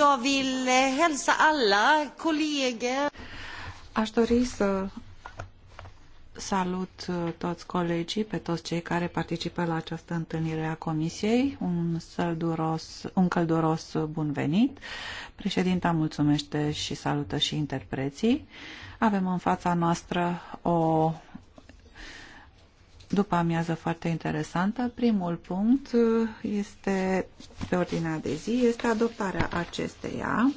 Jag vill eh, hälsa alla kollegor. Aș dori să salut eh, toți colegii, pe toți cei care participă la această întâlnire a Comisiei. Un, sălduros, un călduros bun venit. Președinta mulțumește și salută și interpreții. Avem în fața noastră o după amiază foarte interesantă. Primul punct uh, este pe ordinea de zi, este adoptarea acesteia.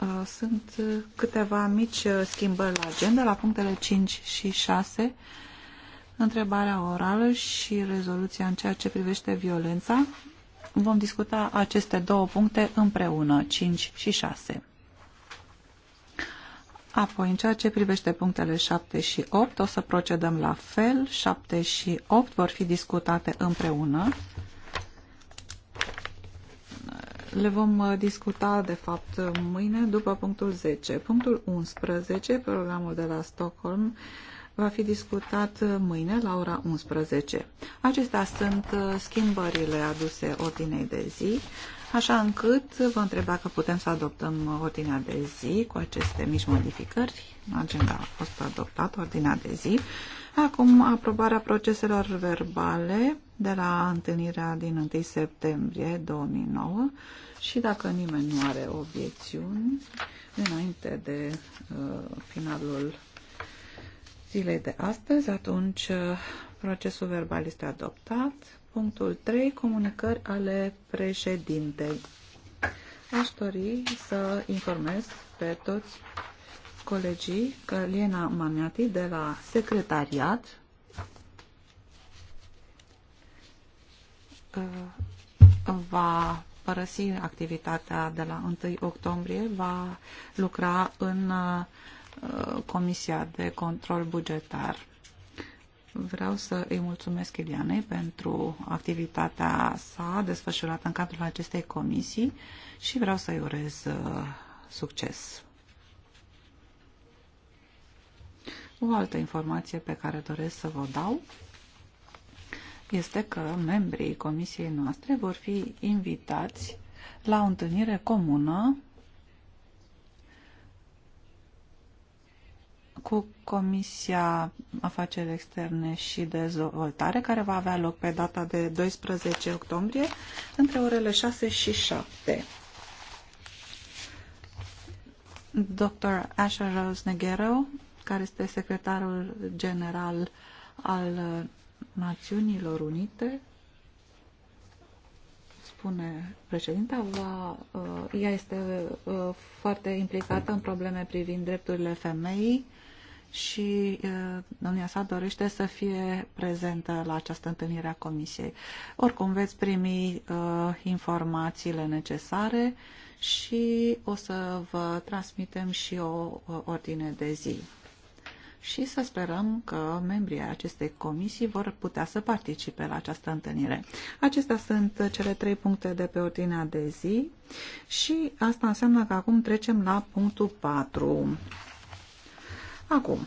Uh, sunt uh, câteva mici schimbări la agenda, la punctele 5 și 6, întrebarea orală și rezoluția în ceea ce privește violența. Vom discuta aceste două puncte împreună, 5 și 6. Apoi, în ceea ce privește punctele 7 și 8, o să procedăm la fel. 7 și 8 vor fi discutate împreună. Le vom uh, discuta, de fapt, mâine, după punctul 10. Punctul 11, programul de la Stockholm, va fi discutat uh, mâine la ora 11. Acestea sunt uh, schimbările aduse ordinei de zi așa încât vă întreb dacă putem să adoptăm ordinea de zi cu aceste mici modificări. Agenda a fost adoptată, ordinea de zi. Acum, aprobarea proceselor verbale de la întâlnirea din 1 septembrie 2009 și dacă nimeni nu are obiecțiuni, înainte de uh, finalul zilei de astăzi, atunci uh, procesul verbal este adoptat. Punctul 3. Comunicări ale președintei. Aș dori să informez pe toți colegii că Liena Maniati de la secretariat uh, va părăsi activitatea de la 1 octombrie, va lucra în uh, Comisia de Control Bugetar. Vreau să îi mulțumesc Ilianei pentru activitatea sa desfășurată în cadrul acestei comisii și vreau să-i urez uh, succes. O altă informație pe care doresc să vă dau este că membrii comisiei noastre vor fi invitați la o întâlnire comună cu Comisia Afaceri Externe și Dezvoltare, care va avea loc pe data de 12 octombrie, între orele 6 și 7. Dr. Asher Rose Negero, care este secretarul general al Națiunilor Unite, spune președinta, va, uh, ea este uh, foarte implicată în probleme privind drepturile femeii, și domnia sa dorește să fie prezentă la această întâlnire a comisiei. Oricum veți primi informațiile necesare și o să vă transmitem și o ordine de zi. Și să sperăm că membrii acestei comisii vor putea să participe la această întâlnire. Acestea sunt cele trei puncte de pe ordinea de zi și asta înseamnă că acum trecem la punctul 4 Acum,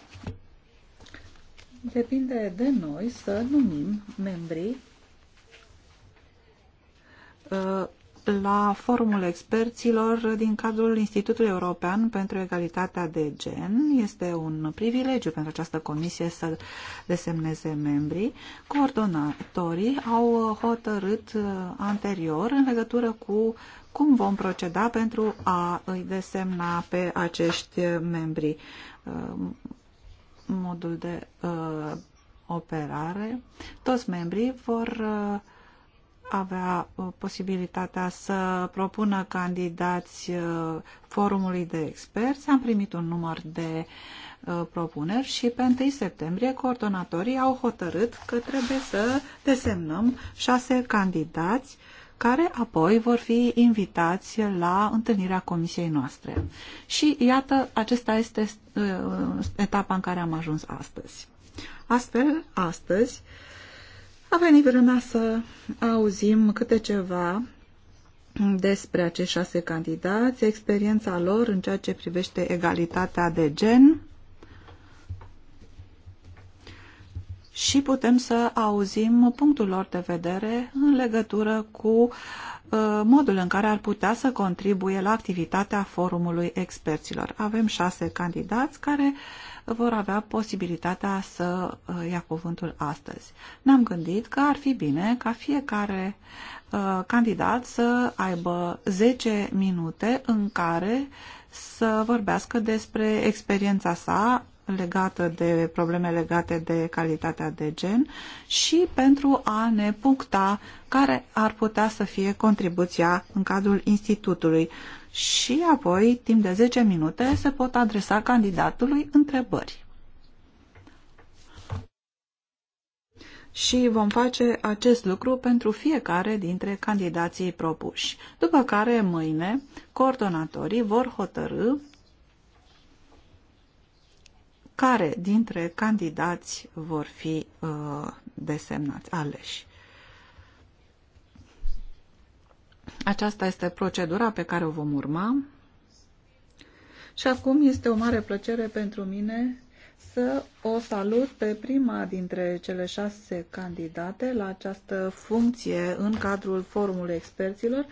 depinde de noi să numim membrii uh, la forumul experților din cadrul Institutului European pentru Egalitatea de Gen. Este un privilegiu pentru această comisie să desemneze membrii. Coordonatorii au hotărât uh, anterior în legătură cu cum vom proceda pentru a îi desemna pe acești membri. Uh, modul de uh, operare. Toți membrii vor uh, avea posibilitatea să propună candidați forumului de experți. Am primit un număr de propuneri și pe 1 septembrie coordonatorii au hotărât că trebuie să desemnăm șase candidați care apoi vor fi invitați la întâlnirea comisiei noastre. Și iată, acesta este uh, etapa în care am ajuns astăzi. Astfel, astăzi, a venit vremea să auzim câte ceva despre acești șase candidați, experiența lor în ceea ce privește egalitatea de gen, și putem să auzim punctul lor de vedere în legătură cu uh, modul în care ar putea să contribuie la activitatea forumului experților. Avem șase candidați care vor avea posibilitatea să uh, ia cuvântul astăzi. Ne-am gândit că ar fi bine ca fiecare uh, candidat să aibă 10 minute în care să vorbească despre experiența sa legată de probleme legate de calitatea de gen și pentru a ne puncta care ar putea să fie contribuția în cadrul institutului. Și apoi, timp de 10 minute, se pot adresa candidatului întrebări. și vom face acest lucru pentru fiecare dintre candidații propuși. După care, mâine, coordonatorii vor hotărâ care dintre candidați vor fi uh, desemnați, aleși. Aceasta este procedura pe care o vom urma. Și acum este o mare plăcere pentru mine să o salut pe prima dintre cele șase candidate la această funcție în cadrul Forumului Experților,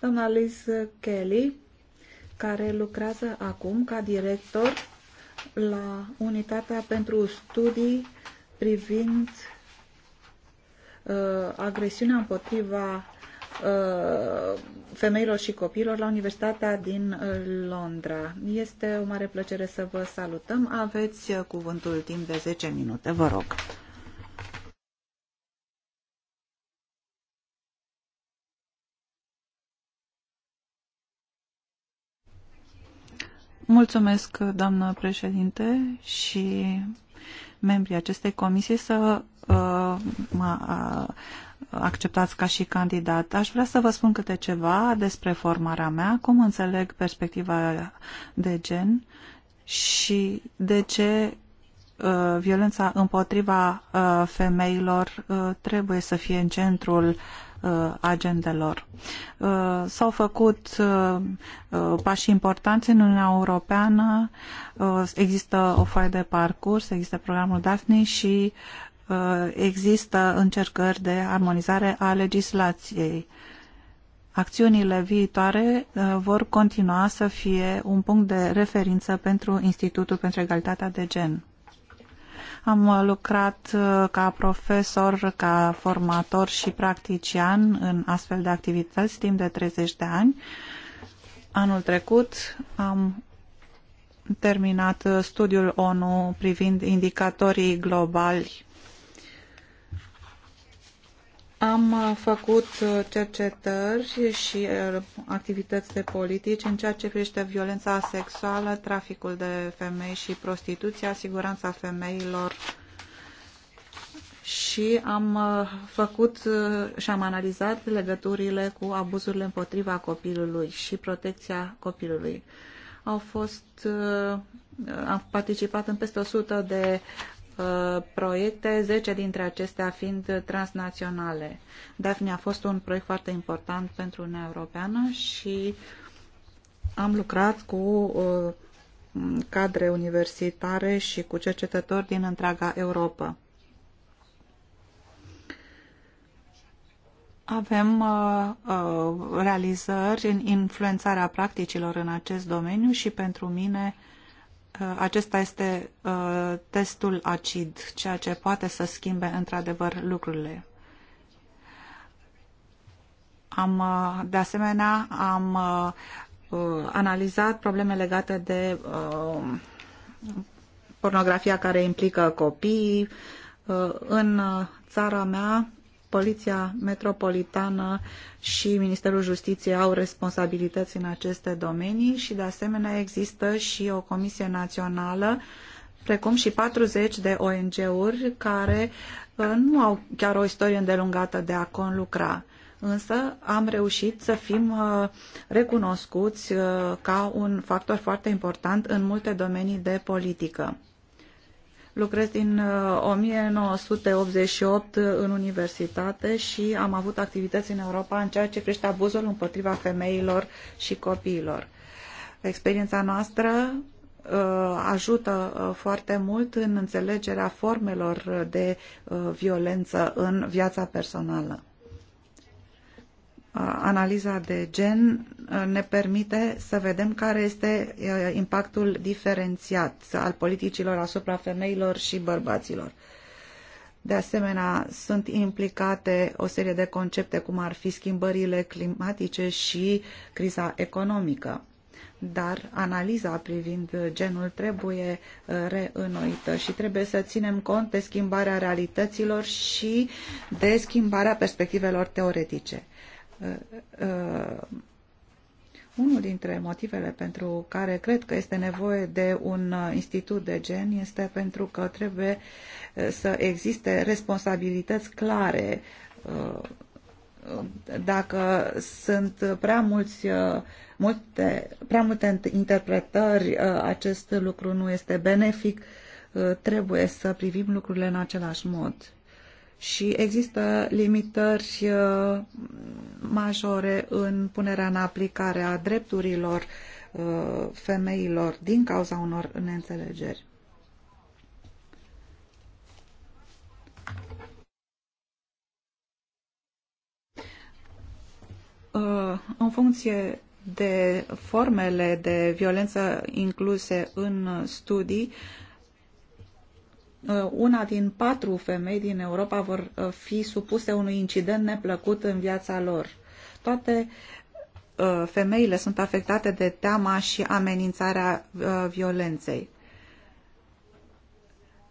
doamna Liz Kelly, care lucrează acum ca director la unitatea pentru studii privind uh, agresiunea împotriva uh, femeilor și copiilor la Universitatea din uh, Londra. Este o mare plăcere să vă salutăm. Aveți uh, cuvântul timp de 10 minute. Vă rog. Mulțumesc, doamnă președinte, și membrii acestei comisii să uh, mă uh, acceptați ca și candidat. Aș vrea să vă spun câte ceva despre formarea mea, cum înțeleg perspectiva de gen și de ce uh, violența împotriva femeilor trebuie să fie în centrul uh, Uh, agendelor. Uh, s-au făcut uh, pași importanți în Uniunea Europeană, există o foaie de parcurs, există programul Daphne și există încercări de armonizare a legislației. Acțiunile viitoare vor continua să fie un punct de referință pentru Institutul pentru Egalitatea de Gen. Am lucrat uh, ca profesor, ca formator și practician în astfel de activități timp de 30 de ani. Anul trecut am terminat uh, studiul ONU privind indicatorii globali am uh, făcut uh, cercetări și uh, activități de politici în ceea ce privește violența sexuală, traficul de femei și prostituția, siguranța femeilor și am făcut și am analizat legăturile cu abuzurile împotriva copilului și protecția copilului. Au fost, am participat în peste 100 de Uh, proiecte, 10 dintre acestea fiind transnaționale. Daphne a fost un proiect foarte important pentru Uniunea Europeană și am lucrat cu uh, cadre universitare și cu cercetători din întreaga Europa. Avem uh, uh, realizări în influențarea practicilor în acest domeniu și pentru mine uh, acesta este uh, testul acid, ceea ce poate să schimbe într-adevăr lucrurile. Am, uh, de asemenea, am uh, analizat probleme legate de pornografia care implică copiii. În țara mea Poliția Metropolitană și Ministerul Justiției au responsabilități în aceste domenii și de asemenea există și o comisie națională precum și 40 de ONG-uri care uh, nu au chiar o istorie îndelungată de a conlucra. Însă am reușit să fim uh, recunoscuți uh, ca un factor foarte important în multe domenii de politică. Lucrez din 1988 uh, în universitate și am avut activități în Europa în ceea ce crește abuzul împotriva femeilor și copiilor. Experiența noastră uh, ajută uh, foarte mult în înțelegerea formelor de violență în viața personală analiza de gen ne permite să vedem care este impactul diferențiat al politicilor asupra femeilor și bărbaților. De asemenea, sunt implicate o serie de concepte cum ar fi schimbările climatice și criza economică. Dar analiza privind genul trebuie reînnoită și trebuie să ținem cont de schimbarea realităților și de schimbarea perspectivelor teoretice Uh, uh, unul dintre motivele pentru care cred că este nevoie de un uh, institut de gen este pentru că trebuie să existe responsabilități clare. Dacă sunt prea, mulți, multe, prea multe interpretări, acest lucru nu este benefic. Trebuie să privim lucrurile în același mod și există limitări uh, majore în punerea în aplicare a drepturilor uh, femeilor din cauza unor neînțelegeri. Uh, în funcție de formele de violență incluse în studii, Uh, una din patru femei din Europa vor uh, fi supuse unui incident neplăcut în viața lor. Toate uh, femeile sunt afectate de teama și amenințarea violenței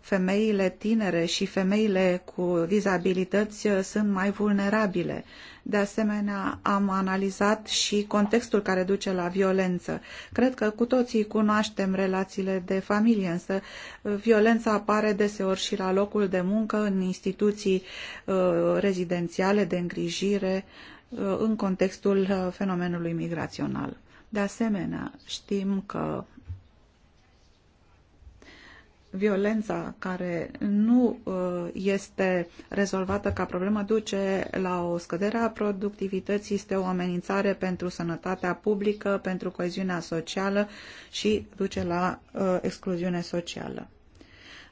femeile tinere și femeile cu dizabilități uh, sunt mai vulnerabile. De asemenea, am analizat și contextul care duce la violență. Cred că cu toții cunoaștem relațiile de familie, însă uh, violența apare deseori și la locul de muncă, în instituții uh, rezidențiale de îngrijire, în contextul fenomenului migrațional. De asemenea, știm că violența care nu uh, este rezolvată ca problemă duce la o scădere a productivității, este o amenințare pentru sănătatea publică, pentru coeziunea socială și duce la uh, excluziune socială.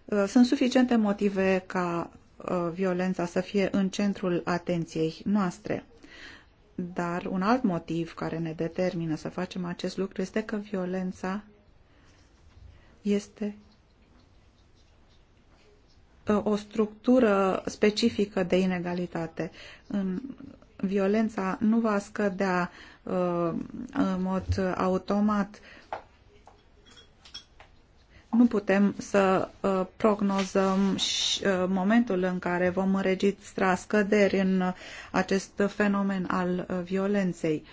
Uh, sunt suficiente motive ca violența să fie în centrul atenției noastre. Dar un alt motiv care ne determină să facem acest lucru este că violența este Uh, o structură specifică de inegalitate. În violența nu va scădea uh, în mod automat. Nu putem să uh, prognozăm momentul în care vom înregistra scăderi în acest fenomen al violenței.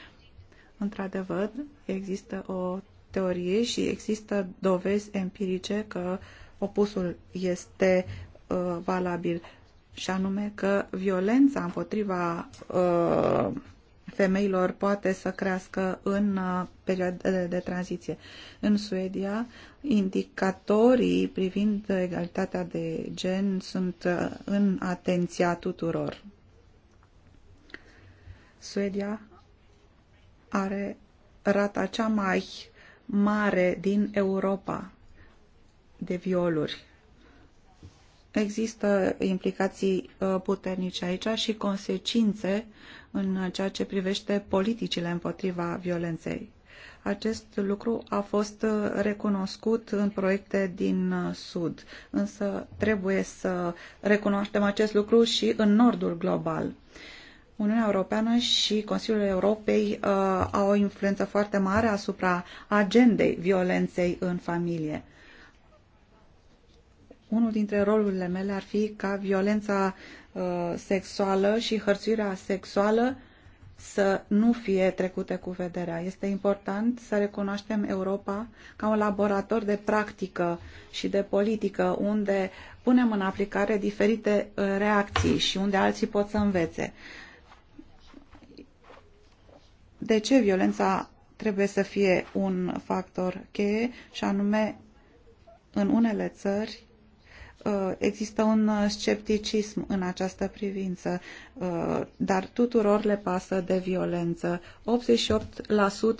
Într-adevăr, există o teorie și există dovezi empirice că opusul este Uh, valabil, și anume că violența împotriva uh, femeilor poate să crească în uh, perioadele de tranziție. În Suedia, indicatorii privind egalitatea de gen sunt în atenția tuturor. Suedia are rata cea mai mare din Europa de violuri Există implicații uh, puternice aici și consecințe în ceea ce privește politicile împotriva violenței. Acest lucru a fost uh, recunoscut în proiecte din uh, Sud, însă trebuie să recunoaștem acest lucru și în Nordul global. Uniunea Europeană și Consiliul Europei uh, au o influență foarte mare asupra agendei violenței în familie. Unul dintre rolurile mele ar fi ca violența uh, sexuală și hărțuirea sexuală să nu fie trecute cu vederea. Este important să recunoaștem Europa ca un laborator de practică și de politică unde punem în aplicare diferite uh, reacții și unde alții pot să învețe. De ce violența trebuie să fie un factor cheie și anume în unele țări Uh, există un uh, scepticism în această privință, uh, dar tuturor le pasă de violență.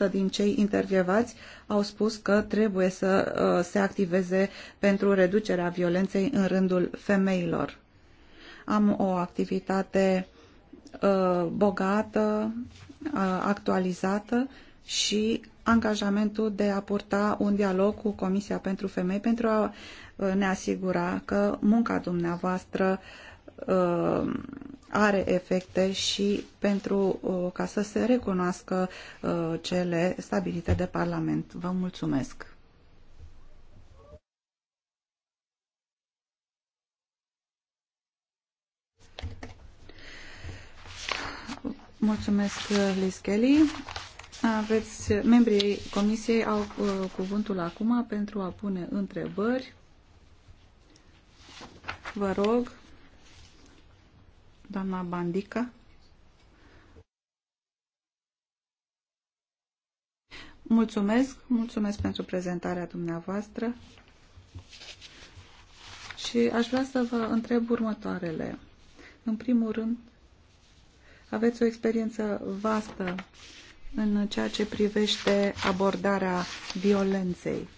88% din cei intervievați au spus că trebuie să se activeze pentru reducerea violenței în rândul femeilor. Am o activitate bogată, actualizată și angajamentul de a purta un dialog cu Comisia pentru Femei pentru a uh, ne asigura că munca dumneavoastră uh, are efecte și pentru uh, ca să se recunoască cele stabilite de Parlament. Vă mulțumesc! Mulțumesc, Liz Kelly. Aveți, membrii comisiei au uh, cuvântul acum pentru a pune întrebări. Vă rog, doamna Bandica. Mulțumesc, mulțumesc pentru prezentarea dumneavoastră și aș vrea să vă întreb următoarele. În primul rând, aveți o experiență vastă în ceea ce privește abordarea violenței.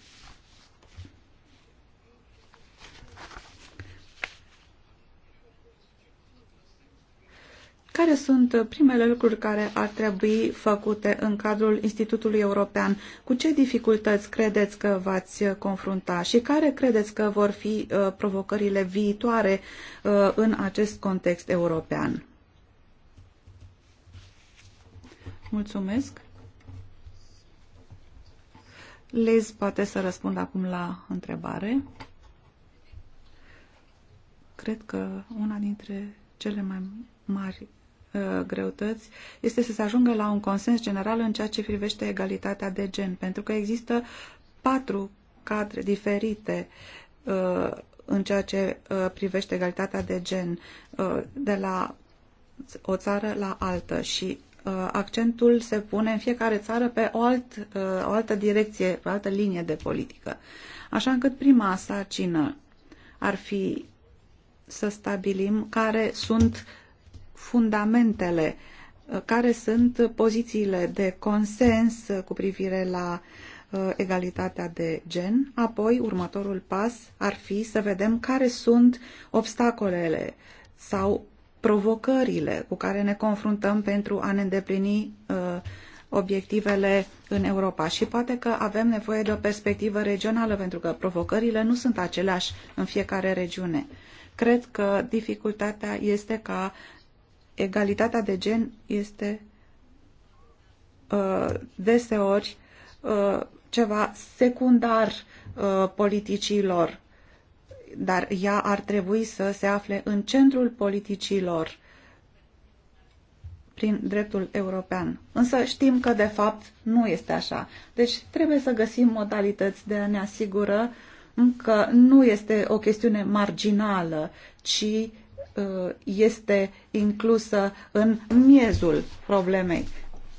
Care sunt primele lucruri care ar trebui făcute în cadrul Institutului European? Cu ce dificultăți credeți că v-ați confrunta și care credeți că vor fi uh, provocările viitoare uh, în acest context european? Mulțumesc. Liz poate să răspund acum la întrebare. Cred că una dintre cele mai mari uh, greutăți este să se ajungă la un consens general în ceea ce privește egalitatea de gen, pentru că există patru cadre diferite uh, în ceea ce uh, privește egalitatea de gen de la o țară la altă și Uh, accentul se pune în fiecare țară pe o, alt, uh, o altă direcție, pe o altă linie de politică. Așa încât prima sarcină ar fi să stabilim care sunt fundamentele, uh, care sunt pozițiile de consens cu privire la egalitatea de gen. Apoi, următorul pas ar fi să vedem care sunt obstacolele sau provocările cu care ne confruntăm pentru a ne îndeplini uh, obiectivele în Europa și poate că avem nevoie de o perspectivă regională pentru că provocările nu sunt aceleași în fiecare regiune. Cred că dificultatea este ca egalitatea de gen este uh, deseori uh, ceva secundar uh, politicilor dar ea ar trebui să se afle în centrul politicilor prin dreptul european. Însă știm că, de fapt, nu este așa. Deci trebuie să găsim modalități de a ne asigură că nu este o chestiune marginală, ci uh, este inclusă în miezul problemei.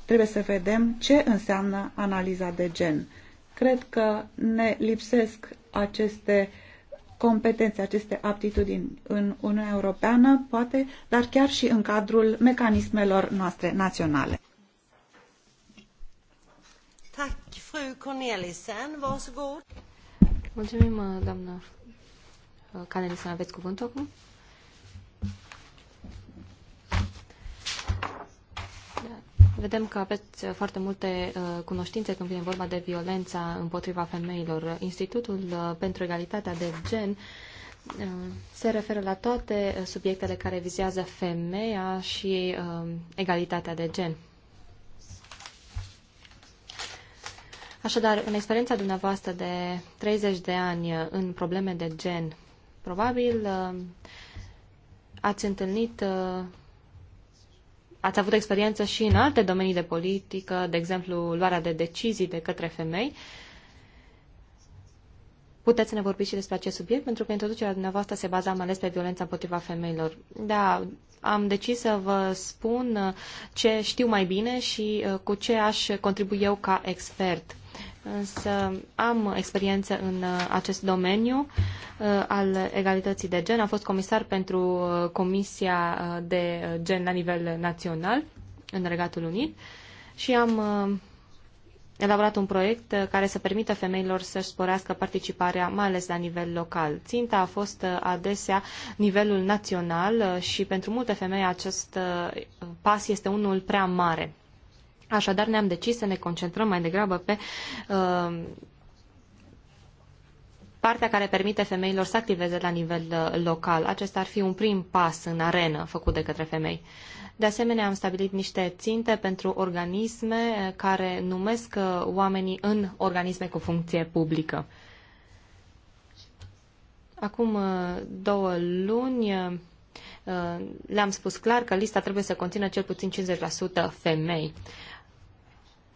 Trebuie să vedem ce înseamnă analiza de gen. Cred că ne lipsesc aceste uh, competențe, aceste aptitudini în Uniunea Europeană, poate, dar chiar și în cadrul mecanismelor noastre naționale. Mulțumim, doamnă Canelisen, aveți cuvântul acum? Vedem că aveți foarte multe uh, cunoștințe când vine vorba de violența împotriva femeilor. Institutul uh, pentru Egalitatea de Gen uh, se referă la toate subiectele care vizează femeia și egalitatea de gen. Așadar, în experiența dumneavoastră de 30 de ani în probleme de gen, probabil ați întâlnit Ați avut experiență și în alte domenii de politică, de exemplu luarea de decizii de către femei. Puteți să ne vorbiți și despre acest subiect, pentru că introducerea dumneavoastră se baza mai ales pe violența împotriva femeilor. Da, am decis să vă spun ce știu mai bine și uh, cu ce aș contribui eu ca expert însă am experiență în uh, acest domeniu uh, al egalității de gen. Am fost comisar pentru uh, Comisia de Gen la nivel național în Regatul Unit și am elaborat un proiect care să permită femeilor să-și sporească participarea, mai ales la nivel local. Ținta a fost adesea nivelul național și pentru multe femei acest pas este unul prea mare. Așadar, ne-am decis să ne concentrăm mai degrabă pe uh, partea care permite femeilor să activeze la nivel uh, local. Acesta ar fi un prim pas în arenă făcut de către femei. De asemenea, am stabilit niște ținte pentru organisme care numesc uh, oamenii în organisme cu funcție publică. Acum două luni le-am spus clar că lista trebuie să conțină cel puțin 50% femei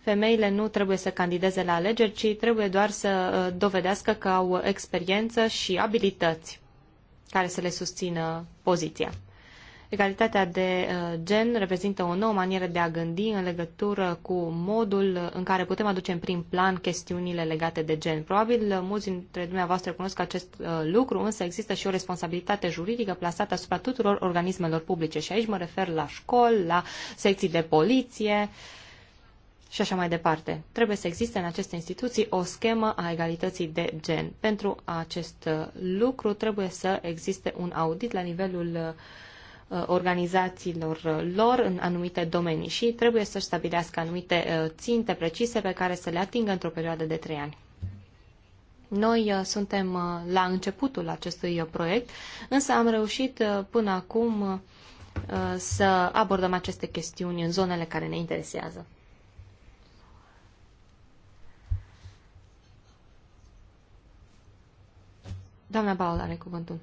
femeile nu trebuie să candideze la alegeri, ci trebuie doar să uh, dovedească că au experiență și abilități care să le susțină poziția. Egalitatea de uh, gen reprezintă o nouă manieră de a gândi în legătură cu modul în care putem aduce în prim plan chestiunile legate de gen. Probabil uh, mulți dintre dumneavoastră cunosc acest lucru, însă există și o responsabilitate juridică plasată asupra tuturor organismelor publice și aici mă refer la școli, la secții de poliție, uh, și așa mai departe. Trebuie să existe în aceste instituții o schemă a egalității de gen. Pentru acest uh, lucru trebuie să existe un audit la nivelul uh, organizațiilor uh, lor în anumite domenii și trebuie să-și stabilească anumite ținte precise pe care să le atingă într-o perioadă de trei ani. Noi suntem la începutul acestui proiect, însă am reușit până acum să abordăm aceste chestiuni în zonele care ne interesează. Doamna Baul are cuvântul.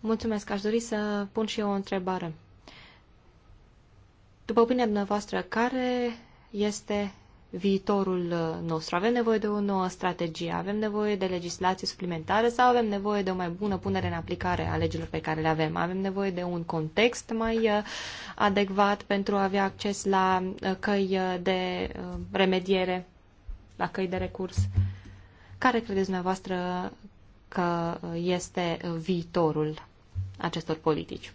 Mulțumesc, aș dori să pun și eu o întrebare. După opinia dumneavoastră, care este viitorul nostru? Avem nevoie de o nouă strategie? Avem nevoie de legislație suplimentară sau avem nevoie de o mai bună punere în aplicare a legilor pe care le avem? Avem nevoie de un context mai uh, adecvat pentru a avea acces la uh, căi uh, de remediere, la căi de recurs? Care credeți dumneavoastră că este viitorul acestor politici.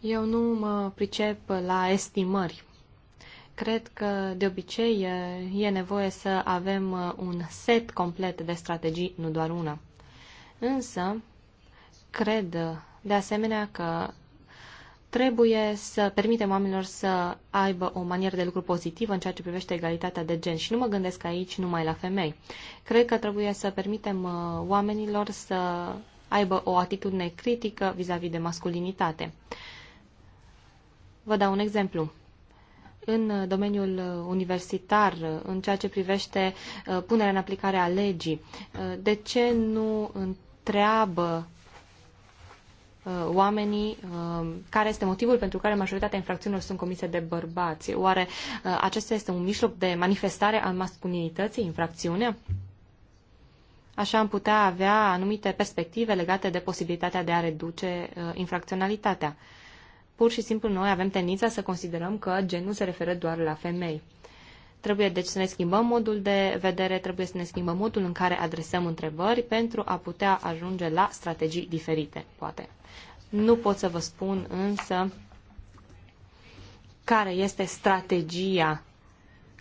Eu nu mă pricep la estimări. Cred că de obicei e nevoie să avem un set complet de strategii, nu doar una. Însă, cred de asemenea că Trebuie să permitem oamenilor să aibă o manieră de lucru pozitivă în ceea ce privește egalitatea de gen și nu mă gândesc aici numai la femei. Cred că trebuie să permitem uh, oamenilor să aibă o atitudine critică vis-a-vis -vis de masculinitate. Vă dau un exemplu în domeniul universitar, în ceea ce privește uh, punerea în aplicare a legii. Uh, de ce nu întreabă Uh, oamenii uh, care este motivul pentru care majoritatea infracțiunilor sunt comise de bărbați. Oare uh, acesta este un mijloc de manifestare al masculinității, infracțiunea? Așa am putea avea anumite perspective legate de posibilitatea de a reduce infracționalitatea. Pur și simplu noi avem tendința să considerăm că genul se referă doar la femei. Trebuie deci să ne schimbăm modul de vedere, trebuie să ne schimbăm modul în care adresăm întrebări pentru a putea ajunge la strategii diferite, poate. Nu pot să vă spun însă care este strategia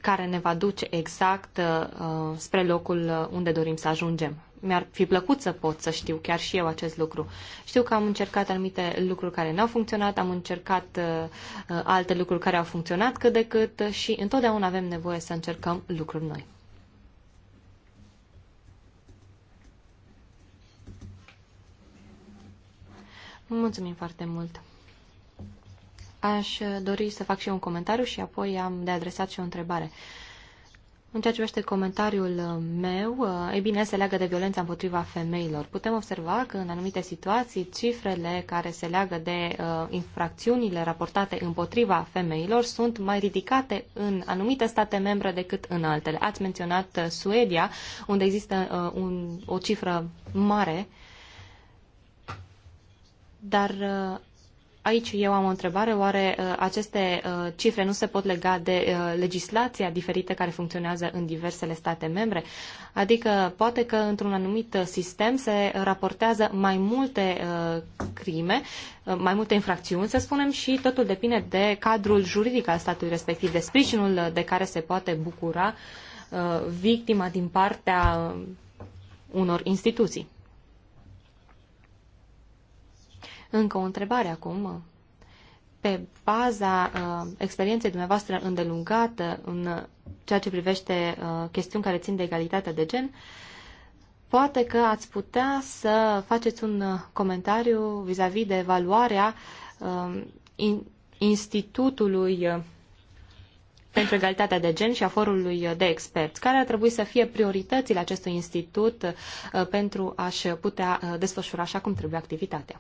care ne va duce exact uh, spre locul uh, unde dorim să ajungem. Mi-ar fi plăcut să pot să știu chiar și eu acest lucru. Știu că am încercat anumite lucruri care nu au funcționat, am încercat uh, uh, alte lucruri care au funcționat cât de cât și întotdeauna avem nevoie să încercăm lucruri noi. Mulțumim foarte mult. Aș dori să fac și un comentariu și apoi am de adresat și o întrebare. În ceea ce privește comentariul meu, e bine, se leagă de violența împotriva femeilor. Putem observa că în anumite situații cifrele care se leagă de uh, infracțiunile raportate împotriva femeilor sunt mai ridicate în anumite state membre decât în altele. Ați menționat uh, Suedia, unde există uh, un, o cifră mare uh, dar uh, aici eu am o întrebare. Oare uh, aceste uh, cifre nu se pot lega de legislația diferită care funcționează în diversele state membre? Adică poate că într-un anumit sistem se raportează mai multe crime, mai multe infracțiuni, să spunem, și totul depinde de cadrul juridic al statului respectiv, de sprijinul de care se poate bucura victima din partea unor instituții. Încă o întrebare acum. Pe baza uh, experienței dumneavoastră îndelungată în ceea ce privește uh, chestiuni care țin de egalitatea de gen, poate că ați putea să faceți un uh, comentariu vis-a-vis -vis de evaluarea uh, in, Institutului uh, pentru egalitatea de gen și a forului de experți. Care ar trebui să fie prioritățile acestui institut uh, pentru a-și putea uh, desfășura așa cum trebuie activitatea?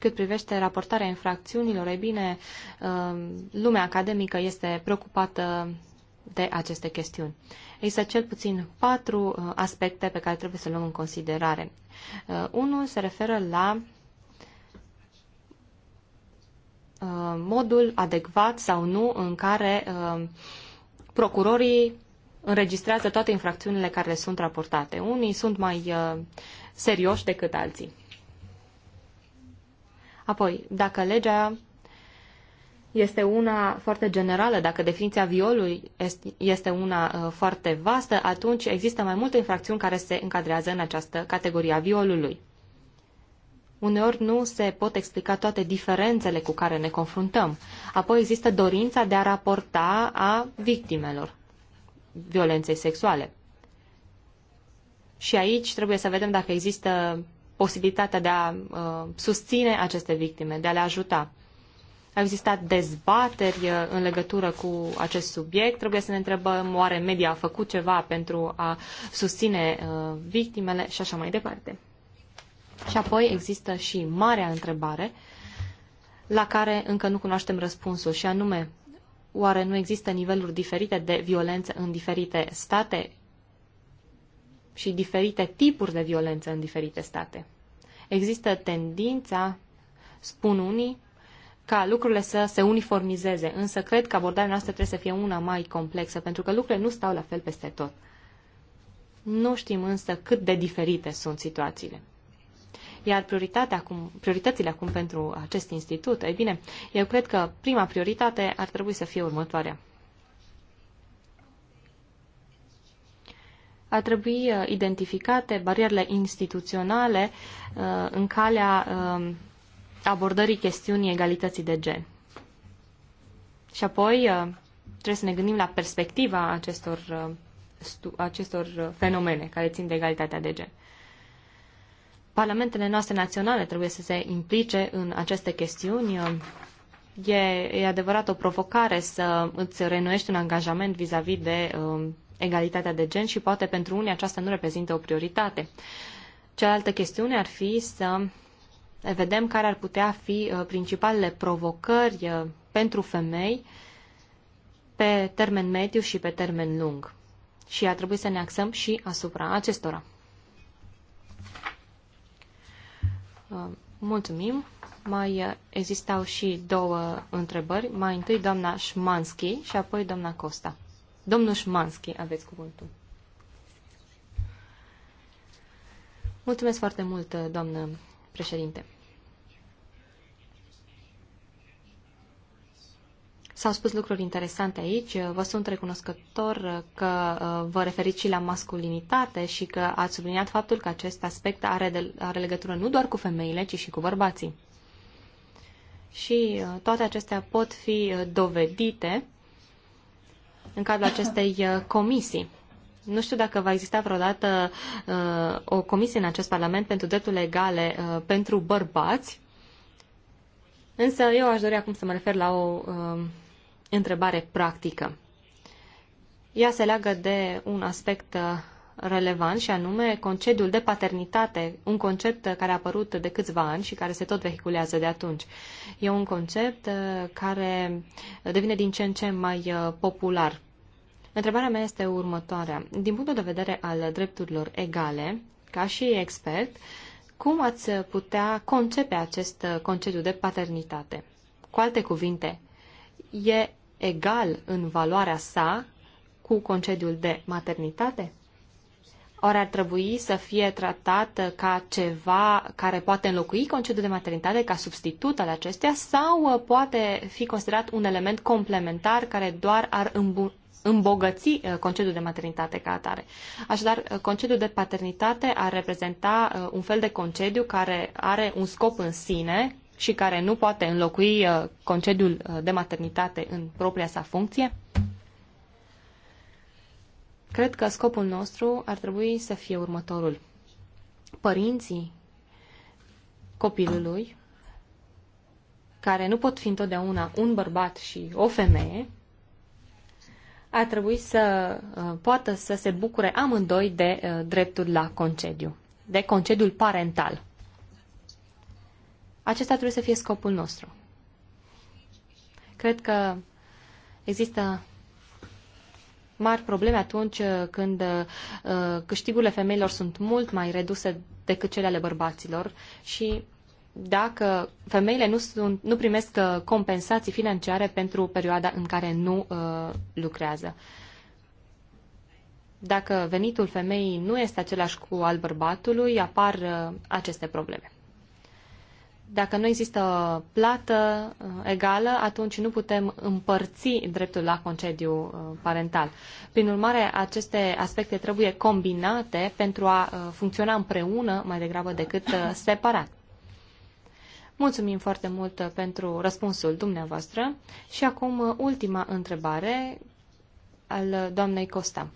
Cât privește raportarea infracțiunilor, e bine, um, lumea academică este preocupată de aceste chestiuni. Există cel puțin patru uh, aspecte pe care trebuie să le luăm în considerare. Uh, unul se referă la uh, modul adecvat sau nu în care procurorii înregistrează toate infracțiunile care le sunt raportate. Unii sunt mai serioși decât alții. Apoi, dacă legea este una foarte generală, dacă definiția violului este una uh, foarte vastă, atunci există mai multe infracțiuni care se încadrează în această categorie a violului. Uneori nu se pot explica toate diferențele cu care ne confruntăm. Apoi există dorința de a raporta a victimelor violenței sexuale. Și aici trebuie să vedem dacă există posibilitatea de a uh, susține aceste victime, de a le ajuta. Au existat dezbateri uh, în legătură cu acest subiect. Trebuie să ne întrebăm oare media a făcut ceva pentru a susține uh, victimele și așa mai departe. Și apoi există și marea întrebare la care încă nu cunoaștem răspunsul și anume oare nu există niveluri diferite de violență în diferite state? și diferite tipuri de violență în diferite state. Există tendința, spun unii, ca lucrurile să se uniformizeze, însă cred că abordarea noastră trebuie să fie una mai complexă, pentru că lucrurile nu stau la fel peste tot. Nu știm însă cât de diferite sunt situațiile. Iar prioritatea acum, prioritățile acum pentru acest institut, ei bine, eu cred că prima prioritate ar trebui să fie următoarea. ar trebui uh, identificate barierele instituționale uh, în calea um, abordării chestiunii egalității de gen. Și apoi uh, trebuie să ne gândim la perspectiva acestor, acestor fenomene care țin de egalitatea de gen. Parlamentele noastre naționale trebuie să se implice în aceste chestiuni. E, e adevărat o provocare să îți renuiești un angajament vis-a-vis de um, egalitatea de gen și poate pentru unii aceasta nu reprezintă o prioritate. Cealaltă chestiune ar fi să vedem care ar putea fi uh, principalele provocări uh, pentru femei pe termen mediu și pe termen lung. Și ar trebui să ne axăm și asupra acestora. Uh, mulțumim. Mai existau și două întrebări. Mai întâi doamna Șmanski și apoi doamna Costa. Domnul Șmanski, aveți cuvântul. Mulțumesc foarte mult, doamnă președinte. S-au spus lucruri interesante aici. Vă sunt recunoscător că uh, vă referiți și la masculinitate și că ați subliniat faptul că acest aspect are, de, are legătură nu doar cu femeile, ci și cu bărbații. Și uh, toate acestea pot fi uh, dovedite în cadrul acestei uh, comisii. Nu știu dacă va exista vreodată uh, o comisie în acest Parlament pentru drepturile egale uh, pentru bărbați, însă eu aș dori acum să mă refer la o uh, întrebare practică. Ea se leagă de un aspect uh, relevant și anume concediul de paternitate, un concept care a apărut de câțiva ani și care se tot vehiculează de atunci. E un concept uh, care devine din ce în ce mai uh, popular. Întrebarea mea este următoarea. Din punctul de vedere al drepturilor egale, ca și expert, cum ați putea concepe acest uh, concediu de paternitate? Cu alte cuvinte, e egal în valoarea sa cu concediul de maternitate? ori ar trebui să fie tratată ca ceva care poate înlocui concediul de maternitate ca substitut al acestea sau uh, poate fi considerat un element complementar care doar ar îmbun- îmbogăți uh, concediul de maternitate ca atare. Așadar, uh, concediul de paternitate ar reprezenta un fel de concediu care are un scop în sine și care nu poate înlocui concediul de maternitate în propria sa funcție? Cred că scopul nostru ar trebui să fie următorul. Părinții copilului, care nu pot fi întotdeauna un bărbat și o femeie, ar trebui să uh, poată să se bucure amândoi de uh, dreptul la concediu, de concediul parental. Acesta trebuie să fie scopul nostru. Cred că există mari probleme atunci uh, când uh, câștigurile femeilor sunt mult mai reduse decât cele ale bărbaților și dacă femeile nu, sunt, nu primesc uh, compensații financiare pentru perioada în care nu lucrează. Dacă venitul femeii nu este același cu al bărbatului, apar aceste probleme dacă nu există plată uh, egală, atunci nu putem împărți dreptul la concediu uh, parental. Prin urmare, aceste aspecte trebuie combinate pentru a uh, funcționa împreună mai degrabă decât separat. Mulțumim foarte mult pentru răspunsul dumneavoastră și acum ultima întrebare al doamnei Costa.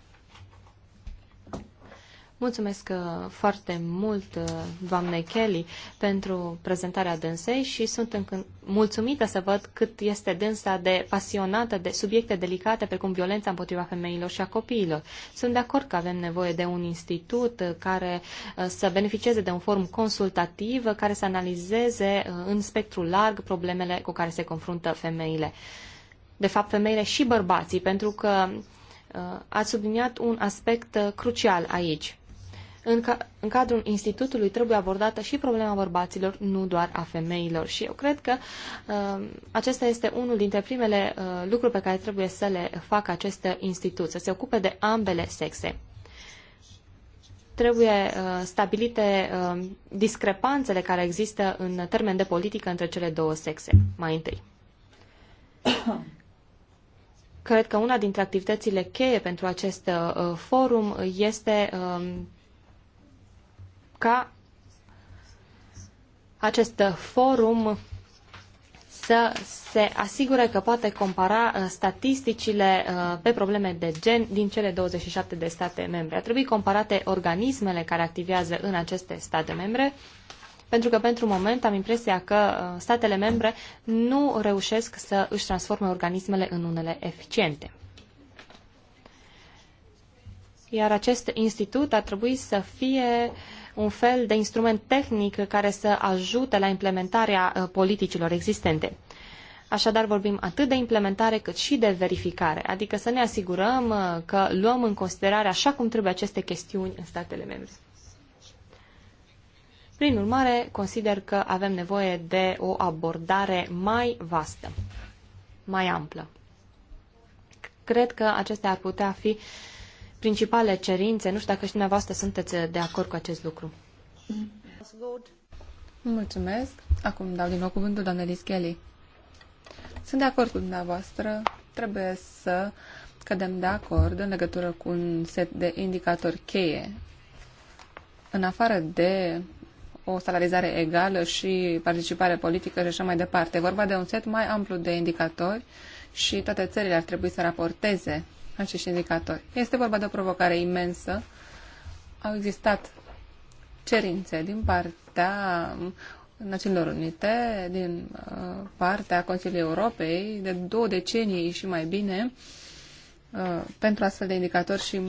Mulțumesc uh, foarte mult, uh, doamne Kelly, pentru prezentarea dânsei și sunt mulțumită să văd cât este dânsa de pasionată de subiecte delicate precum violența împotriva femeilor și a copiilor. Sunt de acord că avem nevoie de un institut uh, care să beneficieze de un forum consultativ care să analizeze în spectru larg problemele cu care se confruntă femeile. De fapt, femeile și bărbații, pentru că a subliniat un aspect crucial aici în, ca, în cadrul institutului trebuie abordată și problema bărbaților, nu doar a femeilor. Și eu cred că uh, acesta este unul dintre primele uh, lucruri pe care trebuie să le facă acest institut, să se ocupe de ambele sexe trebuie uh, stabilite uh, discrepanțele care există în termen de politică între cele două sexe, mai întâi. Cred că una dintre activitățile cheie pentru acest uh, forum este um, ca acest forum să se asigure că poate compara uh, statisticile uh, pe probleme de gen din cele 27 de state membre. A trebuit comparate organismele care activează în aceste state membre, pentru că pentru moment am impresia că uh, statele membre nu reușesc să își transforme organismele în unele eficiente. Iar acest institut ar trebui să fie uh, un fel de instrument tehnic care să ajute la implementarea uh, politicilor existente. Așadar, vorbim atât de implementare cât și de verificare, adică să ne asigurăm uh, că luăm în considerare așa cum trebuie aceste chestiuni în statele membre. Prin urmare, consider că avem nevoie de o abordare mai vastă, mai amplă. Cred că acestea ar putea fi uh, principale cerințe. Nu știu dacă și dumneavoastră sunteți eh, de acord cu acest lucru. Mulțumesc. Acum dau din nou cuvântul doamnei Scheli. Sunt de acord cu dumneavoastră. Trebuie să cădem de acord în legătură cu un set de indicatori cheie. În afară de o salarizare egală și participare politică și așa mai departe. Vorba de un set mai amplu de indicatori și toate țările ar trebui să raporteze acești indicatori. Este vorba de o provocare imensă. Au existat cerințe din partea Națiunilor Unite, din uh, partea Consiliului Europei, de două decenii și mai bine, uh, pentru astfel de indicatori și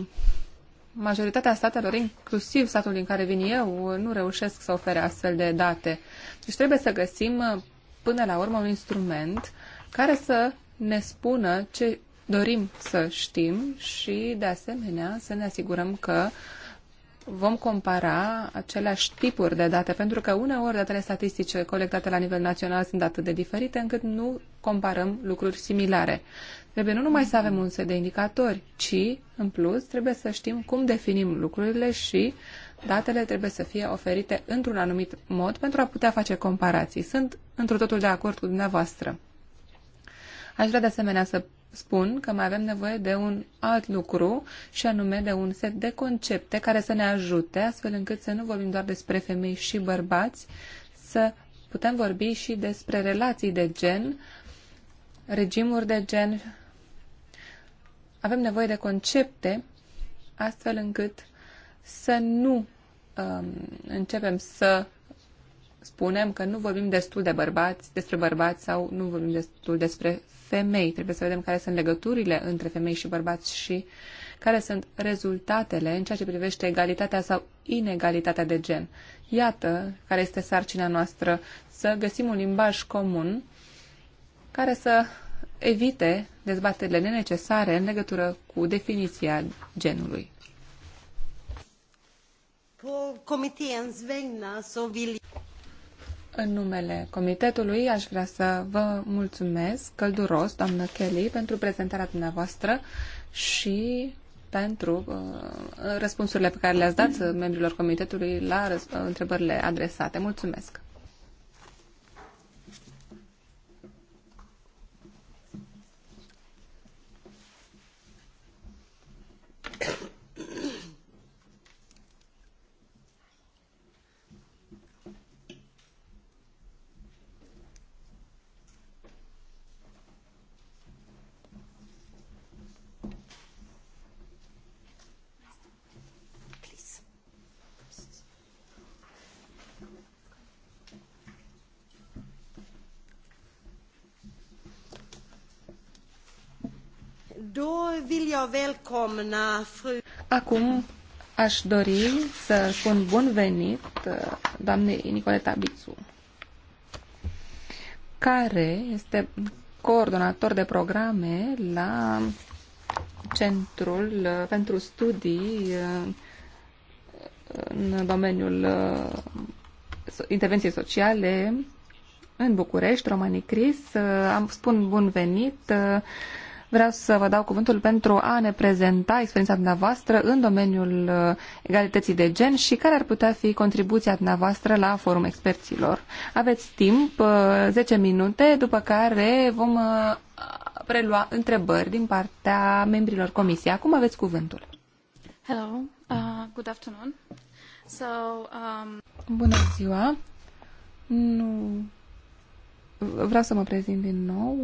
majoritatea statelor, inclusiv statul din care vin eu, nu reușesc să ofere astfel de date. Deci trebuie să găsim uh, până la urmă un instrument care să ne spună ce dorim să știm și, de asemenea, să ne asigurăm că vom compara aceleași tipuri de date, pentru că uneori datele statistice colectate la nivel național sunt atât de diferite încât nu comparăm lucruri similare. Trebuie nu numai să avem un set de indicatori, ci, în plus, trebuie să știm cum definim lucrurile și datele trebuie să fie oferite într-un anumit mod pentru a putea face comparații. Sunt într totul de acord cu dumneavoastră. Aș vrea de asemenea să spun că mai avem nevoie de un alt lucru și anume de un set de concepte care să ne ajute astfel încât să nu vorbim doar despre femei și bărbați, să putem vorbi și despre relații de gen, regimuri de gen. Avem nevoie de concepte astfel încât să nu um, începem să spunem că nu vorbim destul de bărbați, despre bărbați sau nu vorbim destul despre femei. Trebuie să vedem care sunt legăturile între femei și bărbați și care sunt rezultatele în ceea ce privește egalitatea sau inegalitatea de gen. Iată care este sarcina noastră să găsim un limbaj comun care să evite dezbaterile nenecesare în legătură cu definiția genului. În numele comitetului aș vrea să vă mulțumesc călduros, doamnă Kelly, pentru prezentarea dumneavoastră și pentru uh, răspunsurile pe care le-ați dat membrilor comitetului la întrebările adresate. Mulțumesc! Acum aș dori să spun bun venit uh, doamnei Nicoleta Bițu, care este coordonator de programe la Centrul uh, pentru Studii uh, în domeniul intervenției sociale în București, Romanii Cris. Am spun bun venit Vreau să vă dau cuvântul pentru a ne prezenta experiența dumneavoastră în domeniul uh, egalității de gen și care ar putea fi contribuția dumneavoastră la forum experților. Aveți timp, 10 uh, minute, după care vom uh, prelua întrebări din partea membrilor comisiei. Acum aveți cuvântul. Hello, uh, good afternoon. So, um... Bună ziua! Nu Vreau să mă prezint din nou,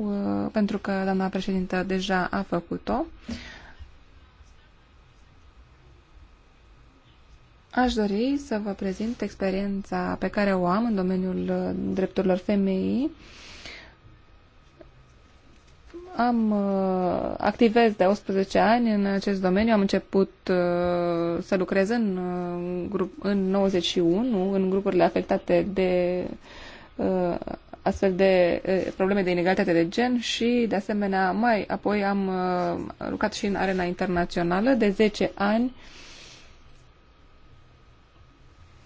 uh, pentru că doamna președintă deja a făcut-o. Aș dori să vă prezint experiența pe care o am în domeniul uh, drepturilor femeii. Am, uh, activez de 18 ani în acest domeniu. Am început să lucrez în, în 91, în grupurile afectate de astfel de probleme de inegalitate de gen și, de asemenea, mai apoi am lucrat și în arena internațională de 10 ani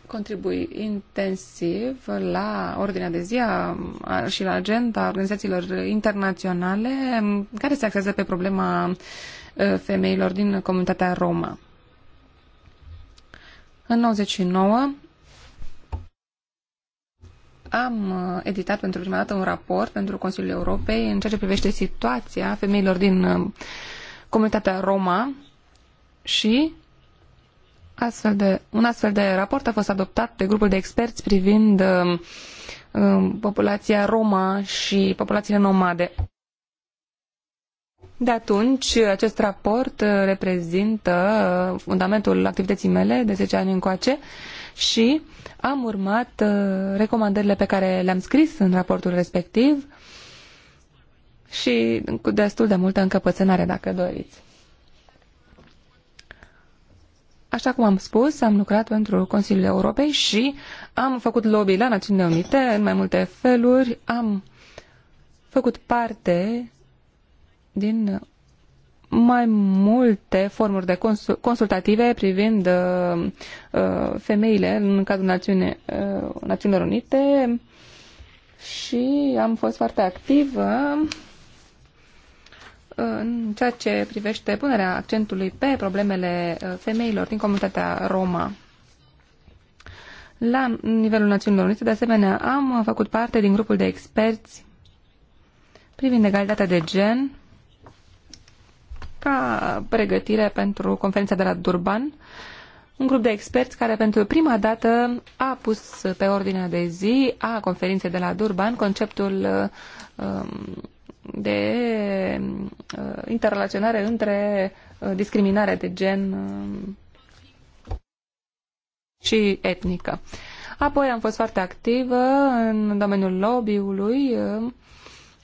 contribui intensiv la ordinea de zi a, a, și la agenda organizațiilor internaționale care se axează pe problema a, femeilor din comunitatea Roma. În 99 am uh, editat pentru prima dată un raport pentru Consiliul Europei în ceea ce privește situația femeilor din uh, comunitatea Roma și astfel de, un astfel de raport a fost adoptat de grupul de experți privind uh, populația Roma și populațiile nomade. De atunci, acest raport reprezintă fundamentul activității mele de 10 ani încoace și am urmat uh, recomandările pe care le-am scris în raportul respectiv și cu destul de multă încăpățânare, dacă doriți. Așa cum am spus, am lucrat pentru Consiliul Europei și am făcut lobby la Națiunile Unite în mai multe feluri. Am făcut parte din mai multe formuri de consultative privind uh, uh, femeile în cadrul Națiune, uh, Națiunilor Unite și am fost foarte activă uh, în ceea ce privește punerea accentului pe problemele uh, femeilor din comunitatea Roma. La nivelul Națiunilor Unite, de asemenea, am făcut parte din grupul de experți privind egalitatea de gen ca pregătire pentru conferința de la Durban, un grup de experți care pentru prima dată a pus pe ordinea de zi a conferinței de la Durban conceptul um, de uh, interrelaționare între uh, discriminare de gen um, și etnică. Apoi am fost foarte activă în domeniul lobby-ului uh,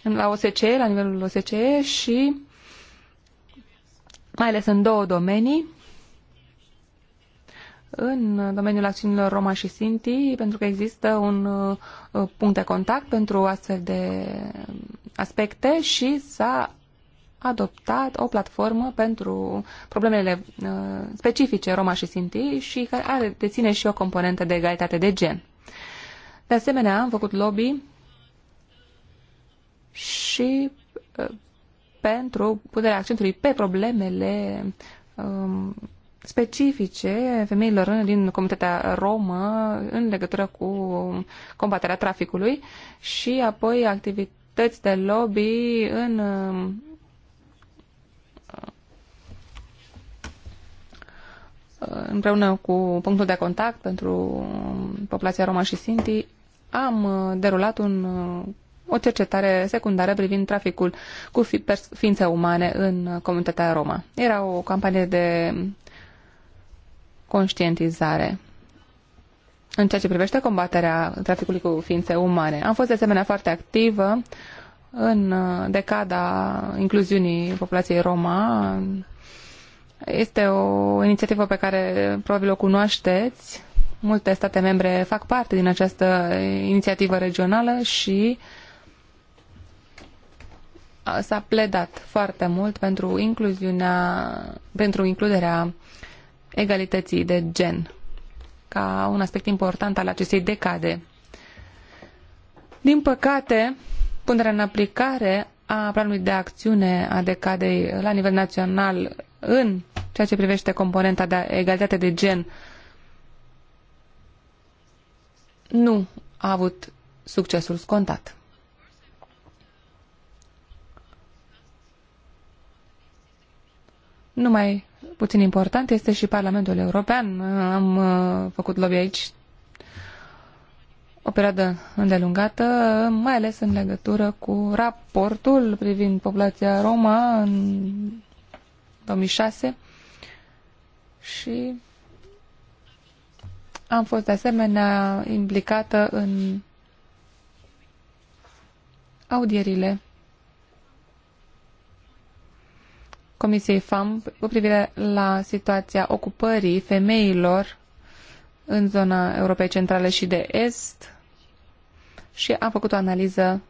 la OSCE, la nivelul OSCE și mai ales în două domenii, în domeniul acțiunilor Roma și Sinti, pentru că există un uh, punct de contact pentru astfel de um, aspecte și s-a adoptat o platformă pentru problemele uh, specifice Roma și Sinti și care are, deține și o componentă de egalitate de gen. De asemenea, am făcut lobby și uh, pentru punerea accentului pe problemele um, specifice femeilor din comunitatea romă în legătură cu combaterea traficului și apoi activități de lobby în um, împreună cu punctul de contact pentru populația Roma și sinti, am derulat un o cercetare secundară privind traficul cu ființe umane în comunitatea Roma. Era o campanie de conștientizare în ceea ce privește combaterea traficului cu ființe umane. Am fost de asemenea foarte activă în uh, decada incluziunii populației Roma. Este o inițiativă pe care probabil o cunoașteți. Multe state membre fac parte din această inițiativă regională și uh, s-a pledat foarte mult pentru incluziunea, pentru includerea egalității de gen ca un aspect important al acestei decade. Din păcate, punerea în aplicare a planului de acțiune a decadei la nivel național în ceea ce privește componenta de egalitate de gen nu a avut succesul scontat. Nu mai puțin important este și Parlamentul European. Am uh, făcut lobby aici o perioadă îndelungată, mai ales în legătură cu raportul privind populația Roma în 2006 și am fost de asemenea implicată în audierile Comisiei FAM cu privire la situația ocupării femeilor în zona Europei Centrale și de Est și am făcut o analiză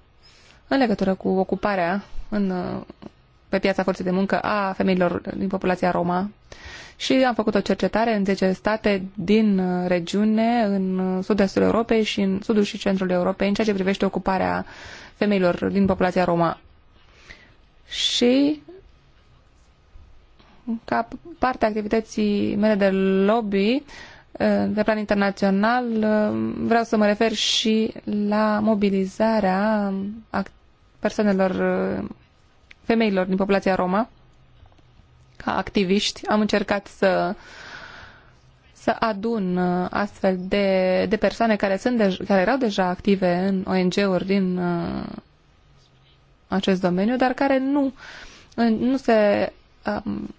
în legătură cu ocuparea în, pe piața forței de muncă a femeilor din populația Roma și am făcut o cercetare în 10 state din regiune, în sud-estul Europei și în sudul și centrul Europei, în ceea ce privește ocuparea femeilor din populația Roma. Și ca parte a activității mele de lobby eh, de plan internațional, eh, vreau să mă refer și la mobilizarea persoanelor, eh, femeilor din populația Roma, ca activiști. Am încercat să să adun astfel de, de persoane care, sunt de, care erau deja active în ONG-uri din acest domeniu, dar care nu, nu se um,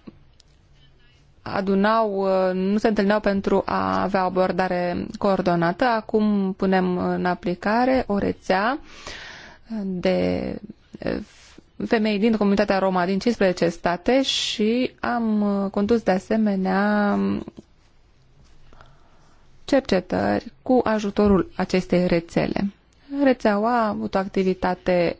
adunau, uh, nu se întâlneau pentru a avea abordare coordonată. Acum punem în aplicare o rețea de uh, femei din comunitatea Roma din 15 state și am uh, condus de asemenea um, cercetări cu ajutorul acestei rețele. Rețeaua a avut o activitate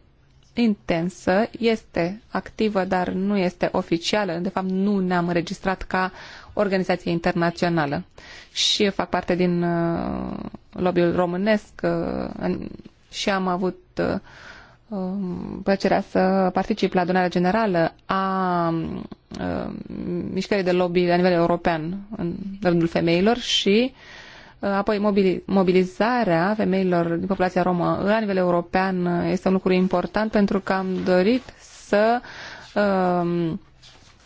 intensă, este activă, dar nu este oficială. De fapt, nu ne-am înregistrat ca organizație internațională. Și fac parte din uh, lobby-ul românesc uh, și am avut uh, um, plăcerea să particip la adunarea generală a um, mișcării de lobby la nivel european în rândul femeilor și uh, Apoi, mobilizarea femeilor din populația romă la nivel european este un lucru important pentru că am dorit să um,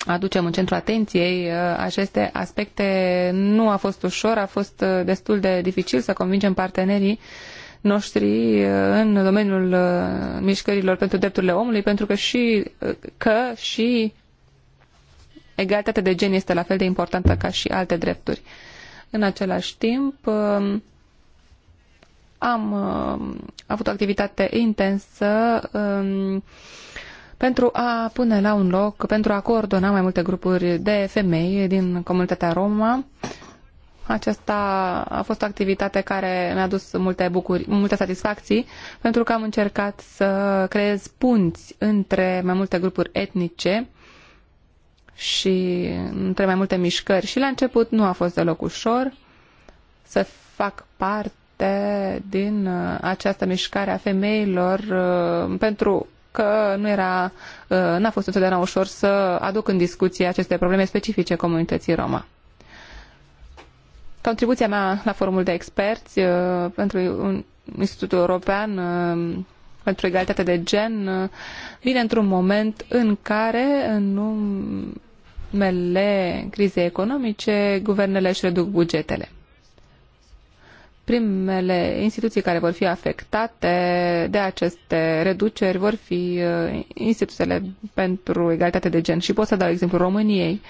aducem în centrul atenției uh, aceste aspecte. Nu a fost ușor, a fost uh, destul de dificil să convingem partenerii noștri uh, în domeniul mișcărilor pentru drepturile omului, pentru că și, că și egalitatea de gen este la fel de importantă ca și alte drepturi. În același timp, um, am um, avut o activitate intensă um, pentru a pune la un loc, pentru a coordona mai multe grupuri de femei din comunitatea Roma. Aceasta a fost o activitate care mi-a dus multe bucuri, multe satisfacții, pentru că am încercat să creez punți între mai multe grupuri etnice și între mai multe mișcări. Și la început nu a fost deloc ușor să fac parte din uh, această mișcare a femeilor uh, pentru că nu era, uh, n-a fost întotdeauna ușor să aduc în discuție aceste probleme specifice comunității Roma. Contribuția mea la forumul de experți pentru Institutul European pentru egalitatea de gen vine într-un moment în care nu urmele crizei economice, guvernele își reduc bugetele. Primele instituții care vor fi afectate de aceste reduceri vor fi uh, instituțiile pentru egalitate de gen. Și pot să dau exemplu României.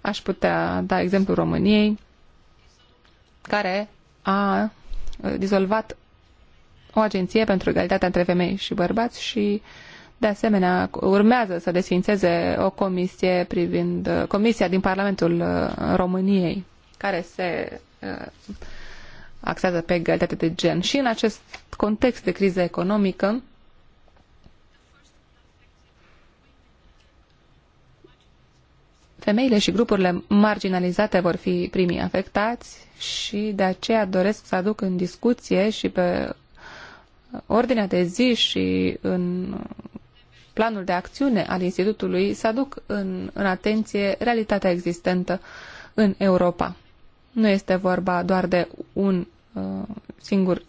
Aș putea da exemplu României, care a uh, dizolvat o agenție pentru egalitatea între femei și bărbați și uh, de asemenea, urmează să desfințeze o comisie privind uh, comisia din Parlamentul uh, României care se uh, axează pe egalitate de gen. Și în acest context de criză economică, Femeile și grupurile marginalizate vor fi primii afectați și de aceea doresc să aduc în discuție și pe ordinea de zi și în planul de acțiune al Institutului să aduc în, în atenție realitatea existentă în Europa. Nu este vorba doar de un uh, singur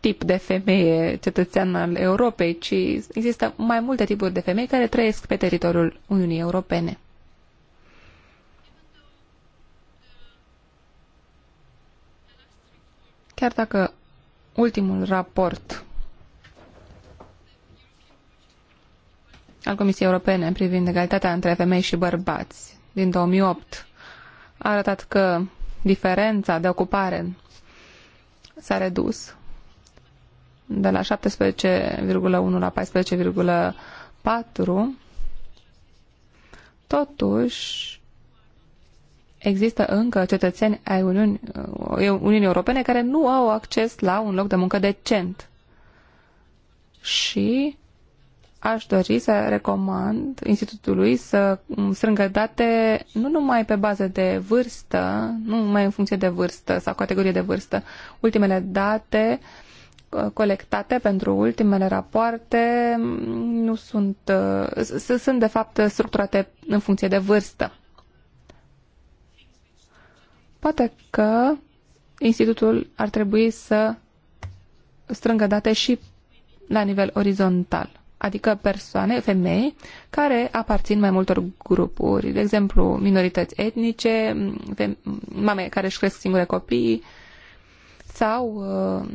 tip de femeie cetățean al Europei, ci există mai multe tipuri de femei care trăiesc pe teritoriul Uniunii Europene. Chiar dacă ultimul raport al Comisiei Europene privind egalitatea între femei și bărbați din 2008 a arătat că diferența de ocupare s-a redus de la 17,1 la 14,4. Totuși, există încă cetățeni ai Uniunii, uh, Uniunii Europene care nu au acces la un loc de muncă decent. Și aș dori să recomand Institutului să mm, strângă date nu numai pe bază de vârstă, nu numai în funcție de vârstă sau categorie de vârstă. Ultimele date uh, colectate pentru ultimele rapoarte mm, nu sunt, uh, sunt de fapt structurate în funcție de vârstă. Poate că institutul ar trebui să strângă date și la nivel orizontal adică persoane, femei, care aparțin mai multor grupuri, de exemplu minorități etnice, mame care își cresc singure copii, sau uh,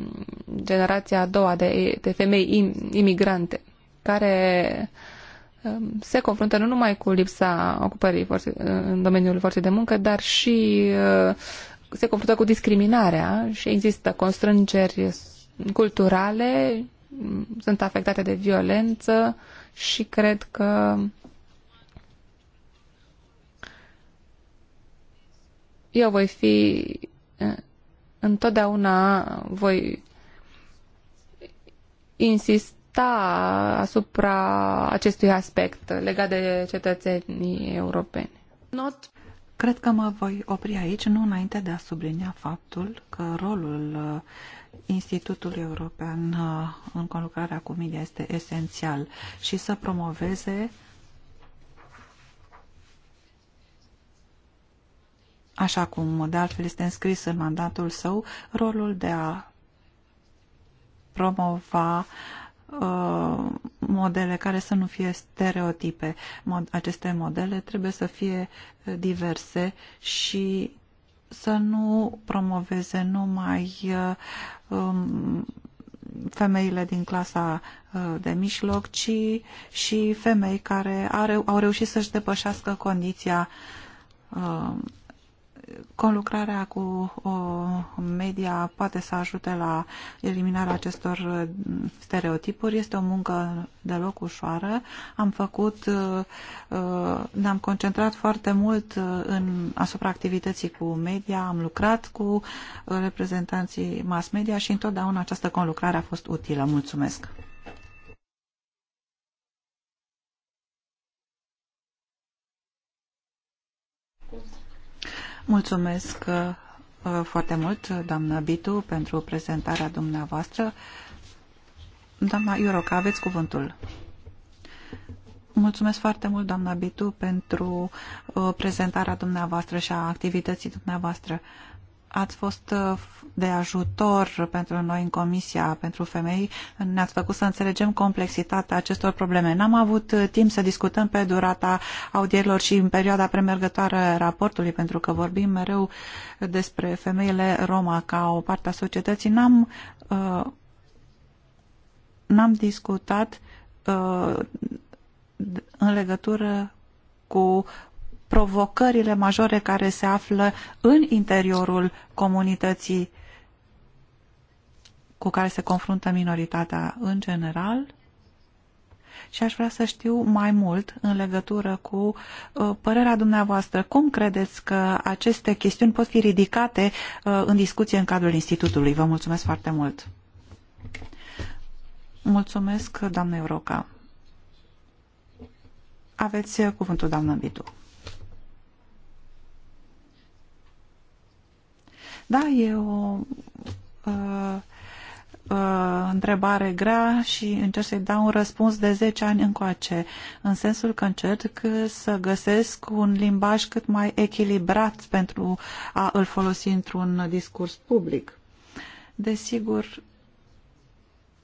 generația a doua de, de femei imigrante care uh, se confruntă nu numai cu lipsa ocupării forței, în domeniul forței de muncă, dar și uh, se confruntă cu discriminarea și există constrângeri culturale sunt afectate de violență și cred că eu voi fi întotdeauna voi insista asupra acestui aspect legat de cetățenii europeni. Not... Cred că mă voi opri aici, nu înainte de a sublinia faptul că rolul Institutul European uh, în conlucrarea cu media este esențial și să promoveze așa cum de altfel este înscris în mandatul său, rolul de a promova uh, modele care să nu fie stereotipe. aceste modele trebuie să fie diverse și să nu promoveze numai uh, um, femeile din clasa uh, de mijloc, ci și femei care au reușit să-și depășească condiția um, conlucrarea cu media poate să ajute la eliminarea acestor uh, stereotipuri. Este o muncă deloc ușoară. Am făcut, uh, uh, ne-am concentrat foarte mult în, asupra activității cu media, am lucrat cu reprezentanții mass media și întotdeauna această conlucrare a fost utilă. Mulțumesc! Mulțumesc uh, uh, foarte mult, doamnă Bitu, pentru prezentarea dumneavoastră. Doamna Iuroca, aveți cuvântul. Mulțumesc foarte mult, doamna Bitu, pentru uh, prezentarea dumneavoastră și a activității dumneavoastră ați fost uh, de ajutor pentru noi în Comisia pentru Femei. Ne-ați făcut să înțelegem complexitatea acestor probleme. N-am avut uh, timp să discutăm pe durata audierilor și în perioada premergătoare raportului, pentru că vorbim mereu despre femeile Roma ca o parte a societății. N-am, uh, n-am discutat uh, în legătură cu provocările majore care se află în interiorul comunității cu care se confruntă minoritatea în general și aș vrea să știu mai mult în legătură cu uh, părerea dumneavoastră. Cum credeți că aceste chestiuni pot fi ridicate uh, în discuție în cadrul Institutului? Vă mulțumesc foarte mult! Mulțumesc, doamne Euroca. Aveți cuvântul, doamnă Bidu. Da, e o uh, uh, întrebare grea și încerc să-i dau un răspuns de 10 ani încoace, în sensul că încerc să găsesc un limbaj cât mai echilibrat pentru a îl folosi într-un discurs public. Desigur,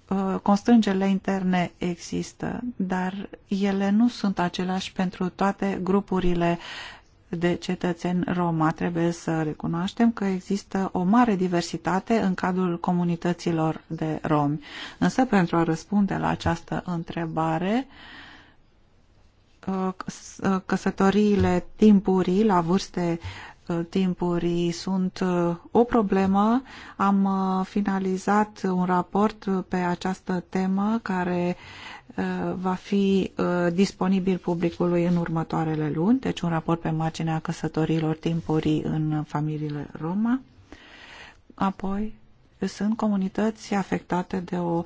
uh, constrângerile interne există, dar ele nu sunt aceleași pentru toate grupurile de cetățeni roma. Trebuie să recunoaștem că există o mare diversitate în cadrul comunităților de romi. Însă, pentru a răspunde la această întrebare, uh, uh, căsătoriile timpurii la vârste Uh, Timpuri sunt uh, o problemă. Am uh, finalizat un raport pe această temă care va fi disponibil publicului în următoarele luni, deci un raport pe marginea căsătorilor timpurii în familiile Roma. Apoi sunt comunități afectate de o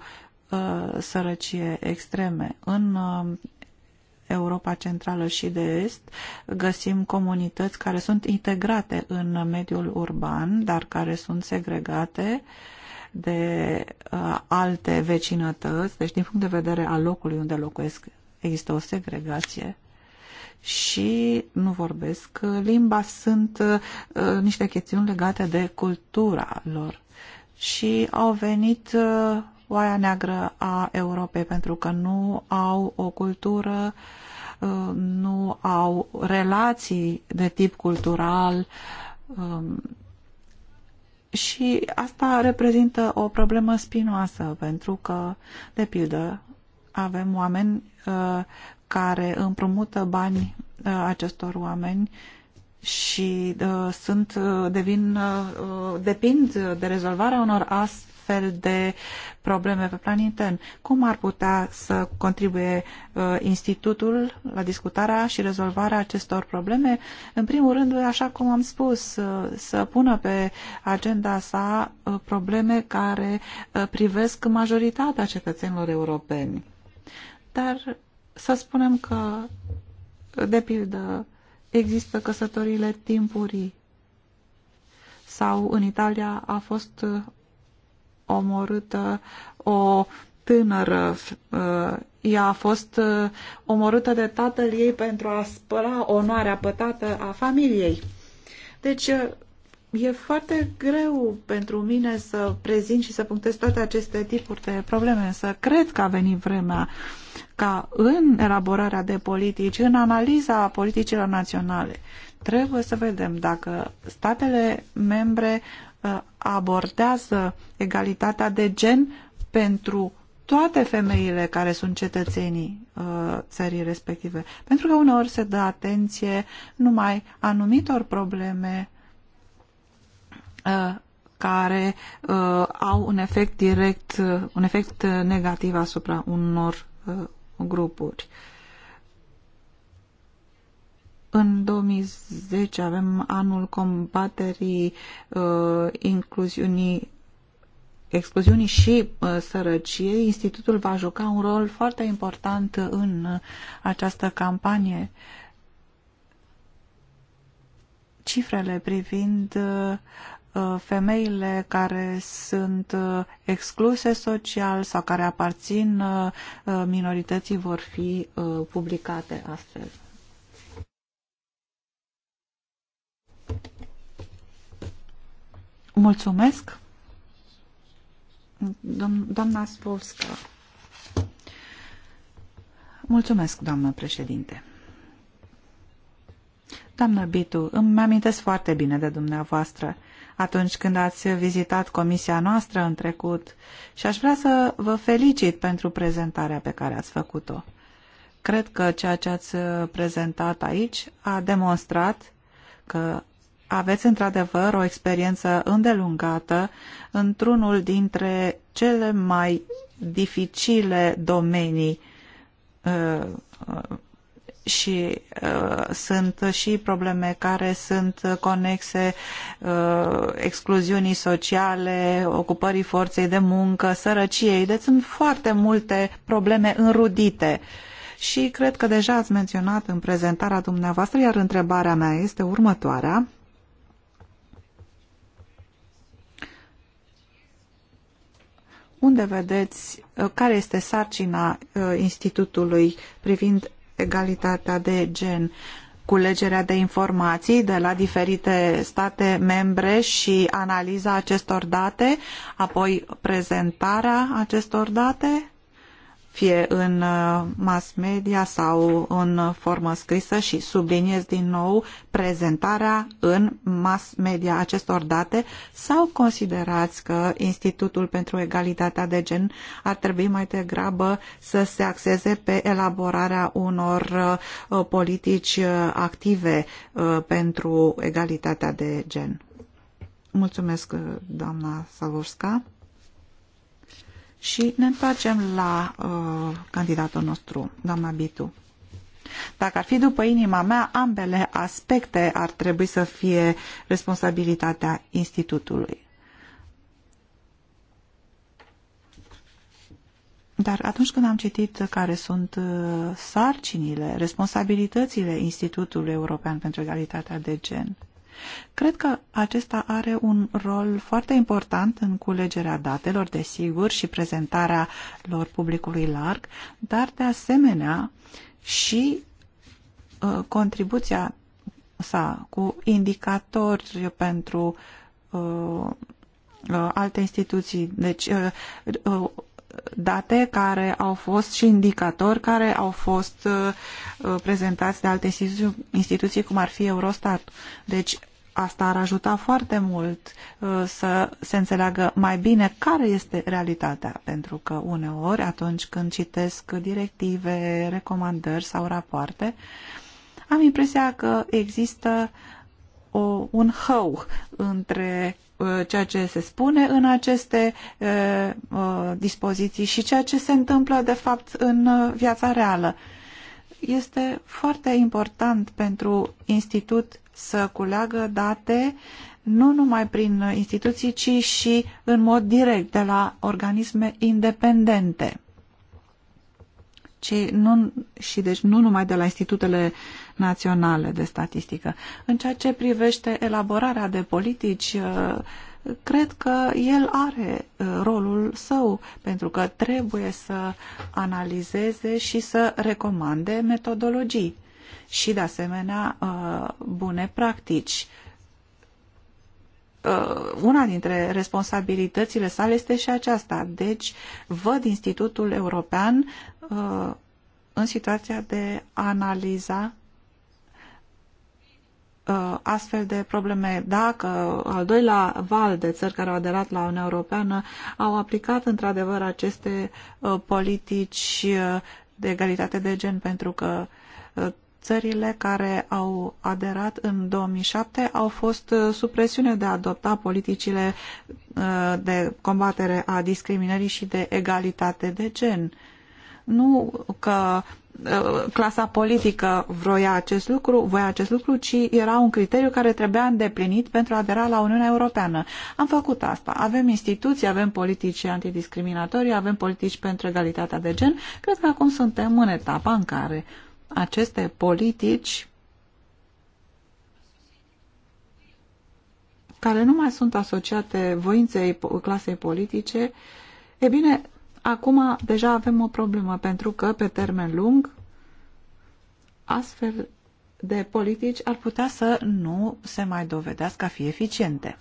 sărăcie extreme. În Europa Centrală și de Est găsim comunități care sunt integrate în mediul urban, dar care sunt segregate de uh, alte vecinătăți, deci din punct de vedere al locului unde locuiesc există o segregație și nu vorbesc limba, sunt uh, uh niște chestiuni legate de cultura lor. Și au venit uh, oaia neagră a Europei, pentru că nu au o cultură, uh, nu au relații de tip cultural um, și asta reprezintă o problemă spinoasă, pentru că, de pildă, avem oameni uh, care împrumută bani uh, acestor oameni și uh, sunt, devin, uh, depind de rezolvarea unor as, fel de probleme pe plan intern. Cum ar putea să contribuie uh, institutul la discutarea și rezolvarea acestor probleme? În primul rând, așa cum am spus, uh, să pună pe agenda sa uh, probleme care uh, privesc majoritatea cetățenilor europeni. Dar să spunem că, de pildă, există căsătorile timpurii sau în Italia a fost uh, omorâtă o tânără. Uh, ea a fost uh, omorâtă de tatăl ei pentru a spăla onoarea pătată a familiei. Deci uh, e foarte greu pentru mine să prezint și să punctez toate aceste tipuri de probleme, însă cred că a venit vremea ca în elaborarea de politici, în analiza politicilor naționale, trebuie să vedem dacă statele membre Uh, abordează egalitatea de gen pentru toate femeile care sunt cetățenii uh, țării respective. Pentru că uneori se dă atenție numai anumitor probleme uh, care uh, au un efect direct, uh, un efect uh, negativ asupra unor grupuri. Uh, în 2010 avem anul combaterii uh, incluziunii excluziunii și uh, sărăciei, institutul va juca un rol foarte important în uh, această campanie. Cifrele privind uh, uh femeile care sunt uh, excluse social sau care aparțin uh, minorității vor fi publicate astfel. Mulțumesc. Doamna Spolska. Mulțumesc, doamnă președinte. Doamnă Bitu, îmi amintesc foarte bine de dumneavoastră atunci când ați vizitat comisia noastră în trecut și aș vrea să vă felicit pentru prezentarea pe care ați făcut-o. Cred că ceea ce ați prezentat aici a demonstrat că aveți într-adevăr o experiență îndelungată într-unul dintre cele mai dificile domenii uh, uh, și uh, sunt și probleme care sunt conexe uh, excluziunii sociale, ocupării forței de muncă, sărăciei, deci sunt foarte multe probleme înrudite. Și cred că deja ați menționat în prezentarea dumneavoastră, iar întrebarea mea este următoarea unde vedeți uh, care este sarcina uh, Institutului privind egalitatea de gen? Culegerea de informații de la diferite state membre și analiza acestor date, apoi prezentarea acestor date? fie în uh, mass media sau în formă scrisă și subliniez din nou prezentarea în mass media acestor date sau considerați că Institutul pentru Egalitatea de Gen ar trebui mai degrabă să se axeze pe elaborarea unor uh, politici uh, active pentru egalitatea de gen? Mulțumesc, doamna Savorska. Și ne întoarcem la uh, candidatul nostru, doamna Bitu. Dacă ar fi după inima mea, ambele aspecte ar trebui să fie responsabilitatea institutului. Dar atunci când am citit care sunt uh, sarcinile, responsabilitățile Institutului European pentru Egalitatea de Gen, Cred că acesta are un rol foarte important în culegerea datelor, desigur, și prezentarea lor publicului larg, dar de asemenea și uh, contribuția sa cu indicatori pentru uh, uh alte instituții. Deci, uh, uh, date care au fost și indicatori care au fost uh, uh prezentați de alte instituții, instituții, cum ar fi Eurostat. Deci Asta ar ajuta foarte mult uh, să se înțeleagă mai bine care este realitatea, pentru că uneori, atunci când citesc directive, recomandări sau rapoarte, am impresia că există o, un hău între uh, ceea ce se spune în aceste uh, uh, dispoziții și ceea ce se întâmplă de fapt în viața reală. Este foarte important pentru institut să culeagă date nu numai prin instituții, ci și în mod direct de la organisme independente. Ci nu, și deci nu numai de la institutele naționale de statistică. În ceea ce privește elaborarea de politici, uh, cred că el are uh, rolul său, pentru că trebuie să analizeze și să recomande metodologii și, de asemenea, uh, bune practici. Uh, una dintre responsabilitățile sale este și aceasta. Deci, văd Institutul European uh, în situația de a analiza astfel de probleme. Dacă al doilea val de țări care au aderat la Uniunea Europeană au aplicat într-adevăr aceste politici de egalitate de gen, pentru că țările care au aderat în 2007 au fost uh, sub presiune de a adopta politicile uh, de combatere a discriminării și de egalitate de gen. Nu că uh, clasa politică vroia acest lucru, voia acest lucru, ci era un criteriu care trebuia îndeplinit pentru a adera la Uniunea Europeană. Am făcut asta. Avem instituții, avem politici antidiscriminatorii, avem politici pentru egalitatea de gen. Cred că acum suntem în etapa în care uh, aceste politici care nu mai sunt asociate voinței clasei politice, e bine, acum deja avem o problemă, pentru că pe termen lung astfel de politici ar putea să nu se mai dovedească a fi eficiente.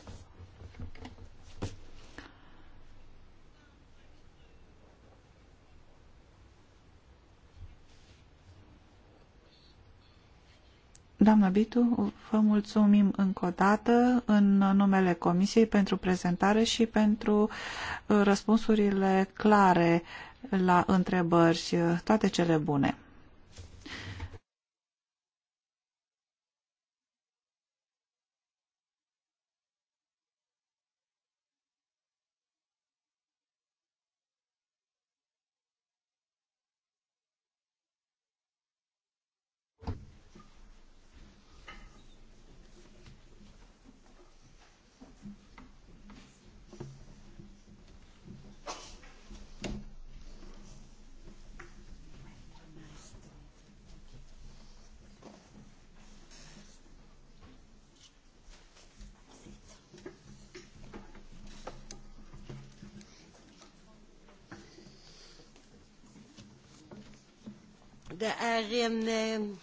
Doamna Bitu, vă mulțumim încă o dată în numele Comisiei pentru prezentare și pentru uh, răspunsurile clare la întrebări. Uh, toate cele bune! Det är en eh,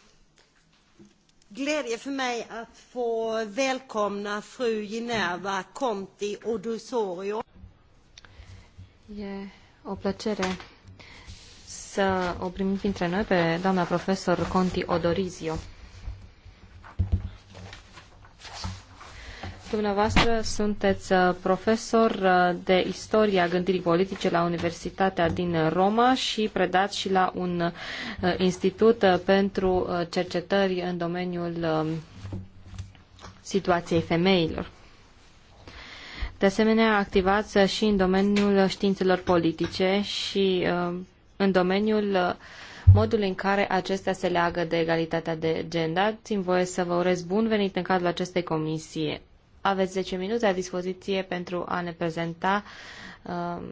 glädje för mig att få välkomna fru Ginerva Conti Odusorio. E o plăcere să o primim printre noi pe doamna profesor Conti Odorizio. Dumneavoastră sunteți uh, profesor uh, de istoria gândirii politice la Universitatea din Roma și predați și la un uh, institut pentru cercetări în domeniul um, situației femeilor. De asemenea, activați și în domeniul științelor politice și în domeniul modul în care acestea se leagă de egalitatea de gen. Dați-mi voie să vă urez bun venit în cadrul acestei comisii aveți 10 minute la dispoziție pentru a ne prezenta uh,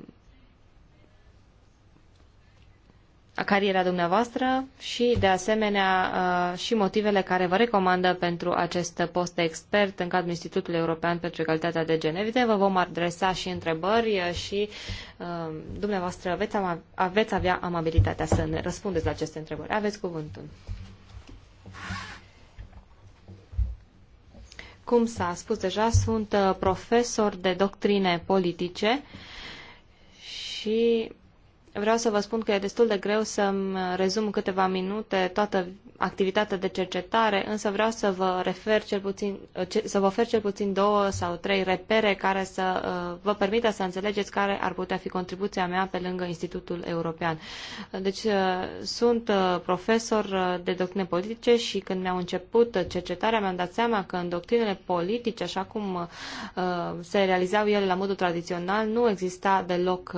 cariera dumneavoastră și, de asemenea, uh, și motivele care vă recomandă pentru acest post de expert în cadrul Institutului European pentru Egalitatea de Gen. Evident, vă vom adresa și întrebări și uh, dumneavoastră veți, ama- veți avea amabilitatea să ne răspundeți la aceste întrebări. Aveți cuvântul. cum s-a spus deja, sunt uh, profesor de doctrine politice și vreau să vă spun că e destul de greu să rezum în câteva minute toată activitatea de cercetare, însă vreau să vă, refer cel puțin, să vă ofer cel puțin două sau trei repere care să uh, vă permită să înțelegeți care ar putea fi contribuția mea pe lângă Institutul European. Deci uh, sunt uh, profesor de doctrine politice și când mi-au început cercetarea mi-am dat seama că în doctrinele politice, așa cum se realizau ele la modul tradițional, nu exista deloc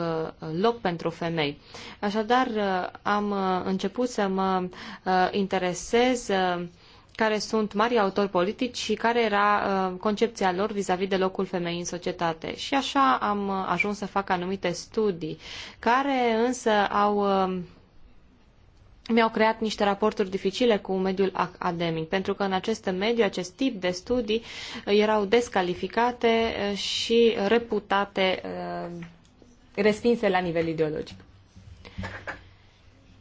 loc pentru femei. 2003. Așadar, uh, am uh, început să mă uh, interesez care sunt mari autori politici și care era concepția lor vis-a-vis -vis de locul femeii în societate. Și așa am ajuns să fac anumite studii, care însă au mi-au creat niște raporturi dificile cu mediul academic, pentru că în acest mediu, acest tip de studii erau descalificate și reputate respinse la nivel ideologic.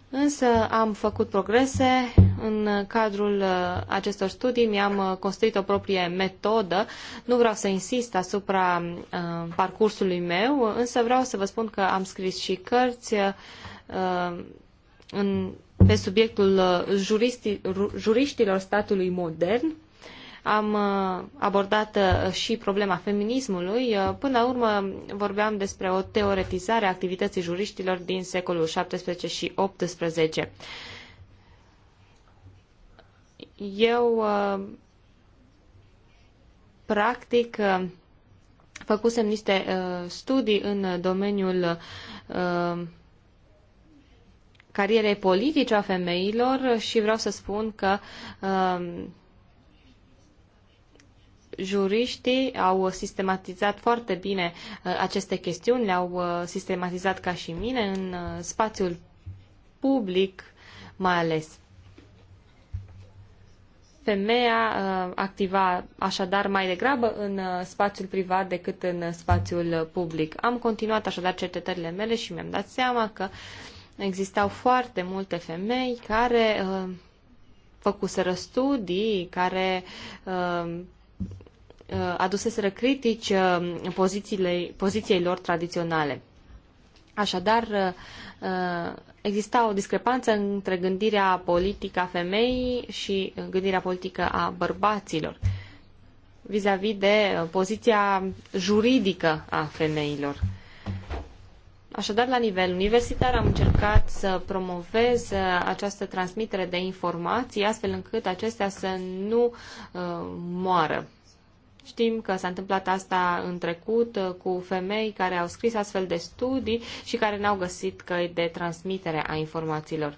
Însă am făcut progrese în cadrul uh, acestor studii, mi-am uh, construit o proprie metodă. Nu vreau să insist asupra uh, parcursului meu, însă vreau să vă spun că am scris și cărți pe subiectul juristi, juriștilor statului modern am uh, abordat uh, și problema feminismului. Uh, până la urmă vorbeam despre o teoretizare a activității juriștilor din secolul XVII și XVIII. Eu practic făcusem niște studii în domeniul carierei politice a femeilor și vreau să spun că juriștii au sistematizat foarte bine uh, aceste chestiuni, le-au uh, sistematizat ca și mine în uh, spațiul public mai ales. Femeia activa așadar mai degrabă în spațiul privat decât în spațiul public. Am continuat așadar cercetările mele și mi-am dat seama că existau foarte multe femei care făcuseră studii, care uh, Uh, aduseseră critici uh, poziției lor tradiționale. Așadar, uh, exista o discrepanță între gândirea politică a femeii și gândirea politică a bărbaților vis-a-vis de poziția juridică a femeilor. Așadar, la nivel universitar am încercat să promovez această transmitere de informații astfel încât acestea să nu uh, moară. Știm că s-a întâmplat asta în trecut uh, cu femei care au scris astfel de studii și care n-au găsit căi de transmitere a informațiilor.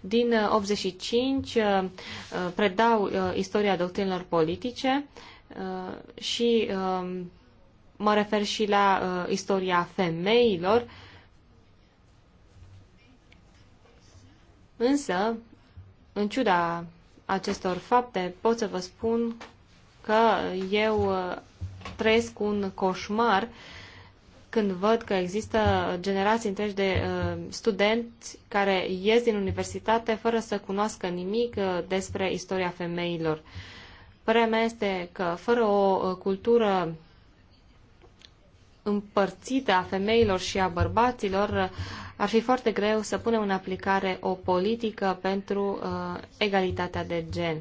Din 85 uh, uh, predau istoria doctrinilor politice și um, mă refer și la istoria femeilor. Însă, în ciuda acestor fapte, pot să vă spun că eu uh, trăiesc un coșmar când văd că există generații întregi de uh, studenți care ies din universitate fără să cunoască nimic uh, despre istoria femeilor. Părerea mea este că fără o uh, cultură împărțită a femeilor și a bărbaților, uh, ar fi foarte greu să punem în aplicare o politică pentru uh, egalitatea de gen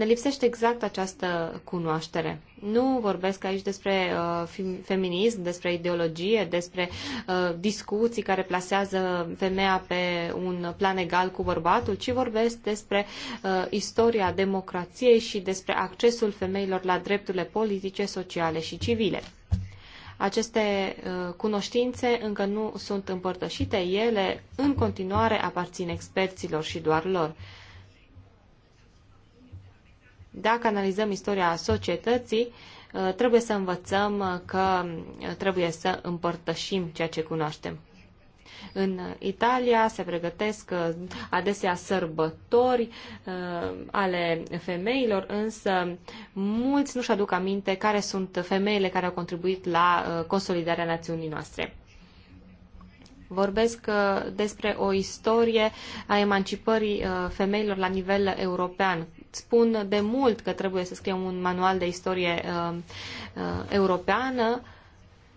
ne lipsește exact această cunoaștere. Nu vorbesc aici despre uh, feminism, despre ideologie, despre uh, discuții care plasează femeia pe un plan egal cu bărbatul, ci vorbesc despre uh, istoria democrației și despre accesul femeilor la drepturile politice, sociale și civile. Aceste uh, cunoștințe încă nu sunt împărtășite, ele în continuare aparțin experților și doar lor. Dacă analizăm istoria societății, uh, trebuie să învățăm uh, că uh, trebuie să împărtășim ceea ce cunoaștem. În Italia se pregătesc adesea sărbători ale femeilor, însă mulți nu-și aduc aminte care sunt femeile care au contribuit la consolidarea națiunii noastre. Vorbesc despre o istorie a emancipării femeilor la nivel european, spun de mult că trebuie să scriem un manual de istorie uh, uh, europeană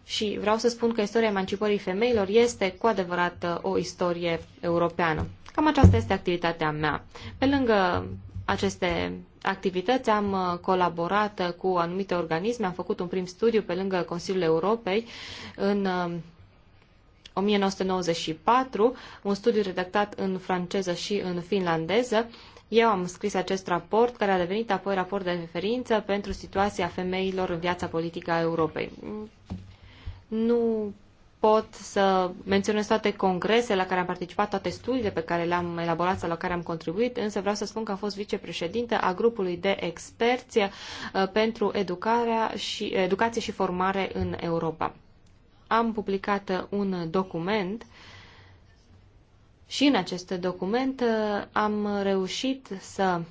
și vreau să spun că istoria emancipării femeilor este cu adevărat uh, o istorie europeană. Cam aceasta este activitatea mea. Pe lângă aceste activități am uh, colaborat uh, cu anumite organisme, am făcut un prim studiu pe lângă Consiliul Europei în 1994, un studiu redactat în franceză și în finlandeză eu am scris acest raport, care a devenit apoi raport de referință pentru situația femeilor în viața politică a Europei. Nu pot să menționez toate congresele la care am participat, toate studiile pe care le-am elaborat sau la care am contribuit, însă vreau să spun că am fost vicepreședinte a grupului de experți uh, pentru educarea și, educație și formare în Europa. Am publicat uh, un document și în acest document uh, am reușit să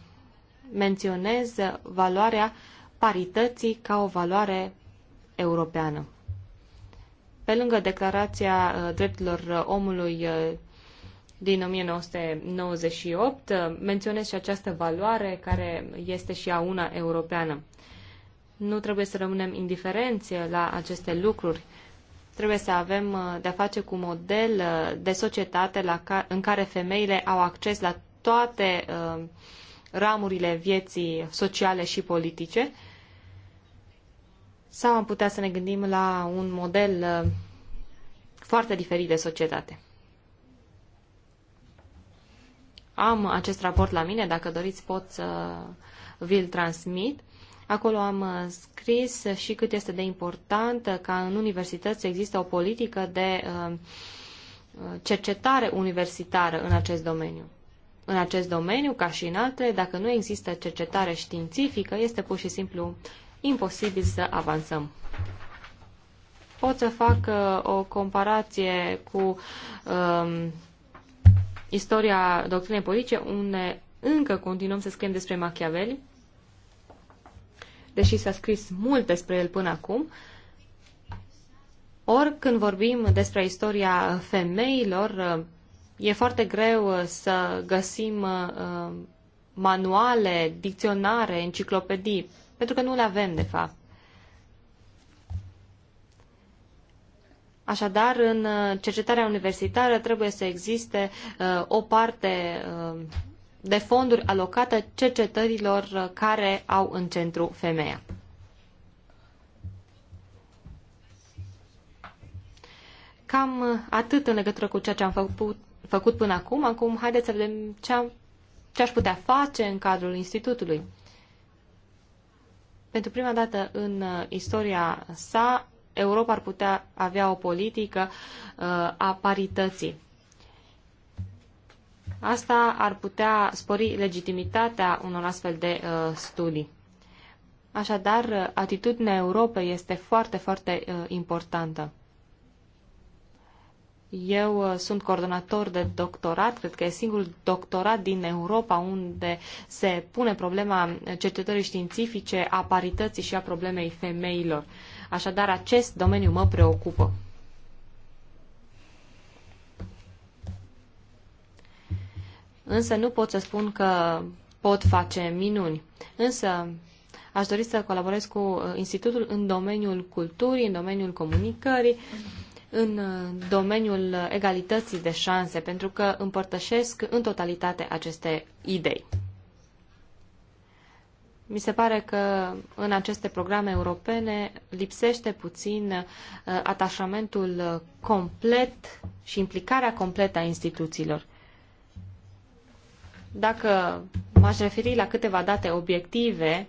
menționez valoarea parității ca o valoare europeană. Pe lângă Declarația uh, Drepturilor Omului uh, din 1998, menționez și această valoare care este și a una europeană. Nu trebuie să rămânem indiferenți la aceste lucruri. Trebuie să avem uh, de-a face cu un model uh, de societate la ca, în care femeile au acces la toate uh, ramurile vieții sociale și politice. Sau am putea să ne gândim la un model uh, foarte diferit de societate. Am acest raport la mine, dacă doriți pot să vi-l transmit. Acolo am uh, scris și cât este de important ca în universități să există o politică de uh, cercetare universitară în acest domeniu. În acest domeniu, ca și în alte, dacă nu există cercetare științifică, este pur și simplu imposibil să avansăm pot să fac uh, o comparație cu um, istoria doctrinei politice, unde încă continuăm să scriem despre Machiavelli deși s-a scris mult despre el până acum, ori când vorbim despre istoria femeilor, e foarte greu să găsim uh, manuale, dicționare, enciclopedii, pentru că nu le avem, de fapt. Așadar, în uh, cercetarea universitară trebuie să existe uh, o parte de fonduri alocate cercetărilor care au în centru femeia. Cam atât în legătură cu ceea ce am făcut, făcut până acum. Acum haideți să vedem ce, am, ce aș putea face în cadrul institutului. Pentru prima dată în uh, istoria sa, Europa ar putea avea o politică uh, a parității. Asta ar putea spori legitimitatea unor astfel de uh, studii. Așadar, atitudinea Europei este foarte, foarte uh, importantă. Eu uh, sunt coordonator de doctorat, cred că e singurul doctorat din Europa unde se pune problema cercetării științifice, a parității și a problemei femeilor. Așadar, acest domeniu mă preocupă. însă nu pot să spun că pot face minuni. Însă aș dori să colaborez cu uh, Institutul în domeniul culturii, în domeniul comunicării, în uh, domeniul egalității de șanse, pentru că împărtășesc în totalitate aceste idei. Mi se pare că în aceste programe europene lipsește puțin uh, atașamentul complet și implicarea completă a instituțiilor. Dacă m-aș referi la câteva date obiective,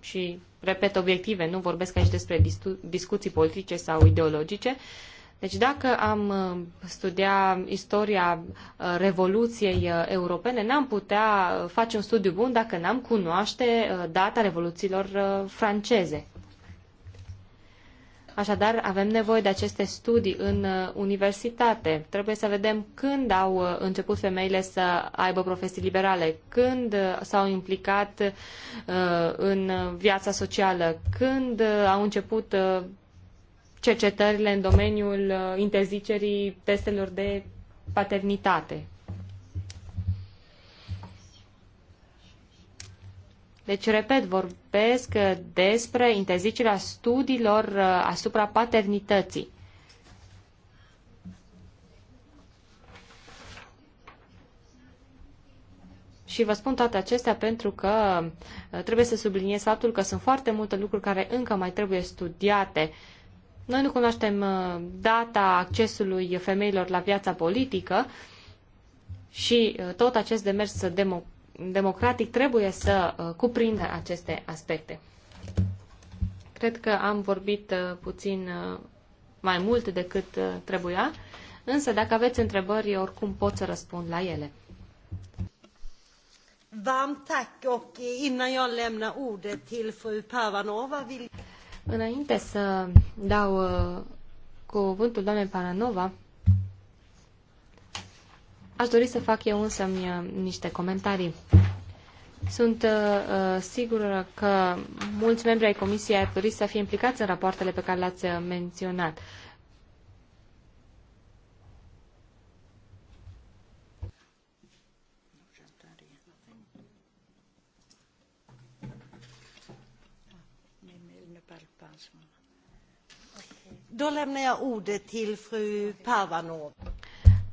și repet obiective, nu vorbesc aici despre discu discuții politice sau ideologice, deci dacă am uh, studia istoria uh, Revoluției uh, Europene, n-am putea face un studiu bun dacă n-am cunoaște data Revoluțiilor franceze. Așadar, avem nevoie de aceste studii în uh, universitate. Trebuie să vedem când au uh, început femeile să aibă profesii liberale, când uh, s-au implicat în viața socială, când au început cercetările în domeniul interzicerii testelor de paternitate. Deci, repet, vorbesc despre interzicerea studiilor uh, asupra paternității. Și vă spun toate acestea pentru că uh, trebuie să subliniez faptul că sunt foarte multe lucruri care încă mai trebuie studiate. Noi nu cunoaștem uh, data accesului femeilor la viața politică și tot acest demers democratic democratic trebuie să uh, cuprindă aceste aspecte. Cred că am vorbit uh, puțin uh, mai mult decât trebuia, însă dacă aveți întrebări, eu oricum pot să răspund la ele. innan jag lämnar ordet till fru Înainte să dau cuvântul doamnei Paranova, Aș dori să fac eu însă uh, niște comentarii. Sunt uh, uh, sigură că mulți membri ai Comisiei ar dori să fie implicați în rapoartele pe care le-ați uh, menționat. Då lämnar jag ordet till fru Pavanov.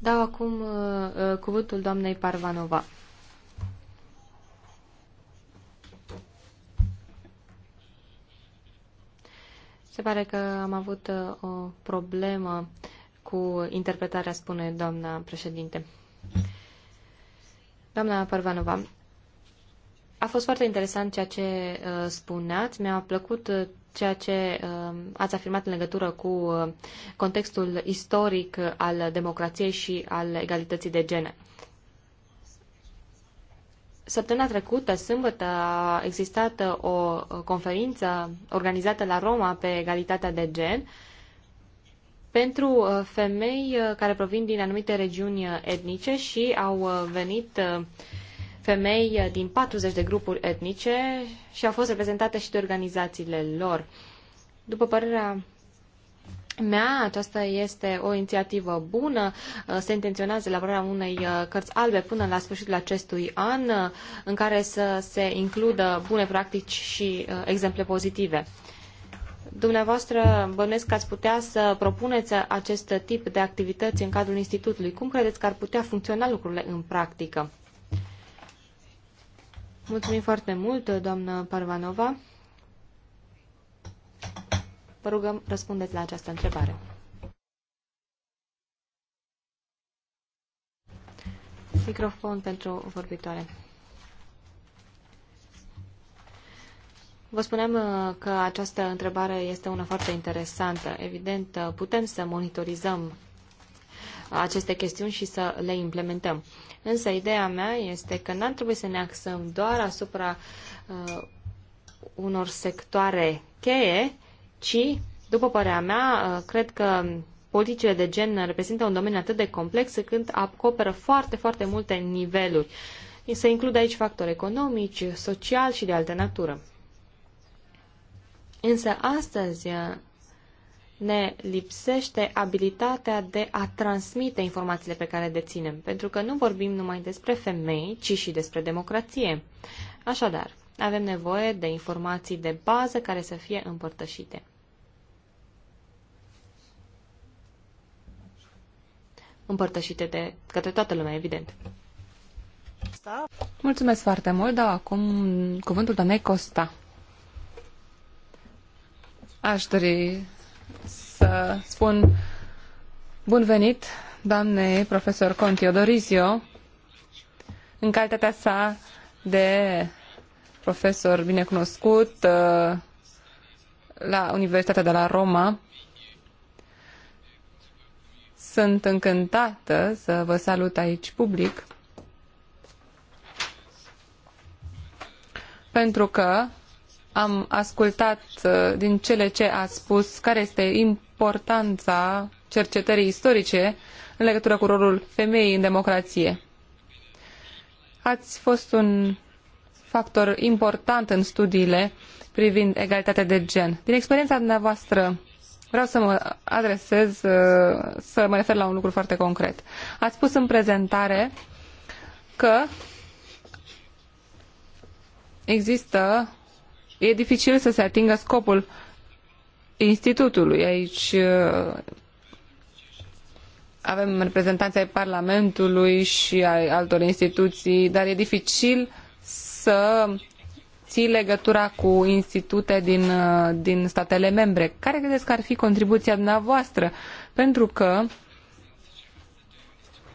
Dau acum uh, uh, cuvântul doamnei Parvanova. Se pare că am avut uh, o problemă cu interpretarea, spune doamna președinte. Doamna Parvanova, a fost foarte interesant ceea ce uh, spuneați. Mi-a plăcut uh, ceea ce um, ați afirmat în legătură cu uh, contextul istoric al democrației și al egalității de gen? Săptămâna trecută, sâmbătă, a existat uh, o uh, conferință organizată la Roma pe egalitatea de gen pentru femei care provin din anumite regiuni etnice și au venit femei uh, din 40 de grupuri etnice și au fost reprezentate și de organizațiile lor. După părerea mea, aceasta este o inițiativă bună. Uh, se intenționează elaborarea unei uh, cărți albe până la sfârșitul acestui an, în care să se includă bune practici și exemple pozitive. Dumneavoastră bănuiesc că ați putea să propuneți acest tip de activități în cadrul institutului. Cum credeți că ar putea funcționa lucrurile în practică? Mulțumim foarte mult, doamnă Parvanova. Vă rugăm, răspundeți la această întrebare. Microfon pentru vorbitoare. Vă spuneam uh, că această întrebare este una foarte interesantă. Evident, uh, putem să monitorizăm aceste chestiuni și să le implementăm. Însă ideea mea este că n-ar trebui să ne axăm doar asupra uh, unor sectoare cheie, ci, după părerea mea, uh, cred că politicile de gen reprezintă un domeniu atât de complex când acoperă foarte, foarte multe niveluri. Se includ aici factori economici, social și de altă natură. Însă astăzi uh, ne lipsește abilitatea de a transmite informațiile pe care le deținem, pentru că nu vorbim numai despre femei, ci și despre democrație. Așadar, avem nevoie de informații de bază care să fie împărtășite. Împărtășite de către toată lumea, evident. Mulțumesc foarte mult, dar acum cuvântul doamnei Costa. Aș dori să spun bun venit doamnei profesor Conti Odorizio. în calitatea sa de profesor binecunoscut uh, la Universitatea de la Roma. Sunt încântată să vă salut aici public pentru că am ascultat uh, din cele ce a spus care este importanța cercetării istorice în legătură cu rolul femeii în democrație. Ați fost un factor important în studiile privind egalitatea de gen. Din experiența dumneavoastră, vreau să mă adresez, uh, să mă refer la un lucru foarte concret. Ați spus în prezentare că există e dificil să se atingă scopul institutului. Aici uh, avem reprezentanții ai Parlamentului și ai altor instituții, dar e dificil să ții legătura cu institute din, uh, din statele membre. Care credeți că ar fi contribuția dumneavoastră? Pentru că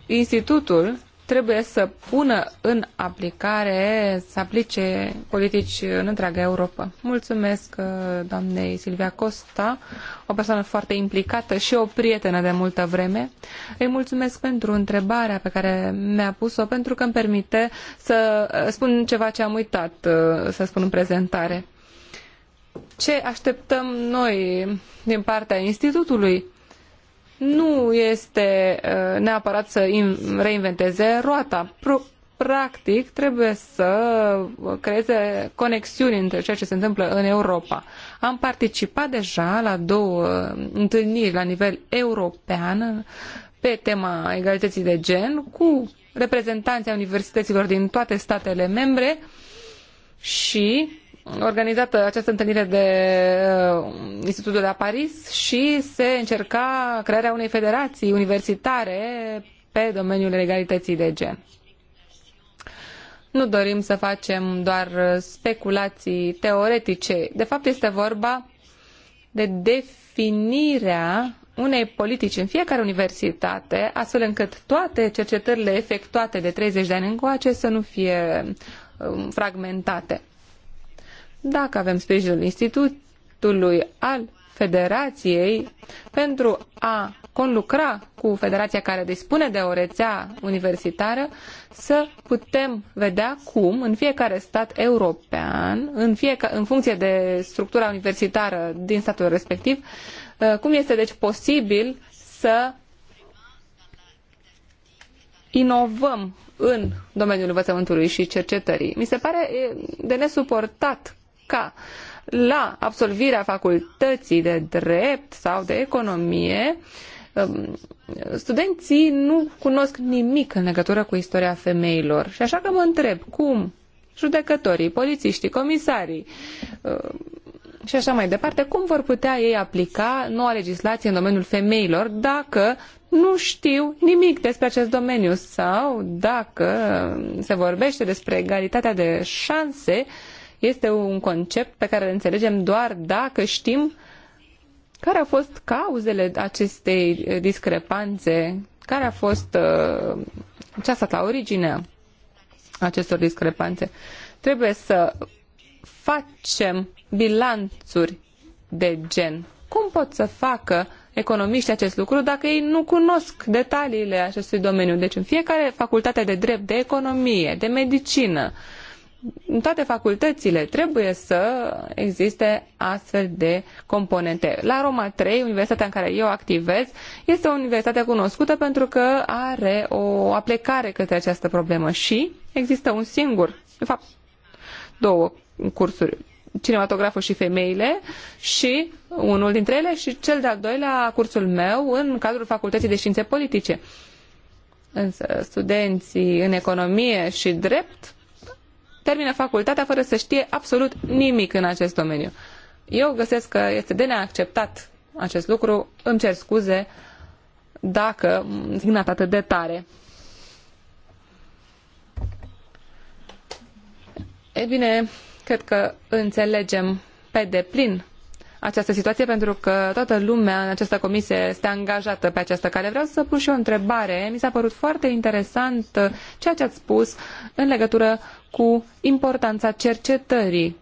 institutul trebuie să pună în aplicare, să aplice politici în întreaga Europa. Mulțumesc uh, doamnei Silvia Costa, o persoană foarte implicată și o prietenă de multă vreme. Îi mulțumesc pentru întrebarea pe care mi-a pus-o, pentru că îmi permite să uh, spun ceva ce am uitat uh, să spun în prezentare. Ce așteptăm noi din partea Institutului? nu este uh, neapărat să reinventeze roata. Practic, trebuie să creeze conexiuni între ceea ce se întâmplă în Europa. Am participat deja la două întâlniri la nivel european pe tema egalității de gen cu reprezentanții universităților din toate statele membre și organizată această întâlnire de uh, Institutul de la Paris și se încerca crearea unei federații universitare pe domeniul legalității de gen. Nu dorim să facem doar speculații teoretice. De fapt, este vorba de definirea unei politici în fiecare universitate, astfel încât toate cercetările efectuate de 30 de ani încoace să nu fie um, fragmentate dacă avem sprijinul Institutului al Federației pentru a conlucra cu federația care dispune de o rețea universitară, să putem vedea cum în fiecare stat european, în, fieca, în funcție de structura universitară din statul respectiv, uh, cum este deci posibil să inovăm în domeniul învățământului și cercetării. Mi se pare de nesuportat ca la absolvirea facultății de drept sau de economie um, studenții nu cunosc nimic în legătură cu istoria femeilor. Și așa că mă întreb cum judecătorii, polițiștii, comisarii um, și așa mai departe, cum vor putea ei aplica noua legislație în domeniul femeilor dacă nu știu nimic despre acest domeniu sau dacă se vorbește despre egalitatea de șanse este un concept pe care îl înțelegem doar dacă știm care au fost cauzele acestei discrepanțe, care a fost uh, ce a stat la originea acestor discrepanțe. Trebuie să facem bilanțuri de gen. Cum pot să facă economiștii acest lucru dacă ei nu cunosc detaliile acestui domeniu? Deci în fiecare facultate de drept, de economie, de medicină, uh, în toate facultățile trebuie să existe astfel de componente. La Roma 3, universitatea în care eu activez, este o universitate cunoscută pentru că are o aplecare către această problemă și există un singur, de fapt, două cursuri cinematograful și femeile și unul dintre ele și cel de-al doilea cursul meu în cadrul Facultății de Științe Politice. Însă studenții în economie și drept termină facultatea fără să știe absolut nimic în acest domeniu. Eu găsesc că este de neacceptat acest lucru. Îmi cer scuze dacă signat atât de tare. E bine, cred că înțelegem pe deplin această situație pentru că toată lumea în această comisie este angajată pe această cale. Vreau să pun și o întrebare. Mi s-a părut foarte interesant ceea ce ați spus în legătură cu importanța cercetării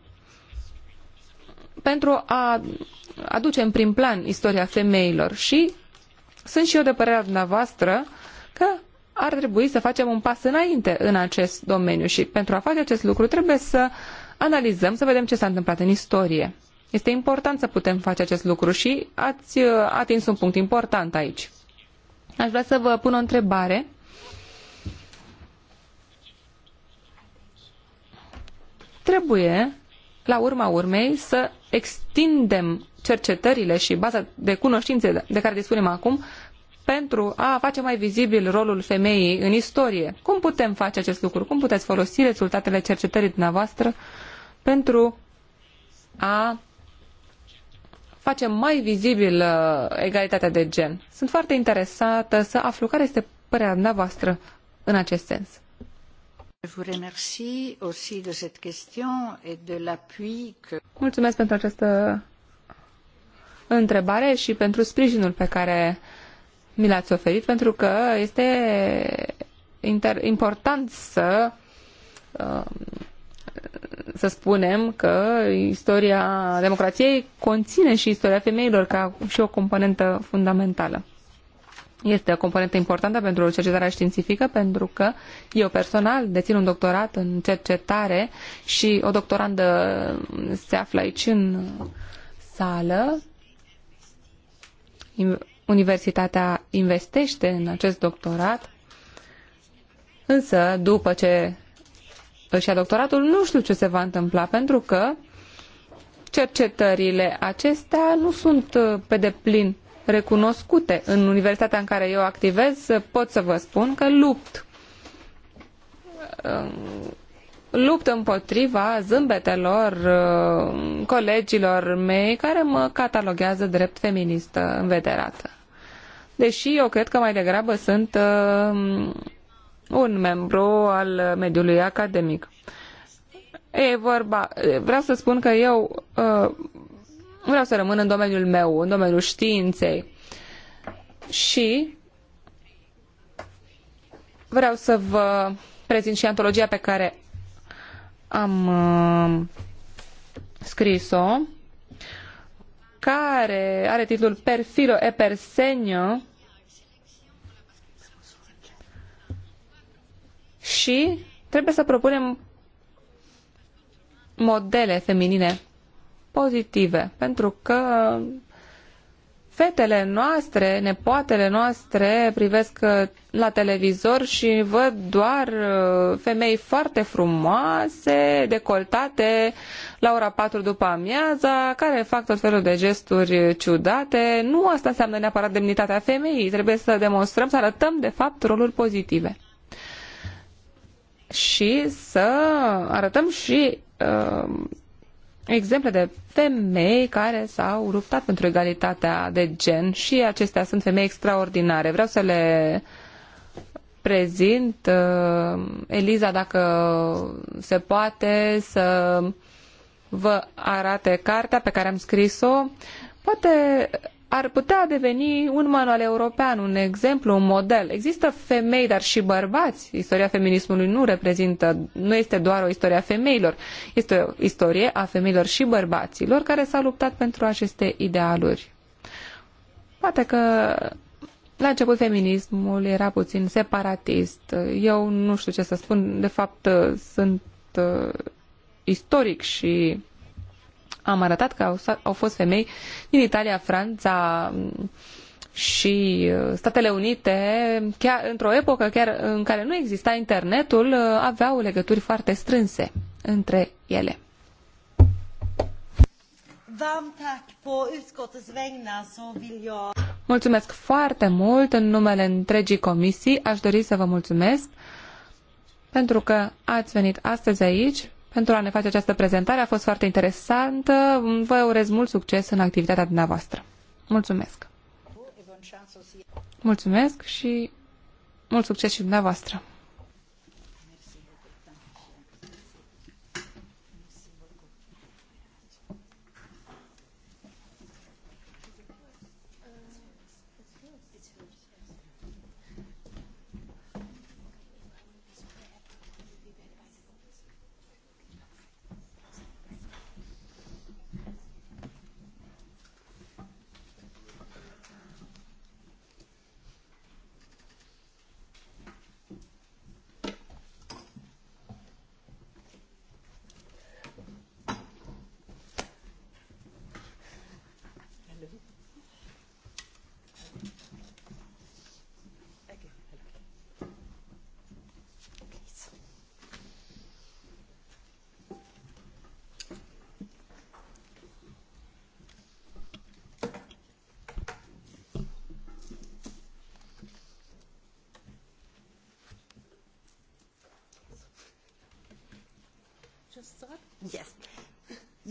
pentru a aduce în prim plan istoria femeilor și sunt și eu de părerea dumneavoastră că ar trebui să facem un pas înainte în acest domeniu și pentru a face acest lucru trebuie să analizăm, să vedem ce s-a întâmplat în istorie. Este important să putem face acest lucru și ați uh, atins un punct important aici. Aș vrea să vă pun o întrebare. Trebuie, la urma urmei, să extindem cercetările și baza de cunoștințe de care dispunem acum pentru a face mai vizibil rolul femeii în istorie. Cum putem face acest lucru? Cum puteți folosi rezultatele cercetării dumneavoastră pentru a facem mai vizibil uh, egalitatea de gen. Sunt foarte interesată să aflu care este părerea dumneavoastră în acest sens. Mulțumesc pentru această întrebare și pentru sprijinul pe care mi l-ați oferit, pentru că este important să uh, să spunem că istoria democrației conține și istoria femeilor ca și o componentă fundamentală. Este o componentă importantă pentru cercetarea științifică pentru că eu personal dețin un doctorat în cercetare și o doctorandă se află aici în sală. Universitatea investește în acest doctorat, însă după ce își ia doctoratul, nu știu ce se va întâmpla, pentru că cercetările acestea nu sunt uh, pe deplin recunoscute. În universitatea în care eu activez uh, pot să vă spun că lupt. Uh, lupt împotriva zâmbetelor colegilor mei care mă cataloguează drept feministă învederată. Deși eu cred că mai degrabă sunt un membru al mediului academic. E vorba, vreau să spun că eu uh, vreau să rămân în domeniul meu, în domeniul științei și vreau să vă prezint și antologia pe care am uh, scris-o, care are titlul Perfilo e Persenio, și trebuie să propunem modele feminine pozitive, pentru că fetele noastre, nepoatele noastre privesc uh, la televizor și văd doar uh, femei foarte frumoase, decoltate la ora 4 după amiaza, care fac tot felul de gesturi ciudate. Nu asta înseamnă neapărat demnitatea femeii, trebuie să demonstrăm, să arătăm de fapt roluri pozitive și să arătăm și uh, exemple de femei care s-au luptat pentru egalitatea de gen și acestea sunt femei extraordinare. Vreau să le prezint. Uh, Eliza, dacă se poate, să vă arate cartea pe care am scris-o. Poate ar putea deveni un manual european, un exemplu, un model. Există femei, dar și bărbați. Istoria feminismului nu reprezintă, nu este doar o istorie a femeilor, este o istorie a femeilor și bărbaților care s-au luptat pentru aceste idealuri. Poate că la început feminismul era puțin separatist. Eu nu știu ce să spun, de fapt sunt uh, istoric și am arătat că au, au fost femei din Italia, Franța mm, și uh, Statele Unite, chiar într-o epocă chiar în care nu exista internetul, uh, aveau legături foarte strânse între ele. Mulțumesc foarte mult în numele întregii comisii. Aș dori să vă mulțumesc pentru că ați venit astăzi aici pentru a ne face această prezentare. A fost foarte interesantă. Vă urez mult succes în activitatea dumneavoastră. Mulțumesc! Mulțumesc și mult succes și dumneavoastră!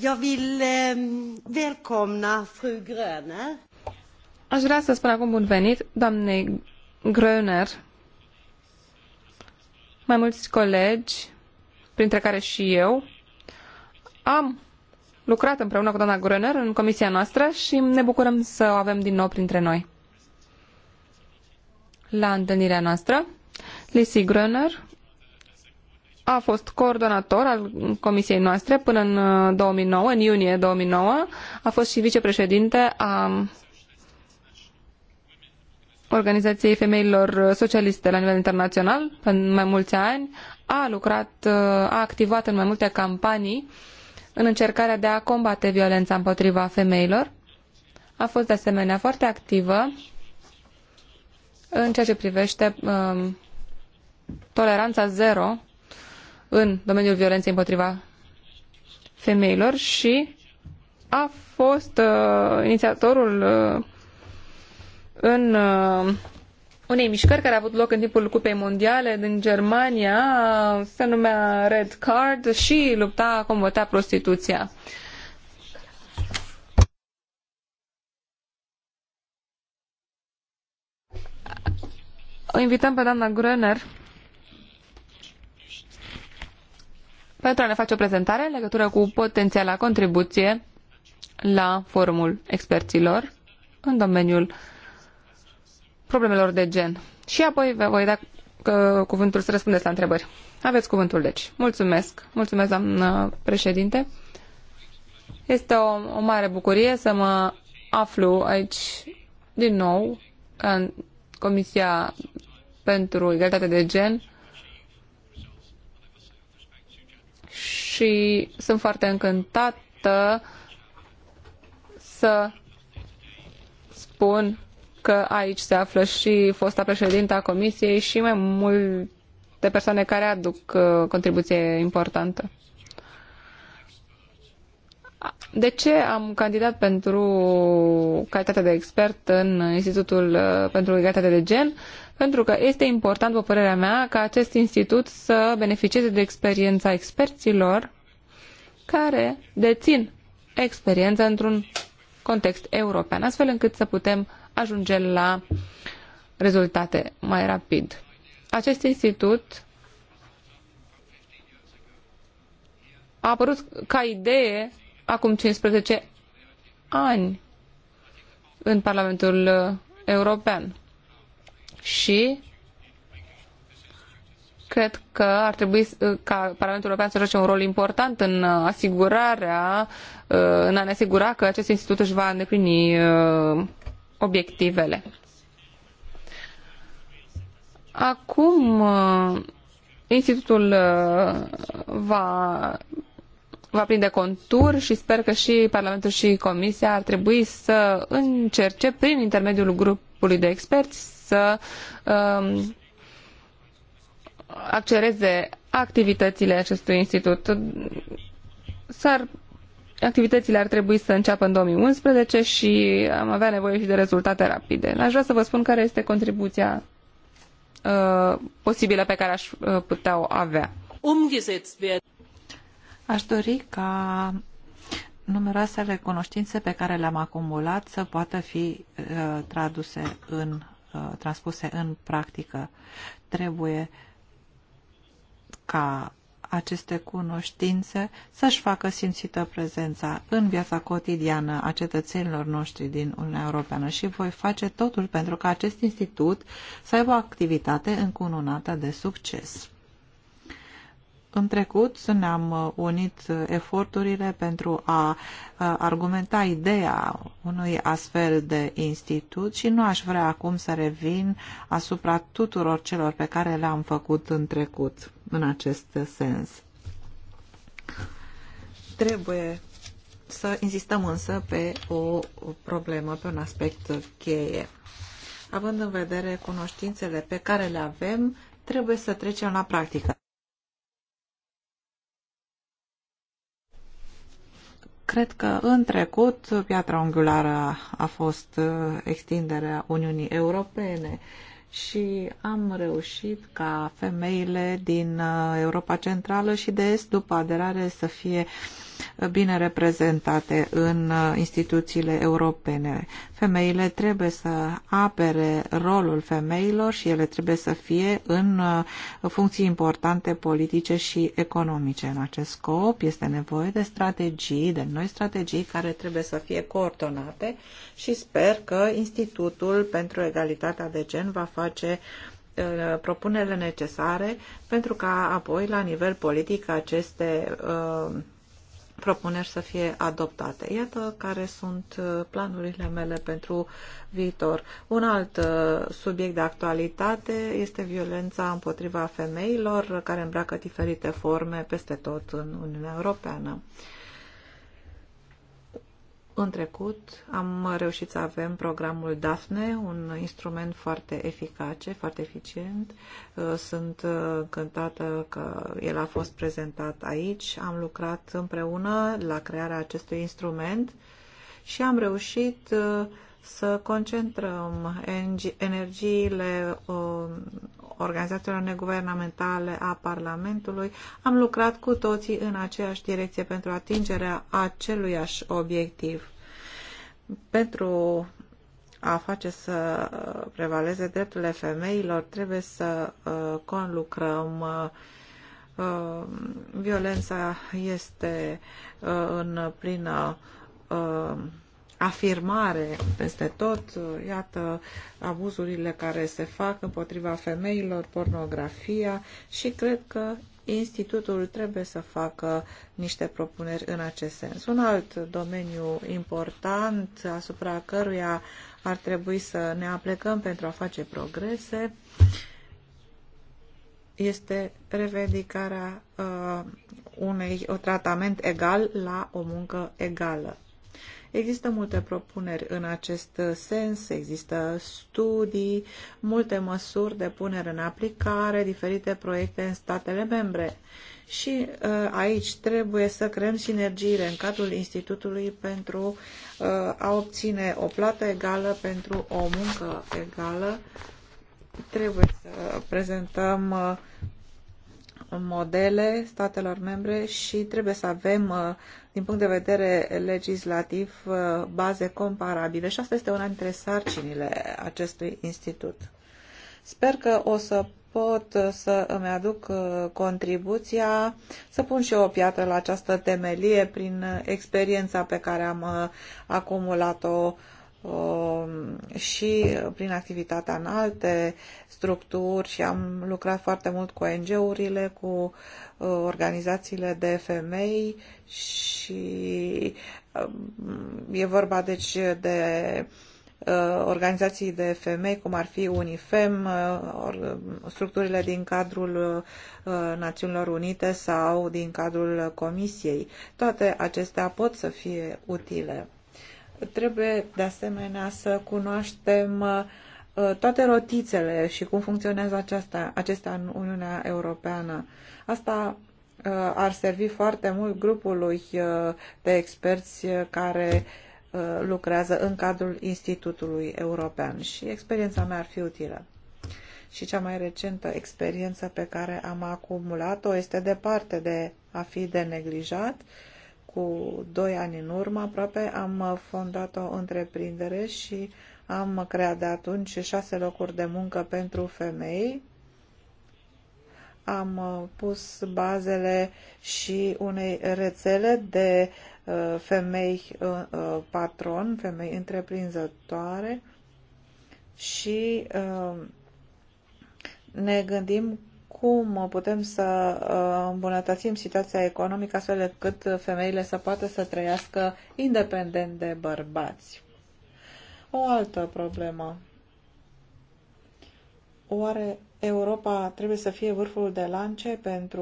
Jag vill ehm, välkomna fru Gröner. Aș vrea să spun acum bun venit doamnei Gröner. Mai mulți colegi, printre care și eu, am lucrat împreună cu doamna Gröner în comisia noastră și ne bucurăm să o avem din nou printre noi. La întâlnirea noastră, Lisi Gröner a fost coordonator al comisiei noastre până în 2009, uh, în iunie 2009, a fost și vicepreședinte a Organizației Femeilor Socialiste la nivel internațional în mai mulți ani, a lucrat, uh, a activat în mai multe campanii în încercarea de a combate violența împotriva femeilor. A fost de asemenea foarte activă în ceea ce privește um, toleranța zero în domeniul violenței împotriva femeilor și a fost uh, inițiatorul uh, în uh, unei mișcări care a avut loc în timpul Cupei Mondiale din Germania, se numea Red Card și lupta, combătea prostituția. O invităm pe doamna Gröner pentru a ne face o prezentare în legătură cu potențiala contribuție la forumul experților în domeniul problemelor de gen. Și apoi vă voi da că, uh, cuvântul să răspundeți la întrebări. Aveți cuvântul, deci. Mulțumesc. Mulțumesc, doamnă președinte. Este o, o mare bucurie să mă aflu aici din nou în Comisia pentru Egalitate de Gen și sunt foarte încântată să spun că aici se află și fosta președintă a Comisiei și mai multe persoane care aduc uh, contribuție importantă. De ce am candidat pentru calitatea de expert în Institutul uh, pentru Egalitate de Gen? pentru că este important, după părerea mea, ca acest institut să beneficieze de experiența experților care dețin experiență într-un context european, astfel încât să putem ajunge la rezultate mai rapid. Acest institut a apărut ca idee acum 15 ani în Parlamentul European și cred că ar trebui uh, ca Parlamentul European să joace un rol important în uh, asigurarea, uh, în a ne asigura că acest institut își va îndeplini obiectivele. Acum, institutul va va prinde contur și sper că și Parlamentul și Comisia ar trebui să încerce prin intermediul grupului de experți să uh, accereze activitățile acestui institut. S-ar, activitățile ar trebui să înceapă în 2011 și am avea nevoie și de rezultate rapide. Aș vrea să vă spun care este contribuția uh, posibilă pe care aș uh, putea o avea. Aș dori ca numeroasele cunoștințe pe care le-am acumulat să poată fi uh, traduse în Uh, transpuse în practică. Trebuie ca aceste cunoștințe să-și facă simțită prezența în viața cotidiană a cetățenilor noștri din Uniunea Europeană și voi face totul pentru ca acest institut să aibă o activitate încununată de succes. În trecut ne-am uh, unit uh, eforturile pentru a uh, argumenta ideea unui astfel de institut și nu aș vrea acum să revin asupra tuturor celor pe care le-am făcut în trecut în acest sens. Trebuie să insistăm însă pe o problemă, pe un aspect cheie. Având în vedere cunoștințele pe care le avem, trebuie să trecem la practică. Cred că în trecut piatra unghiulară a fost uh, extinderea Uniunii Europene și am reușit ca femeile din uh, Europa Centrală și de Est după aderare să fie uh, bine reprezentate în uh, instituțiile europene. Femeile trebuie să apere rolul femeilor și ele trebuie să fie în uh, funcții importante politice și economice. În acest scop este nevoie de strategii, de noi strategii care trebuie să fie coordonate și sper că Institutul pentru Egalitatea de Gen va face uh, propunerile necesare pentru ca apoi la nivel politic aceste uh, propuneri să fie adoptate. Iată care sunt uh, planurile mele pentru viitor. Un alt uh, subiect de actualitate este violența împotriva femeilor care îmbracă diferite forme peste tot în Uniunea Europeană. În trecut am reușit să avem programul DAFNE, un instrument foarte eficace, foarte eficient. Uh, sunt uh, încântată că el a fost prezentat aici. Am lucrat împreună la crearea acestui instrument și am reușit uh, să concentrăm energiile organizațiilor neguvernamentale a Parlamentului, am lucrat cu toții în aceeași direcție pentru atingerea aceluiași obiectiv. Pentru a face să prevaleze drepturile femeilor, trebuie să uh, conlucrăm uh, um, violența este uh, în plină afirmare peste tot. Iată abuzurile care se fac împotriva femeilor, pornografia și cred că institutul trebuie să facă niște propuneri în acest sens. Un alt domeniu important asupra căruia ar trebui să ne aplecăm pentru a face progrese este revendicarea uh, unei un tratament egal la o muncă egală. Există multe propuneri în acest sens, există studii, multe măsuri de punere în aplicare, diferite proiecte în statele membre. Și uh, aici trebuie să creăm sinergiile în cadrul Institutului pentru uh, a obține o plată egală pentru o muncă egală. Trebuie să prezentăm uh, modele statelor membre și trebuie să avem, uh, din punct de vedere legislativ, uh, baze comparabile. Și asta este una dintre sarcinile acestui institut. Sper că o să pot uh, să îmi aduc contribuția, să pun și eu o piatră la această temelie prin experiența pe care am acumulat-o Um, și prin activitatea în alte structuri și am lucrat foarte mult cu ONG-urile, cu uh, organizațiile de femei și um, e vorba deci de uh, organizații de femei, cum ar fi UNIFEM, uh, structurile din cadrul Națiunilor Unite sau din cadrul Comisiei. Toate acestea pot să fie utile. Trebuie de asemenea să cunoaștem uh, toate rotițele și cum funcționează aceasta, acestea în Uniunea Europeană. Asta uh, ar servi foarte mult grupului uh, de experți care lucrează în cadrul Institutului European și experiența mea ar fi utilă. Și cea mai recentă experiență pe care am acumulat-o este departe de a fi de neglijat. Uh, cu doi ani în urmă aproape am fondat o întreprindere și am creat de atunci șase locuri de muncă pentru femei. Am uh, pus bazele și unei rețele de uh, femei uh, patron, femei întreprinzătoare și ne gândim cum putem să uh, îmbunătățim situația economică astfel încât femeile să poată să trăiască independent de bărbați. O altă problemă. Oare Europa trebuie să fie vârful de lance pentru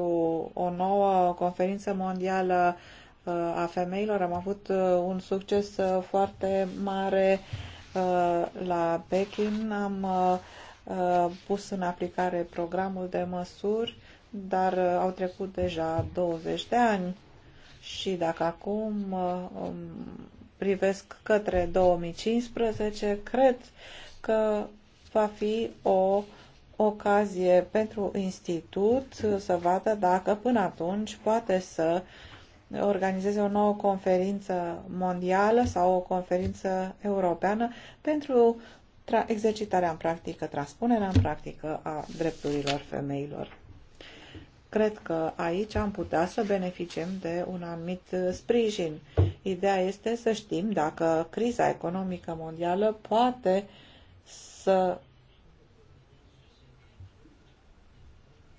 o nouă conferință mondială uh, a femeilor? Am avut uh, un succes foarte mare la Pekin. Am uh, Uh, pus în aplicare programul de măsuri, dar uh, au trecut deja 20 de ani și dacă acum uh, um, privesc către 2015, cred că va fi o ocazie pentru institut să vadă dacă până atunci poate să organizeze o nouă conferință mondială sau o conferință europeană pentru tra- exercitarea în practică, transpunerea în practică a drepturilor femeilor. Cred că aici am putea să beneficiem de un anumit sprijin. Ideea este să știm dacă criza economică mondială poate să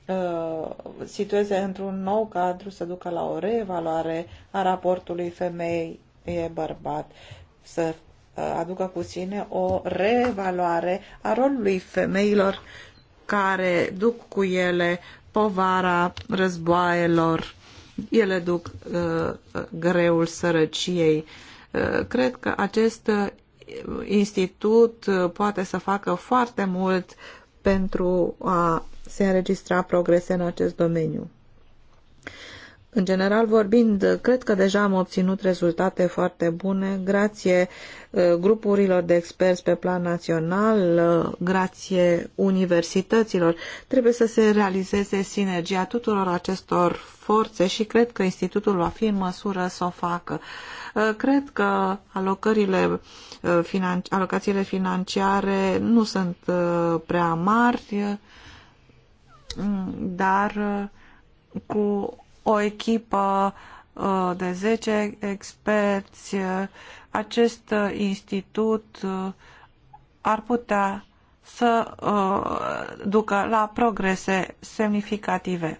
uh, situeze într-un nou cadru, să ducă la o reevaluare a raportului femei e bărbat, să Uh, aducă cu sine o reevaluare a rolului femeilor care duc cu ele povara războaielor, ele duc uh, greul sărăciei. Uh, cred că acest uh, institut uh, poate să facă foarte mult pentru a se înregistra progrese în acest domeniu. În general vorbind, cred că deja am obținut rezultate foarte bune grație uh, grupurilor de experți pe plan național, uh, grație universităților. Trebuie să se realizeze sinergia tuturor acestor forțe și cred că Institutul va fi în măsură să o facă. Uh, cred că alocările alocațiile financiare nu sunt prea mari, dar cu o echipă uh, de 10 experți, acest uh, institut uh, ar putea să ducă la progrese semnificative.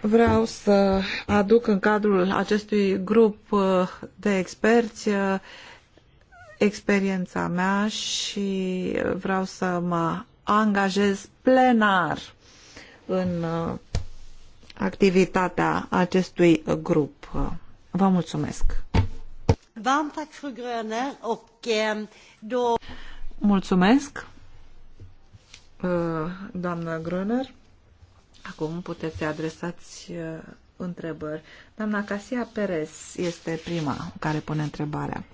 Vreau să aduc în cadrul acestui grup de experți experiența mea și vreau să mă angajez plenar în uh, activitatea acestui grup. Vă mulțumesc! Um, mulțumesc, uh, doamnă Gröner. Acum puteți să adresați uh, întrebări. Doamna Casia Perez este prima care pune întrebarea.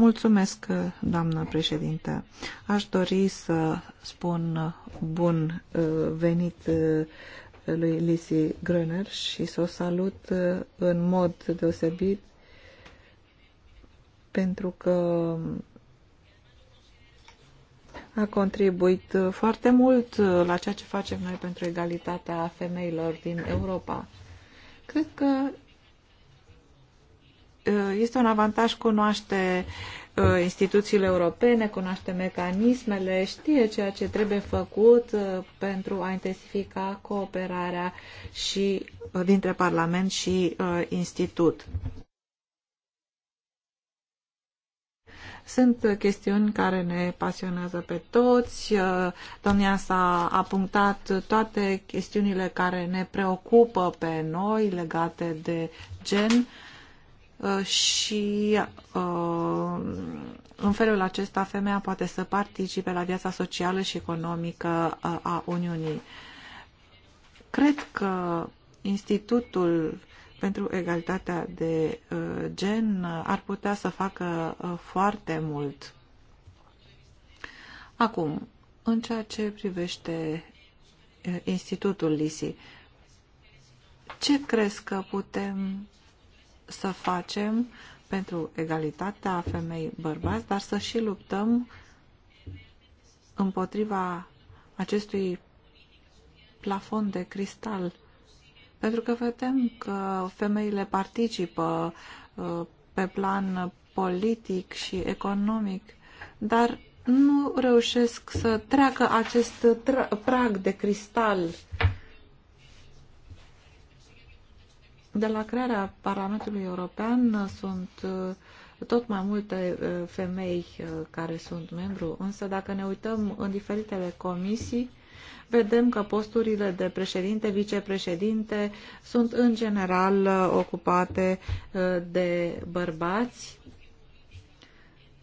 Mulțumesc, doamnă președinte. Aș dori să spun bun uh, venit uh, lui Lisi Gröner și să o salut uh, în mod deosebit pentru că a contribuit foarte mult la ceea ce facem noi pentru egalitatea femeilor din Europa. Cred că Uh, este un avantaj cunoaște uh, instituțiile europene, cunoaște mecanismele, știe ceea ce trebuie făcut uh, pentru a intensifica cooperarea și dintre Parlament și Institut. Sunt chestiuni care ne pasionează pe toți. Domnia s-a apunctat toate chestiunile care ne preocupă pe noi legate de gen Uh, și uh, în felul acesta femeia poate să participe la viața socială și economică uh, a Uniunii. Cred că Institutul pentru Egalitatea de Gen ar putea să facă foarte mult. Acum, în ceea ce privește Institutul LISI, ce crezi că putem să facem pentru egalitatea femei-bărbați, dar să și luptăm împotriva acestui plafon de cristal. Pentru că vedem că femeile participă uh, pe plan politic și economic, dar nu reușesc să treacă acest prag de cristal De la crearea Parlamentului European sunt uh, tot mai multe uh, femei uh, care sunt membru, însă dacă ne uităm în diferitele comisii, vedem că posturile de președinte, vicepreședinte sunt în general ocupate de bărbați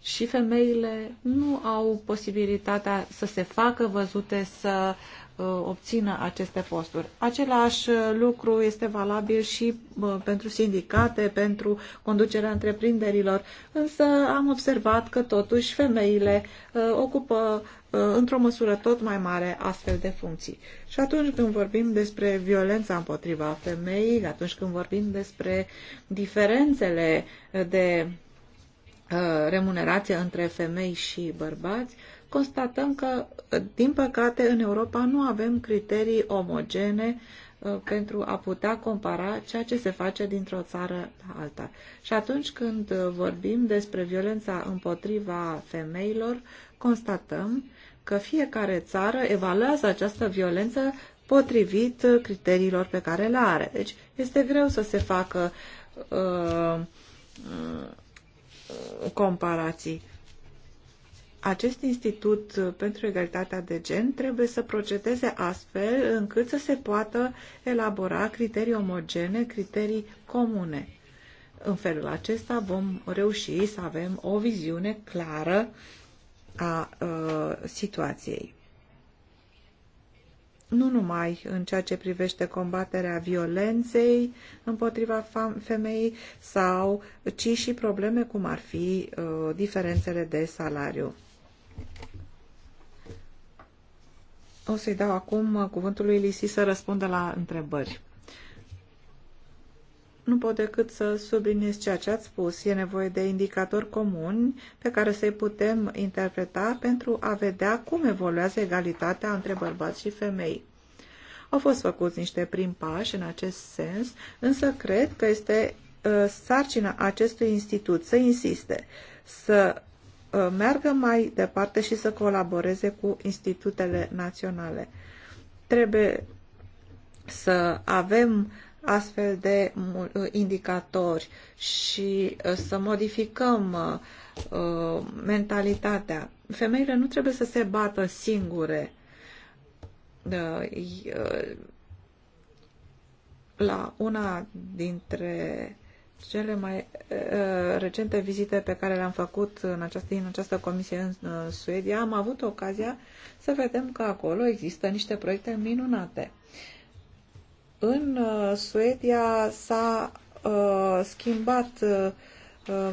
și femeile nu au posibilitatea să se facă văzute, să uh, obțină aceste posturi. Același uh, lucru este valabil și uh, pentru sindicate, pentru conducerea întreprinderilor, însă am observat că totuși femeile uh, ocupă uh, într-o măsură tot mai mare astfel de funcții. Și atunci când vorbim despre violența împotriva femeii, atunci când vorbim despre diferențele uh, de Uh, remunerație între femei și bărbați, constatăm că, uh, din păcate, în Europa nu avem criterii omogene uh, pentru a putea compara ceea ce se face dintr-o țară la alta. Și atunci când vorbim despre violența împotriva femeilor, constatăm că fiecare țară evaluează această violență potrivit criteriilor pe care le are. Deci este greu să se facă uh, uh, comparații. Acest institut pentru egalitatea de gen trebuie să procedeze astfel încât să se poată elabora criterii omogene, criterii comune. În felul acesta vom reuși să avem o viziune clară a, a uh, situației nu numai în ceea ce privește combaterea violenței împotriva femeii, sau, ci și probleme cum ar fi uh, diferențele de salariu. O să-i dau acum uh, cuvântul lui Lisi să răspundă la întrebări. Nu pot decât să subliniez ceea ce ați spus. E nevoie de indicatori comuni pe care să-i putem interpreta pentru a vedea cum evoluează egalitatea între bărbați și femei. Au fost făcuți niște prim pași în acest sens, însă cred că este uh, sarcina acestui institut să insiste, să uh, meargă mai departe și să colaboreze cu institutele naționale. Trebuie să avem astfel de uh, indicatori și uh, să modificăm uh, mentalitatea. Femeile nu trebuie să se bată singure la una dintre cele mai recente vizite pe care le-am făcut în această, în această comisie în Suedia, am avut ocazia să vedem că acolo există niște proiecte minunate. În uh, Suedia s-a uh, schimbat uh,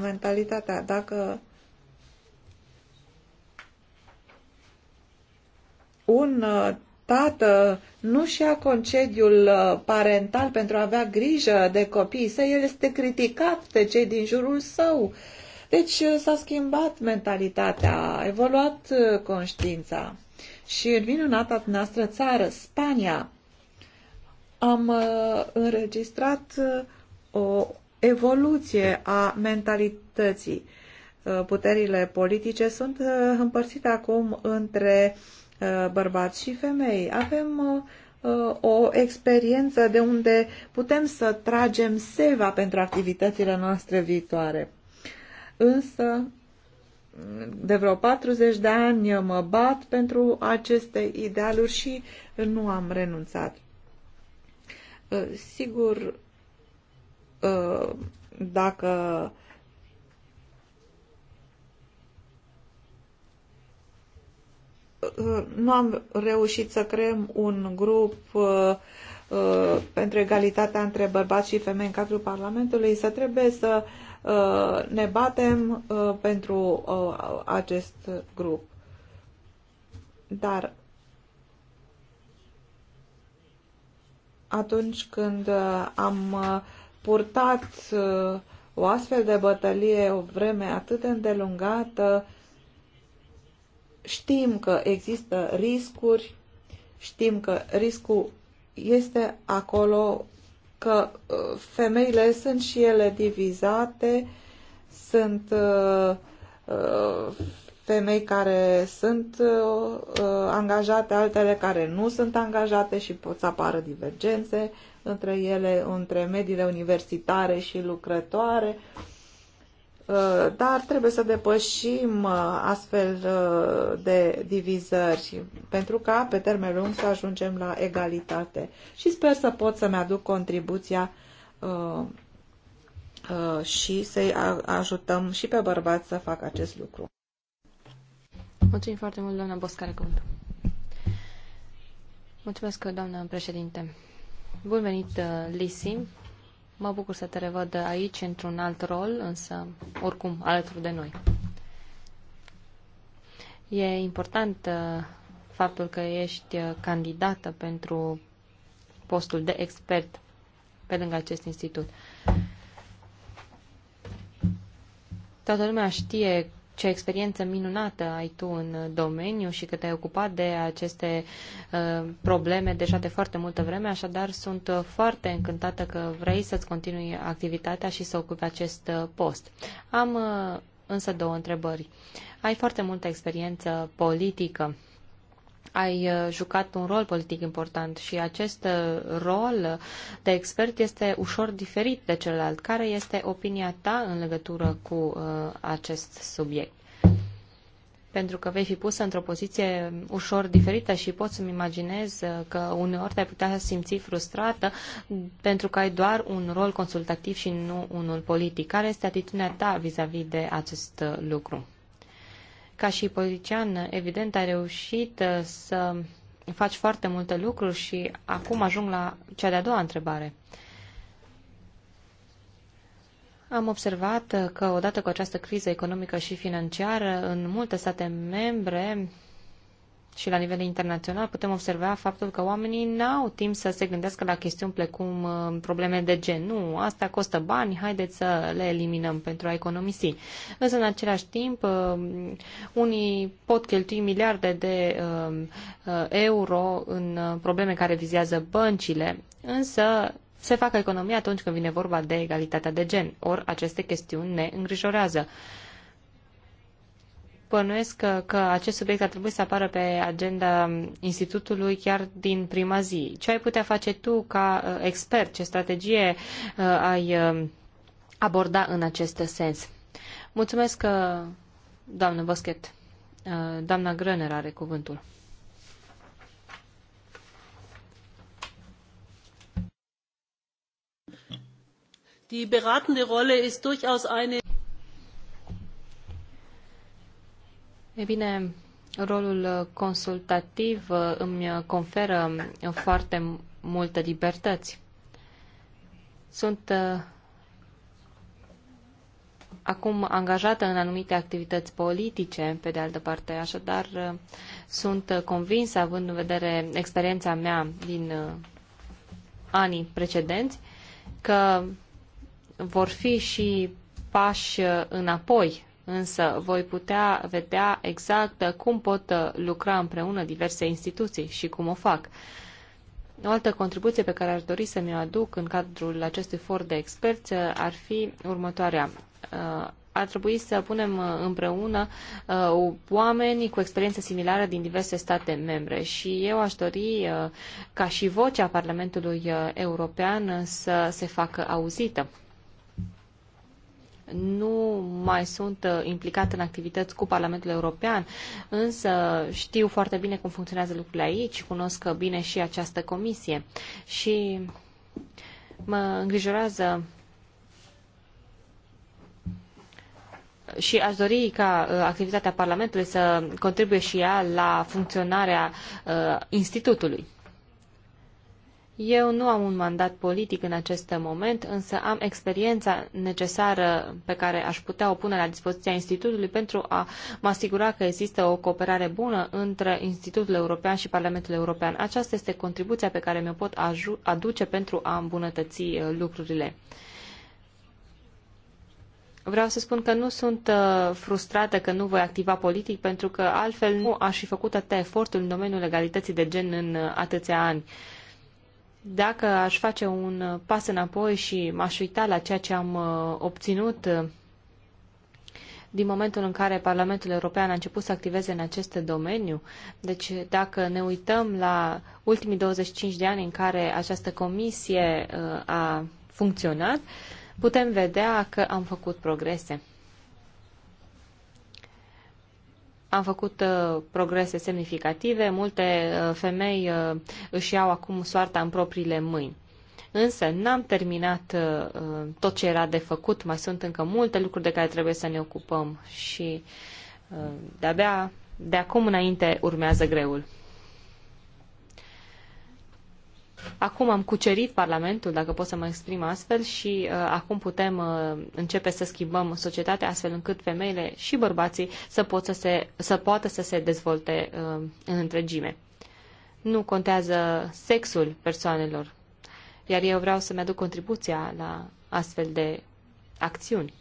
mentalitatea. Dacă un tată nu-și ia concediul parental pentru a avea grijă de copii săi, el este criticat de cei din jurul său. Deci s-a schimbat mentalitatea, a evoluat conștiința. Și în minunata noastră țară, Spania, am uh, înregistrat uh, o evoluție a mentalității. Uh, puterile politice sunt împărțite acum între bărbați și femei. Avem o experiență de unde putem să tragem seva pentru activitățile noastre viitoare. Însă, de vreo 40 de ani mă bat pentru aceste idealuri și nu am renunțat. Uh, sigur, uh, dacă nu am reușit să creăm un grup uh, pentru egalitatea între bărbați și femei în cadrul Parlamentului, să trebuie să ne batem pentru acest grup. Dar atunci când uh, am uh, purtat uh, o astfel de bătălie o vreme atât de îndelungată, știm că există riscuri, știm că riscul este acolo, că femeile sunt și ele divizate, sunt uh, uh, femei care sunt uh, uh, angajate, altele care nu sunt angajate și pot să apară divergențe între ele, între mediile universitare și lucrătoare. Uh, dar trebuie să depășim uh, astfel de divizări pentru ca pe termen lung să ajungem la egalitate. Și sper să pot să-mi aduc contribuția și să-i ajutăm și pe bărbați să facă acest lucru. Mulțumim foarte mult, doamna Boscare Cuvânt. Mulțumesc, doamna președinte. Bun venit, uh, Lisi. Mă bucur să te revăd aici, într-un alt rol, însă, oricum, alături de noi. E important uh, faptul că ești uh, candidată pentru postul de expert pe lângă acest institut. Toată lumea știe ce experiență minunată ai tu în domeniu și că te-ai ocupat de aceste uh, probleme deja de foarte multă vreme, așadar sunt uh, foarte încântată că vrei să-ți continui activitatea și să ocupi acest uh, post. Am uh, însă două întrebări. Ai foarte multă experiență politică ai uh, jucat un rol politic important și acest uh, rol de expert este ușor diferit de celălalt. Care este opinia ta în legătură cu uh, acest subiect? Pentru că vei fi pusă într-o poziție ușor diferită și pot să-mi imaginez că uneori te-ai putea simți frustrată pentru că ai doar un rol consultativ și nu unul politic. Care este atitudinea ta vis-a-vis -vis de acest lucru? Ca și politician, evident, ai reușit uh, să faci foarte multe lucruri și acum ajung la cea de-a doua întrebare. Am observat uh, că odată cu această criză economică și financiară, în multe state membre, și la nivel internațional putem observa faptul că oamenii n-au timp să se gândească la chestiuni precum uh, probleme de gen. Nu, asta costă bani, haideți să le eliminăm pentru a economisi. Însă, în același timp, uh, unii pot cheltui miliarde de uh, euro în probleme care vizează băncile, însă se facă economie atunci când vine vorba de egalitatea de gen, ori aceste chestiuni ne îngrijorează. Bănuiesc că, că acest subiect ar trebui să apară pe agenda Institutului chiar din prima zi. Ce ai putea face tu ca uh, expert? Ce strategie uh, ai uh, aborda în acest sens? Mulțumesc, doamnă Boschet. Doamna Grăner are cuvântul. Die beratende Rolle ist durchaus eine E bine, rolul uh, consultativ uh, îmi uh, conferă foarte multe libertăți. Sunt acum angajată în anumite activități politice, pe de altă parte, așadar sunt convinsă, având în vedere experiența mea din anii precedenți, că vor fi și pași înapoi însă voi putea vedea exact cum pot uh, lucra împreună diverse instituții și cum o fac. O altă contribuție pe care aș dori să mi-o aduc în cadrul acestui for de experți uh, ar fi următoarea. Uh, ar trebui să punem împreună oameni cu experiență similară din diverse state membre și eu aș dori ca și vocea Parlamentului European să se facă auzită nu mai sunt uh, implicat în activități cu Parlamentul European, însă știu foarte bine cum funcționează lucrurile aici, cunosc bine și această comisie și mă îngrijorează și aș dori ca uh, activitatea Parlamentului să contribuie și ea la funcționarea uh, Institutului. Eu nu am un mandat politic în acest moment, însă am experiența necesară pe care aș putea o pune la dispoziția Institutului pentru a mă asigura că există o cooperare bună între Institutul European și Parlamentul European. Aceasta este contribuția pe care mi-o pot aduce pentru a îmbunătăți uh, lucrurile. Vreau să spun că nu sunt uh, frustrată că nu voi activa politic, pentru că altfel nu aș fi făcut atâtea eforturi în domeniul legalității de gen în uh, atâția ani. Dacă aș face un uh, pas înapoi și m-aș uita la ceea ce am uh, obținut uh, din momentul în care Parlamentul European a început să activeze în acest domeniu. Deci, dacă ne uităm la ultimii 25 de ani în care această comisie a funcționat, putem vedea că am făcut progrese. Am făcut uh, progrese semnificative, multe uh, femei uh, își iau acum soarta în propriile mâini. Însă n-am terminat uh, tot ce era de făcut, mai sunt încă multe lucruri de care trebuie să ne ocupăm și uh, de-abia de acum înainte urmează greul. Acum am cucerit Parlamentul, dacă pot să mă exprim astfel, și uh, acum putem uh, începe să schimbăm societatea astfel încât femeile și bărbații să, pot să, se, să poată să se dezvolte uh, în întregime. Nu contează sexul persoanelor, iar eu vreau să-mi aduc contribuția la astfel de acțiuni.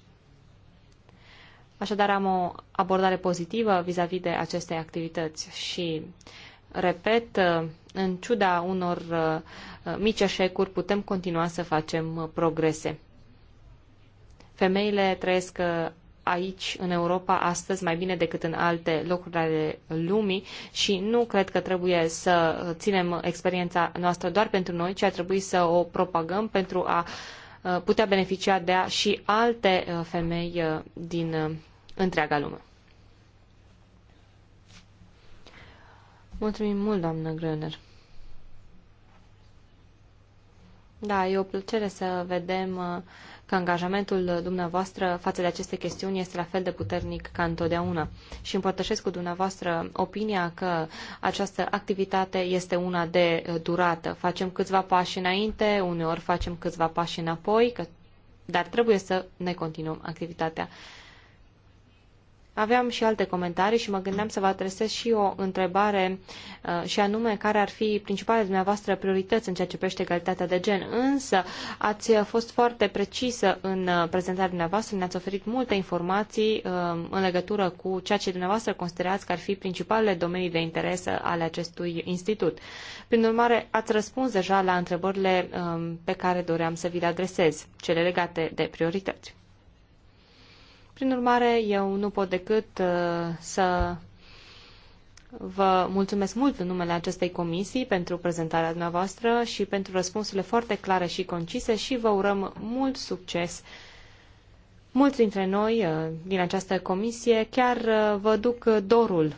Așadar, am o abordare pozitivă vis-a-vis -vis de aceste activități și uh, repet, în ciuda unor uh, mici eșecuri, putem continua să facem uh, progrese. Femeile trăiesc uh, aici, în Europa, astăzi, mai bine decât în alte locuri ale lumii și nu cred că trebuie să ținem experiența noastră doar pentru noi, ci ar trebui să o propagăm pentru a putea beneficia de ea și alte femei din întreaga lume. Mulțumim mult, doamnă Gröner. Da, e o plăcere să vedem uh, că angajamentul dumneavoastră față de aceste chestiuni este la fel de puternic ca întotdeauna. Și împărtășesc cu dumneavoastră opinia că această activitate este una de uh, durată. Facem câțiva pași înainte, uneori facem câțiva pași înapoi, că, dar trebuie să ne continuăm activitatea. Aveam și alte comentarii și mă gândeam să vă adresez și o întrebare uh, și anume care ar fi principalele dumneavoastră priorități în ceea ce privește egalitatea de gen. Însă ați uh, fost foarte precisă în uh, prezentarea dumneavoastră, ne-ați oferit multe informații în legătură cu ceea ce dumneavoastră considerați că ar fi principalele domenii de interes ale acestui institut. Prin urmare, ați răspuns deja la întrebările um, pe care doream să vi le adresez, cele legate de priorități. Prin urmare, eu nu pot decât uh, să vă mulțumesc mult în numele acestei comisii pentru prezentarea dumneavoastră și pentru răspunsurile foarte clare și concise și vă urăm mult succes. Mulți dintre noi uh, din această comisie chiar uh, vă duc dorul.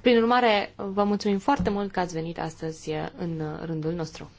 Prin urmare, vă mulțumim foarte mult că ați venit astăzi în rândul nostru.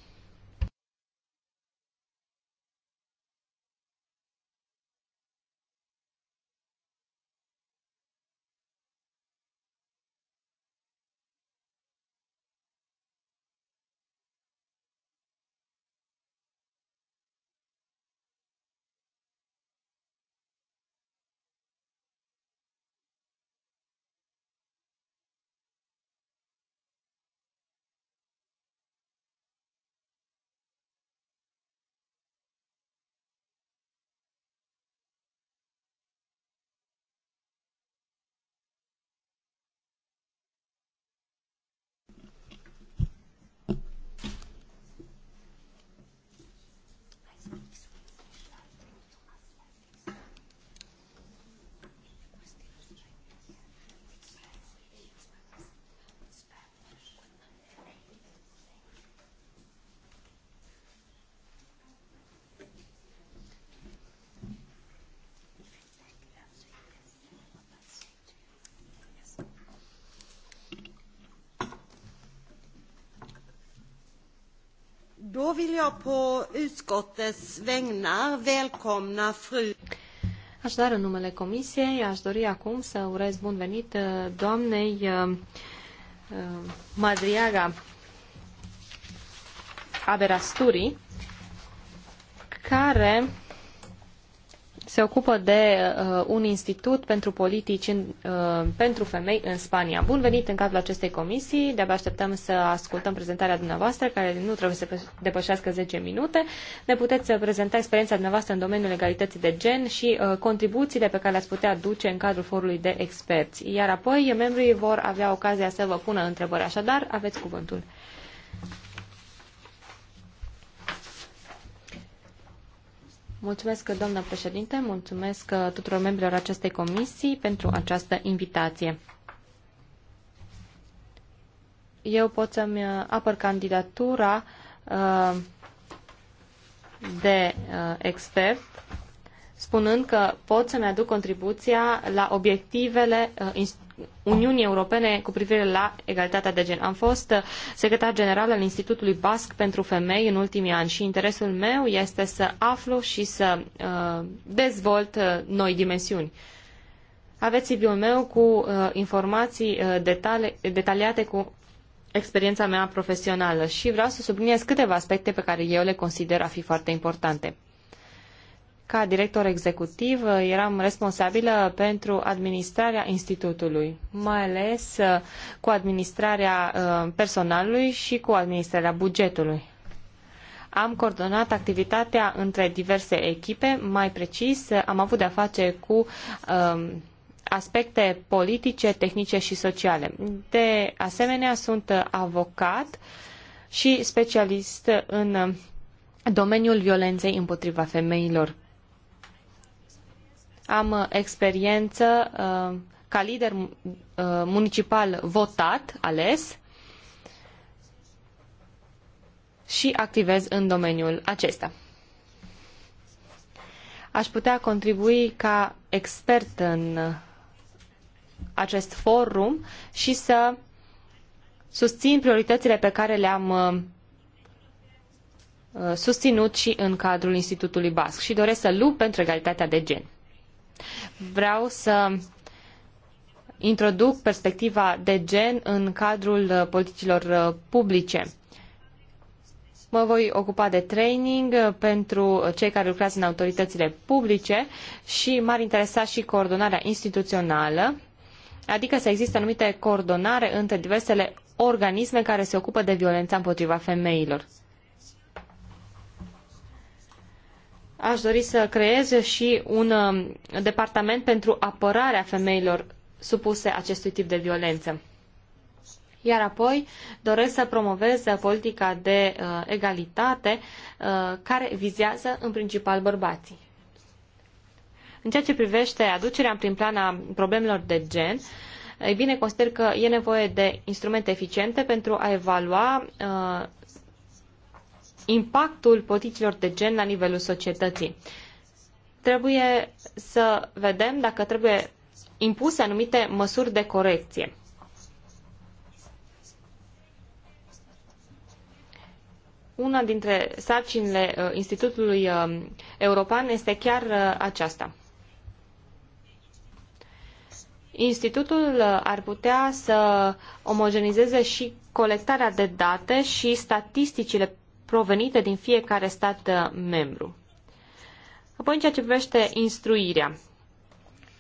jag på utskottets vägnar välkomna fru... în numele Comisiei, aș dori acum să urez bun venit uh, doamnei uh, uh, Madriaga Aberasturi, care se ocupă de uh, un institut pentru politici în, uh, pentru femei în Spania. Bun venit în cadrul acestei comisii, de-abia așteptăm să ascultăm prezentarea dumneavoastră, care nu trebuie să depășească 10 minute. Ne puteți uh, prezenta experiența dumneavoastră în domeniul egalității de gen și uh, contribuțiile pe care le-ați putea aduce în cadrul forului de experți. Iar apoi, membrii vor avea ocazia să vă pună întrebări, așadar aveți cuvântul. Mulțumesc, doamnă președinte, mulțumesc uh, tuturor membrilor acestei comisii pentru această invitație. Eu pot să-mi uh, apăr candidatura uh, de expert, spunând că pot să-mi aduc contribuția la obiectivele Uniunii Europene cu privire la egalitatea de gen. Am fost uh, secretar general al Institutului Basc pentru Femei în ultimii ani și interesul meu este să aflu și să uh, dezvolt uh, noi dimensiuni. Aveți CV-ul meu cu informații detali detaliate cu experiența mea profesională și vreau să subliniez câteva aspecte pe care eu le consider a fi foarte importante. Ca director executiv uh, eram responsabilă pentru administrarea institutului, mai ales uh, cu administrarea uh, personalului și cu administrarea bugetului. Am coordonat activitatea între diverse echipe, mai precis am avut de-a face cu um, aspecte politice, tehnice și sociale. De asemenea, sunt avocat și specialist în domeniul violenței împotriva femeilor am uh, experiență uh, ca lider uh, municipal votat, ales și activez în domeniul acesta. Aș putea contribui ca expert în acest forum și să susțin prioritățile pe care le-am susținut și în cadrul Institutului Basc și doresc să lupt pentru egalitatea de gen. Vreau să introduc perspectiva de gen în cadrul uh, politicilor uh, publice. Mă voi ocupa de training uh, pentru cei care lucrează în autoritățile publice și m-ar interesa și coordonarea instituțională, adică să existe anumite coordonare între diversele organisme care se ocupă de violența împotriva femeilor. aș dori să creeze și un um, departament pentru apărarea femeilor supuse acestui tip de violență. Iar apoi doresc să promovez politica de uh, egalitate uh, care vizează în principal bărbații. În ceea ce privește aducerea în prim plan a problemelor de gen, ei bine, consider că e nevoie de instrumente eficiente pentru a evalua uh, impactul politicilor de gen la nivelul societății. Trebuie să vedem dacă trebuie impuse anumite măsuri de corecție. Una dintre sarcinile uh, Institutului uh, European este chiar uh, aceasta. Institutul ar putea să omogenizeze și colectarea de date și statisticile provenite din fiecare stat uh, membru. Apoi, în ceea ce privește instruirea,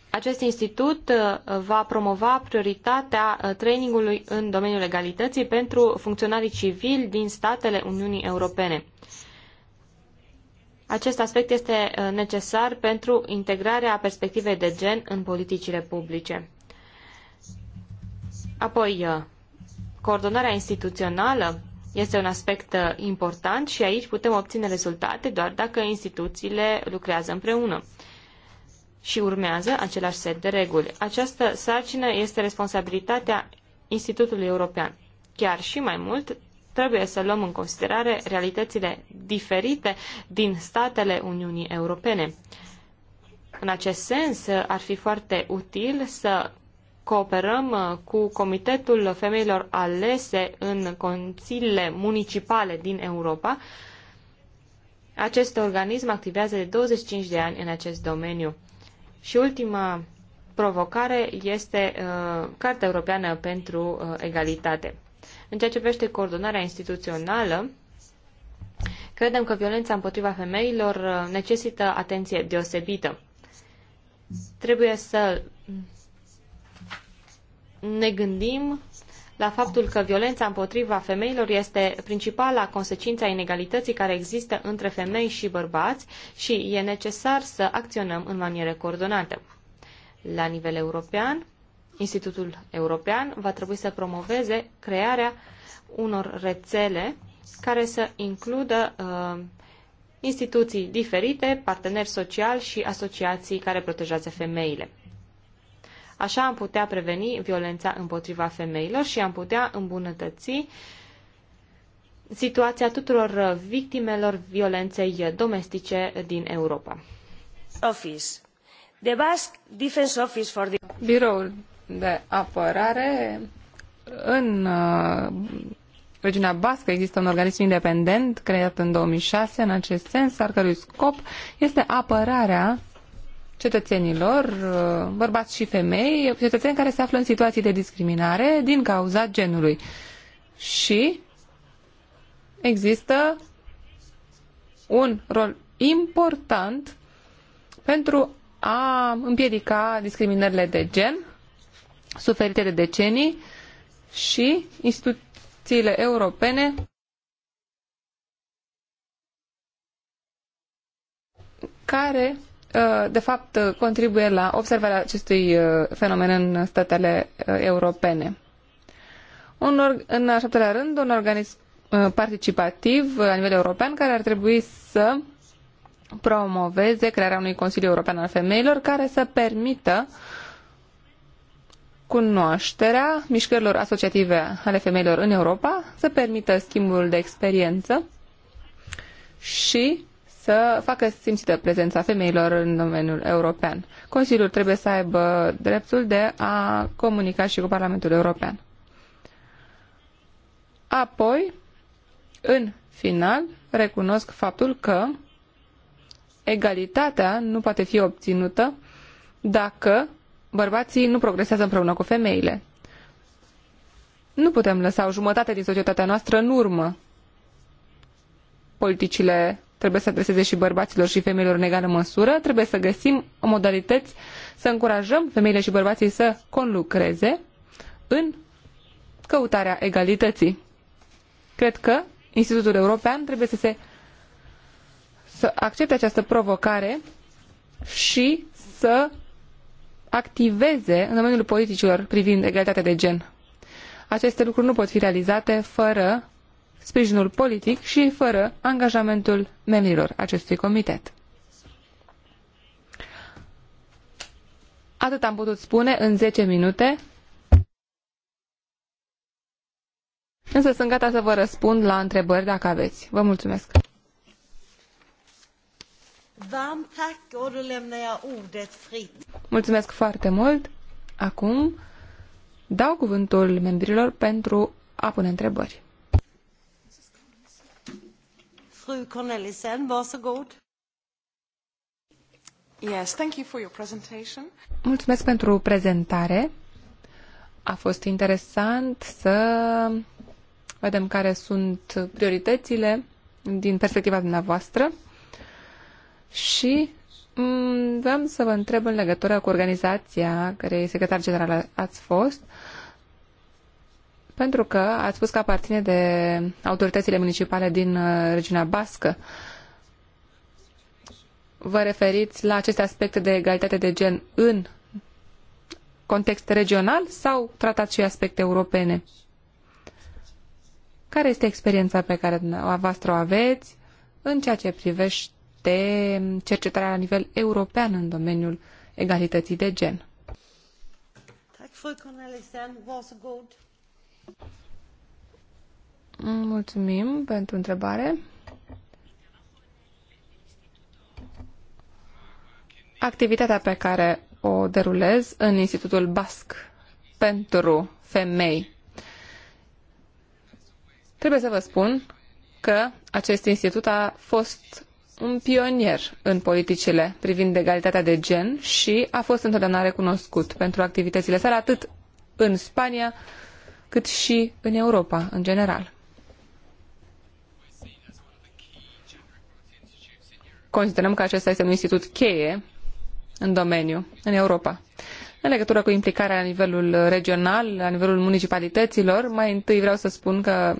acest institut uh, va promova prioritatea uh, trainingului în domeniul legalității pentru funcționarii civili din statele Uniunii Europene. Acest aspect este necesar pentru integrarea perspectivei de gen în politicile publice. Apoi, coordonarea instituțională este un aspect uh, important și aici putem obține rezultate doar dacă instituțiile lucrează împreună și urmează același set de reguli. Această sarcină este responsabilitatea Institutului European. Chiar și mai mult, trebuie să luăm în considerare realitățile diferite din statele Uniunii Europene. În acest sens, uh, ar fi foarte util să cooperăm uh, cu Comitetul Femeilor Alese în consiliile municipale din Europa. Acest organism activează de 25 de ani în acest domeniu. Și ultima provocare este uh, Cartea Europeană pentru uh, Egalitate. În ceea ce privește coordonarea instituțională, credem că violența împotriva femeilor uh, necesită atenție deosebită. Trebuie să ne gândim la faptul că violența împotriva femeilor este principala consecință a inegalității care există între femei și bărbați și e necesar să acționăm în manieră coordonată. La nivel european, Institutul European va trebui să promoveze crearea unor rețele care să includă uh, instituții diferite, parteneri sociali și asociații care protejează femeile. Așa am putea preveni violența împotriva femeilor și am putea îmbunătăți situația tuturor victimelor violenței domestice din Europa. Office. The Basque Defense Office for the... Biroul de apărare în uh, regiunea bască există un organism independent creat în 2006 în acest sens, al cărui scop este apărarea cetățenilor, uh, bărbați și femei, cetățeni care se află în situații de discriminare din cauza genului. Și există un rol important pentru a împiedica discriminările de gen suferite de decenii și instituțiile europene care Uh, de fapt, uh, contribuie la observarea acestui uh, fenomen în statele europene. Un în al șaptelea rând, un organism participativ la nivel european care ar trebui să promoveze crearea unui Consiliu European al Femeilor care să permită cunoașterea mișcărilor asociative ale femeilor în Europa, să permită schimbul de experiență și să facă simțită prezența femeilor în domeniul european. Consiliul trebuie să aibă dreptul de a comunica și cu Parlamentul European. Apoi, în final, recunosc faptul că egalitatea nu poate fi obținută dacă bărbații nu progresează împreună cu femeile. Nu putem lăsa o jumătate din societatea noastră în urmă. Politicile trebuie să adreseze și bărbaților și femeilor în egală măsură, trebuie să găsim modalități să încurajăm femeile și bărbații să conlucreze în căutarea egalității. Cred că Institutul European trebuie să se să accepte această provocare și să activeze în domeniul politicilor privind egalitatea de gen. Aceste lucruri nu pot fi realizate fără sprijinul politic și fără angajamentul membrilor acestui comitet. Atât am putut spune în 10 minute, însă sunt gata să vă răspund la întrebări dacă aveți. Vă mulțumesc! Mulțumesc foarte mult! Acum dau cuvântul membrilor pentru a pune întrebări. Mulțumesc pentru prezentare. A fost interesant să vedem care sunt prioritățile din perspectiva dumneavoastră și mm, vreau să vă întreb în legătură cu organizația care e secretar general ați fost. Uh, pentru că ați spus că aparține de autoritățile municipale din uh, regiunea bască. Vă referiți la aceste aspecte de egalitate de gen în context regional sau tratați și aspecte europene? Care este experiența pe care voastră o aveți în ceea ce privește cercetarea la nivel european în domeniul egalității de gen? Mulțumim pentru întrebare. Activitatea pe care o derulez în Institutul Basc pentru femei. Trebuie să vă spun că acest institut a fost un pionier în politicile privind egalitatea de gen și a fost întotdeauna recunoscut pentru activitățile sale atât în Spania, cât și în Europa, în general. Considerăm că acesta este un institut cheie în domeniu, în Europa. În legătură cu implicarea la nivelul regional, la nivelul municipalităților, mai întâi vreau să spun că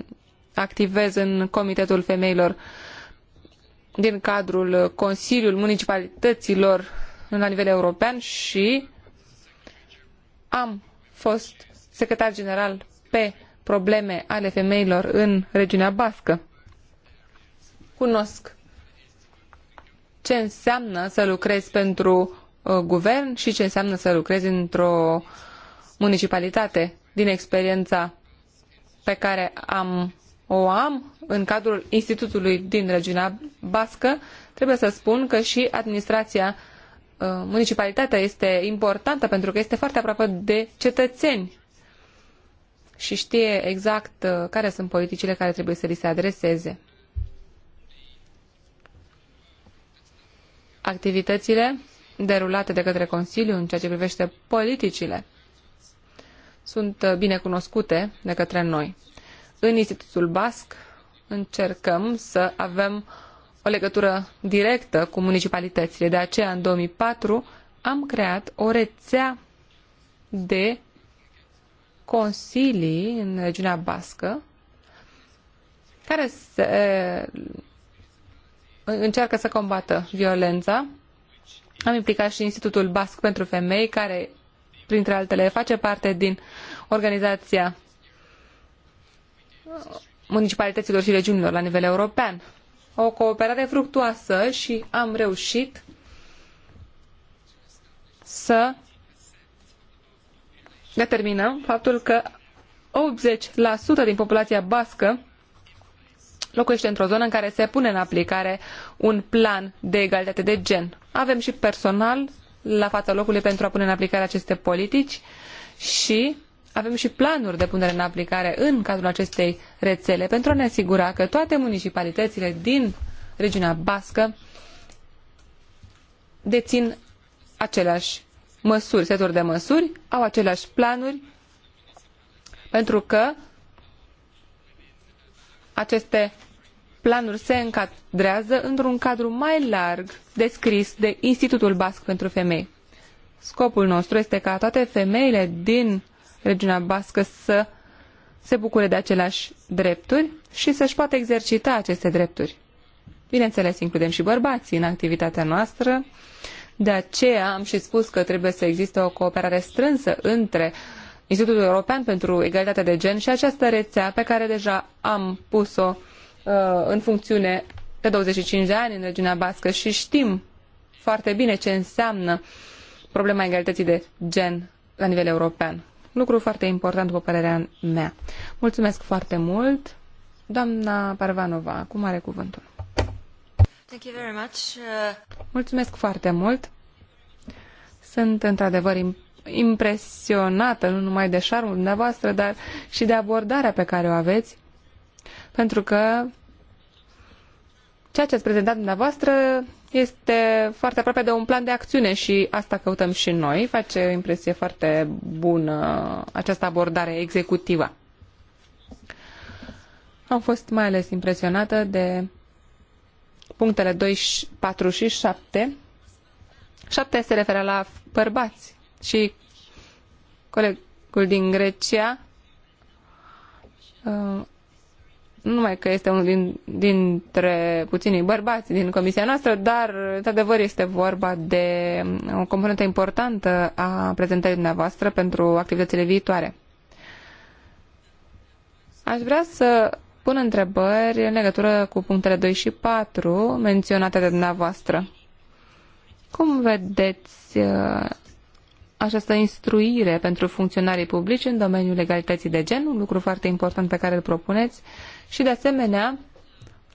activez în Comitetul Femeilor din cadrul Consiliul Municipalităților la nivel european și am fost secretar general pe probleme ale femeilor în regiunea bască. Cunosc ce înseamnă să lucrezi pentru uh, guvern și ce înseamnă să lucrezi într-o municipalitate din experiența pe care am o am în cadrul institutului din regiunea bască, trebuie să spun că și administrația, uh, municipalitatea este importantă pentru că este foarte aproape de cetățeni și știe exact uh, care sunt politicile care trebuie să li se adreseze. Activitățile derulate de către Consiliu în ceea ce privește politicile sunt uh, bine cunoscute de către noi. În Institutul Basc încercăm să avem o legătură directă cu municipalitățile. De aceea, în 2004, am creat o rețea de consilii în regiunea bască care se, încearcă să combată violența. Am implicat și Institutul Basc pentru Femei, care, printre altele, face parte din organizația municipalităților și regiunilor la nivel european. O cooperare fructuoasă și am reușit să determinăm faptul că 80% din populația bască locuiește într-o zonă în care se pune în aplicare un plan de egalitate de gen. Avem și personal la fața locului pentru a pune în aplicare aceste politici și avem și planuri de punere în aplicare în cadrul acestei rețele pentru a ne asigura că toate municipalitățile din regiunea bască dețin aceleași măsuri, seturi de măsuri, au aceleași planuri, pentru că aceste planuri se încadrează într-un cadru mai larg descris de Institutul Basc pentru Femei. Scopul nostru este ca toate femeile din regiunea bască să se bucure de aceleași drepturi și să-și poată exercita aceste drepturi. Bineînțeles, includem și bărbații în activitatea noastră de aceea am și spus că trebuie să existe o cooperare strânsă între Institutul European pentru Egalitatea de Gen și această rețea pe care deja am pus-o uh, în funcțiune de 25 de ani în regiunea bască și știm foarte bine ce înseamnă problema egalității de gen la nivel european. Lucru foarte important, după părerea mea. Mulțumesc foarte mult. Doamna Parvanova, acum are cuvântul. Mulțumesc foarte mult. Sunt într-adevăr impresionată nu numai de șarmul dumneavoastră, dar și de abordarea pe care o aveți, pentru că ceea ce ați prezentat dumneavoastră este foarte aproape de un plan de acțiune și asta căutăm și noi. Face o impresie foarte bună această abordare executivă. Am fost mai ales impresionată de punctele 2, 4 și 7. 7 se referă la bărbați și colegul din Grecia uh, numai că este unul din, dintre puținii bărbați din comisia noastră, dar, într-adevăr, este vorba de um, o componentă importantă a prezentării dumneavoastră pentru activitățile viitoare. Aș vrea să pun întrebări în legătură cu punctele 2 și 4 menționate de dumneavoastră. Cum vedeți uh, această instruire pentru funcționarii publici în domeniul legalității de gen, un lucru foarte important pe care îl propuneți, și de asemenea,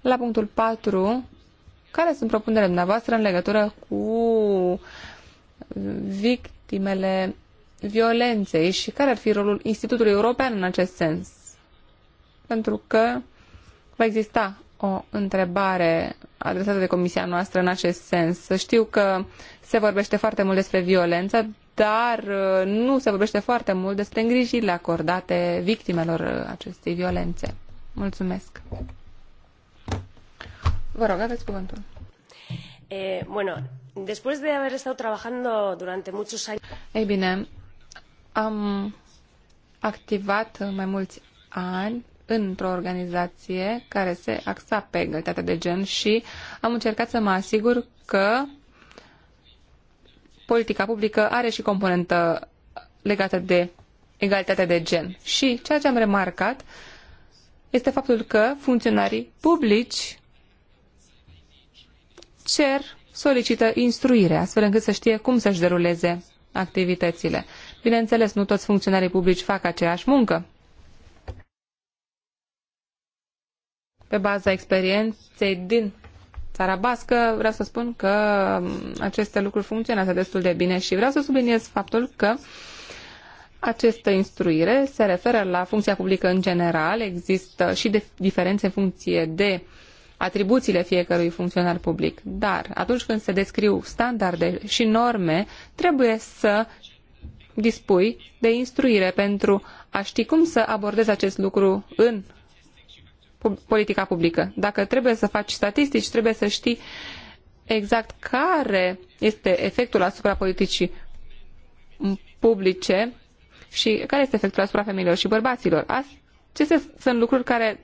la punctul 4, care sunt propunerile dumneavoastră în legătură cu victimele violenței și care ar fi rolul Institutului European în acest sens? pentru că va exista o întrebare adresată de comisia noastră în acest sens. Știu că se vorbește foarte mult despre violență, dar uh, nu se vorbește foarte mult despre îngrijirile acordate victimelor uh, acestei violențe. Mulțumesc. Vă rog, aveți cuvântul. Eh, bueno, después de haber estado trabajando durante muchos años... Ei bine, am activat mai mulți ani într-o organizație care se axa pe egalitatea de gen și am încercat să mă asigur că politica publică are și componentă legată de egalitatea de gen. Și ceea ce am remarcat este faptul că funcționarii publici cer, solicită instruire, astfel încât să știe cum să-și deruleze activitățile. Bineînțeles, nu toți funcționarii publici fac aceeași muncă. Pe baza experienței din țara bască, vreau să spun că um, aceste lucruri funcționează destul de bine și vreau să subliniez faptul că această instruire se referă la funcția publică în general, există și de diferențe în funcție de atribuțiile fiecărui funcționar public, dar atunci când se descriu standarde și norme, trebuie să dispui de instruire pentru a ști cum să abordezi acest lucru în politica publică. Dacă trebuie să faci statistici, trebuie să știi exact care este efectul asupra politicii publice și care este efectul asupra femeilor și bărbaților. Acestea sunt lucruri care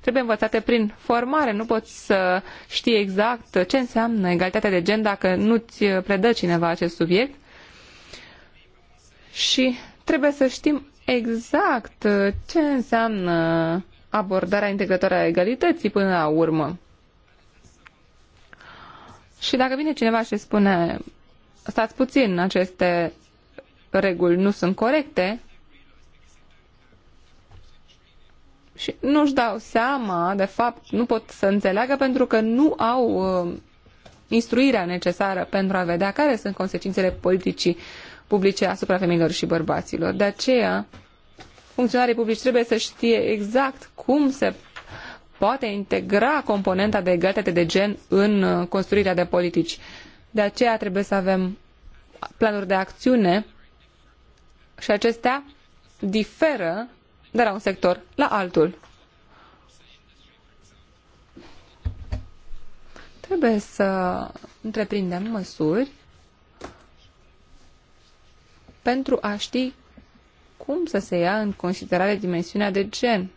trebuie învățate prin formare. Nu poți să știi exact ce înseamnă egalitatea de gen dacă nu-ți predă cineva acest subiect. Și trebuie să știm exact ce înseamnă abordarea integratoare a egalității până la urmă. Și dacă vine cineva și spune, stați puțin, aceste reguli nu sunt corecte, și nu-și dau seama, de fapt, nu pot să înțeleagă pentru că nu au uh, instruirea necesară pentru a vedea care sunt consecințele politicii publice asupra femeilor și bărbaților. De aceea, funcționarii publici trebuie să știe exact cum se poate integra componenta de egalitate de gen în uh, construirea de politici. De aceea trebuie să avem planuri de acțiune și acestea diferă de la un sector la altul. Trebuie să întreprindem măsuri pentru a ști cum să se ia în considerare dimensiunea de gen.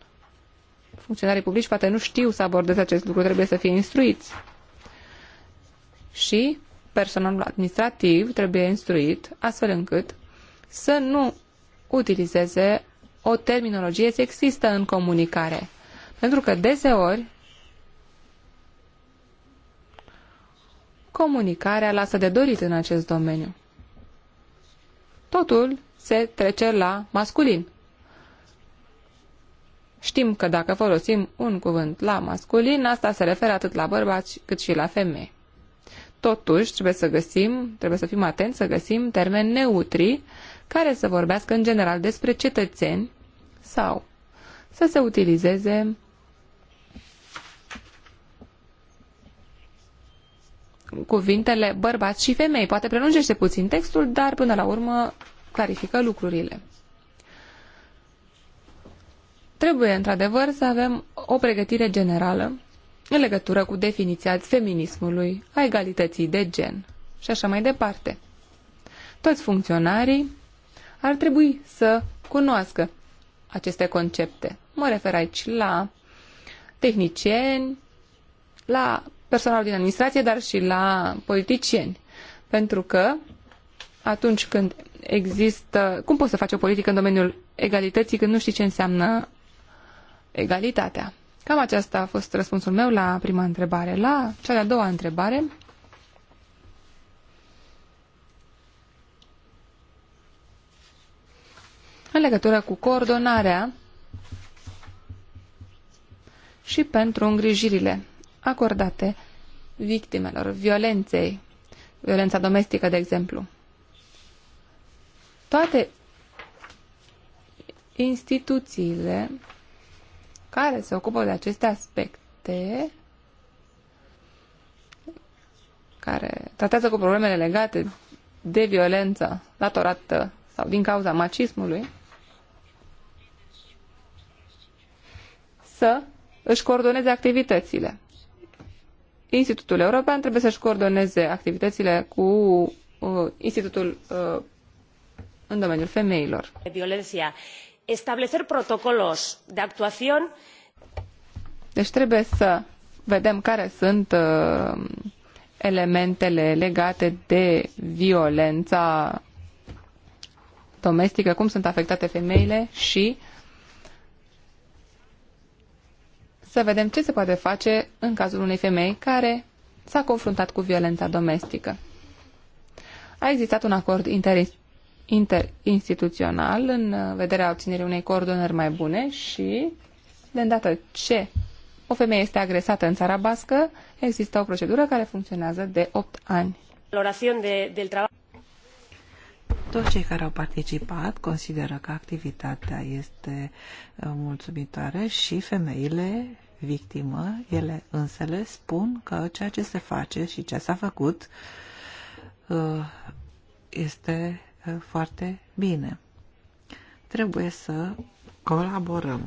Funcționarii publici poate nu știu să abordeze acest lucru, trebuie să fie instruiți. Și personalul administrativ trebuie instruit astfel încât să nu utilizeze o terminologie sexistă în comunicare. Pentru că deseori comunicarea lasă de dorit în acest domeniu. Totul se trece la masculin. Știm că dacă folosim un cuvânt la masculin, asta se referă atât la bărbați cât și la femei. Totuși, trebuie să găsim, trebuie să fim atenți să găsim termeni neutri care să vorbească în general despre cetățeni sau să se utilizeze cuvintele bărbați și femei. Poate prelungește puțin textul, dar până la urmă clarifică lucrurile. Trebuie, într-adevăr, să avem o pregătire generală în legătură cu definiția feminismului, a egalității de gen și așa mai departe. Toți funcționarii ar trebui să cunoască aceste concepte. Mă refer aici la tehnicieni, la personal din administrație, dar și la politicieni. Pentru că atunci când există... Cum poți să faci o politică în domeniul egalității când nu știi ce înseamnă egalitatea? Cam aceasta a fost răspunsul meu la prima întrebare. La cea de-a doua întrebare... În legătură cu coordonarea și pentru îngrijirile acordate victimelor violenței, violența domestică, de exemplu toate instituțiile care se ocupă de aceste aspecte care tratează cu problemele legate de violență datorată sau din cauza macismului, să își coordoneze activitățile. Institutul European trebuie să-și coordoneze activitățile cu uh, Institutul uh, în domeniul femeilor. Violenția. de Deci trebuie să vedem care sunt uh, elementele legate de violența domestică, cum sunt afectate femeile și să vedem ce se poate face în cazul unei femei care s-a confruntat cu violența domestică. A existat un acord interinstituțional interinstituțional în vederea obținerii unei coordonări mai bune și, de îndată ce o femeie este agresată în țara bască, există o procedură care funcționează de 8 ani. Toți cei care au participat consideră că activitatea este uh, mulțumitoare și femeile victimă, ele însele spun că ceea ce se face și ce s-a făcut uh, este foarte bine. Trebuie să colaborăm.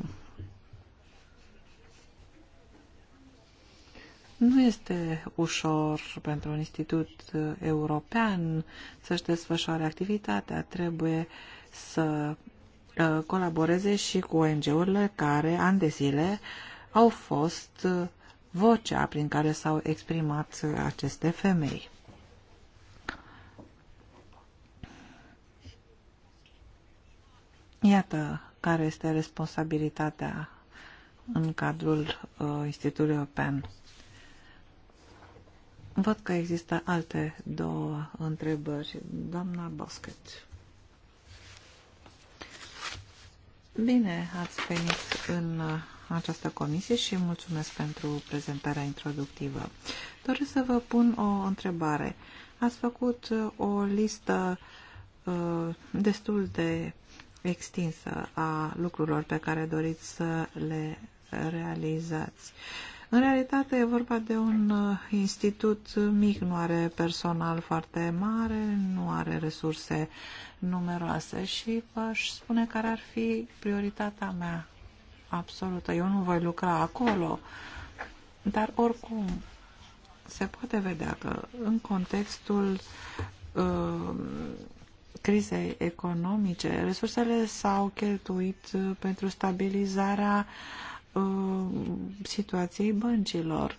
Nu este ușor pentru un institut european să-și desfășoare activitatea. Trebuie să uh, colaboreze și cu ONG-urile care, ani de zile, au fost vocea prin care s-au exprimat aceste femei. Iată care este responsabilitatea în cadrul uh, Institutului European. Văd că există alte două întrebări. Doamna Bosket. Bine ați venit în uh, această comisie și mulțumesc pentru prezentarea introductivă. Doresc să vă pun o întrebare. Ați făcut uh, o listă uh, destul de extinsă a lucrurilor pe care doriți să le realizați. În realitate e vorba de un uh, institut mic, nu are personal foarte mare, nu are resurse numeroase și aș spune care ar fi prioritatea mea absolută. Eu nu voi lucra acolo, dar oricum se poate vedea că în contextul uh, crizei economice, resursele s-au cheltuit uh, pentru stabilizarea uh, situației băncilor.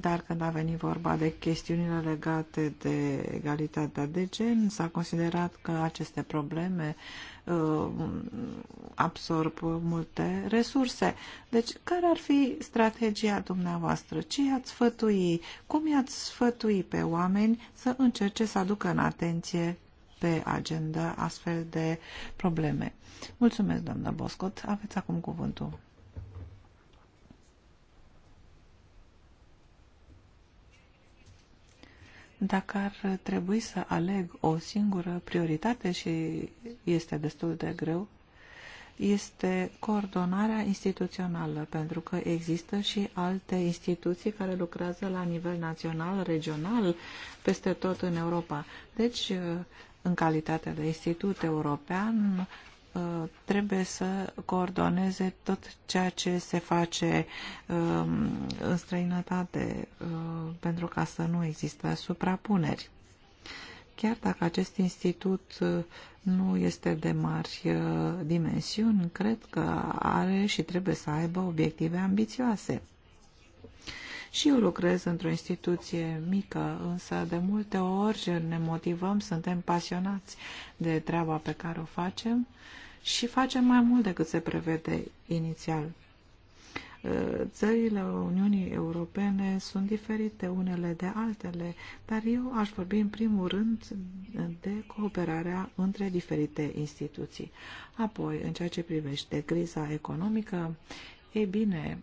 Dar când a venit vorba de chestiunile legate de egalitatea de gen, s-a considerat că aceste probleme uh, absorb multe resurse. Deci, care ar fi strategia dumneavoastră? Ce i-ați sfătui? Cum i-ați sfătui pe oameni să încerce să aducă în atenție pe agenda astfel de probleme. Mulțumesc, doamnă Boscot. Aveți acum cuvântul. Dacă ar trebui să aleg o singură prioritate și este destul de greu, este coordonarea instituțională, pentru că există și alte instituții care lucrează la nivel național, regional, peste tot în Europa. Deci, în calitate de institut european, uh, trebuie să coordoneze tot ceea ce se face um, în străinătate uh, pentru ca să nu există suprapuneri. Chiar dacă acest institut uh, nu este de mari dimensiuni, cred că are și trebuie să aibă obiective ambițioase. Și eu lucrez într-o instituție mică, însă de multe ori ne motivăm, suntem pasionați de treaba pe care o facem și facem mai mult decât se prevede inițial. Uh, țările Uniunii Europene sunt diferite unele de altele, dar eu aș vorbi în primul rând de cooperarea între diferite instituții. Apoi, în ceea ce privește criza economică, e bine,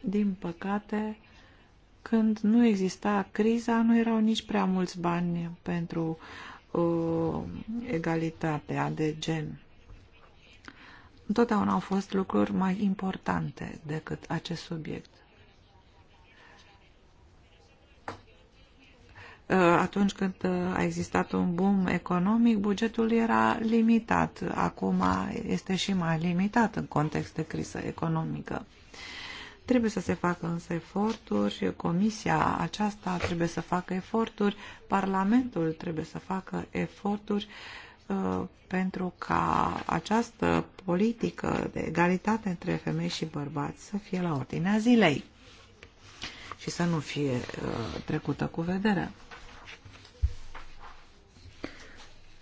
din păcate, când nu exista criza, nu erau nici prea mulți bani pentru uh, egalitatea de gen. Întotdeauna au fost lucruri mai importante decât acest subiect. Uh, atunci când uh, a existat un boom economic, bugetul era limitat. Acum este și mai limitat în context de criză economică. Trebuie să se facă însă eforturi, comisia aceasta trebuie să facă eforturi, Parlamentul trebuie să facă eforturi uh, pentru ca această politică de egalitate între femei și bărbați să fie la ordinea zilei și să nu fie uh, trecută cu vederea.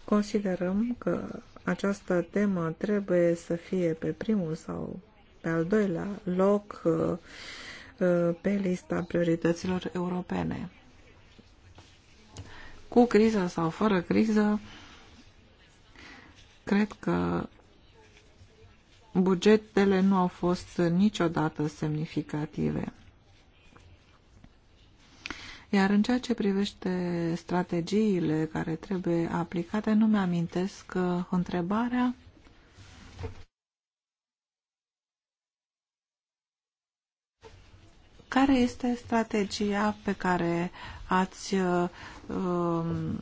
Considerăm că această temă trebuie să fie pe primul sau pe al doilea loc uh, uh, pe lista priorităților europene. Cu criză sau fără criză, cred că bugetele nu au fost niciodată semnificative. Iar în ceea ce privește strategiile care trebuie aplicate, nu mi-amintesc uh, întrebarea Care este strategia pe care ați um,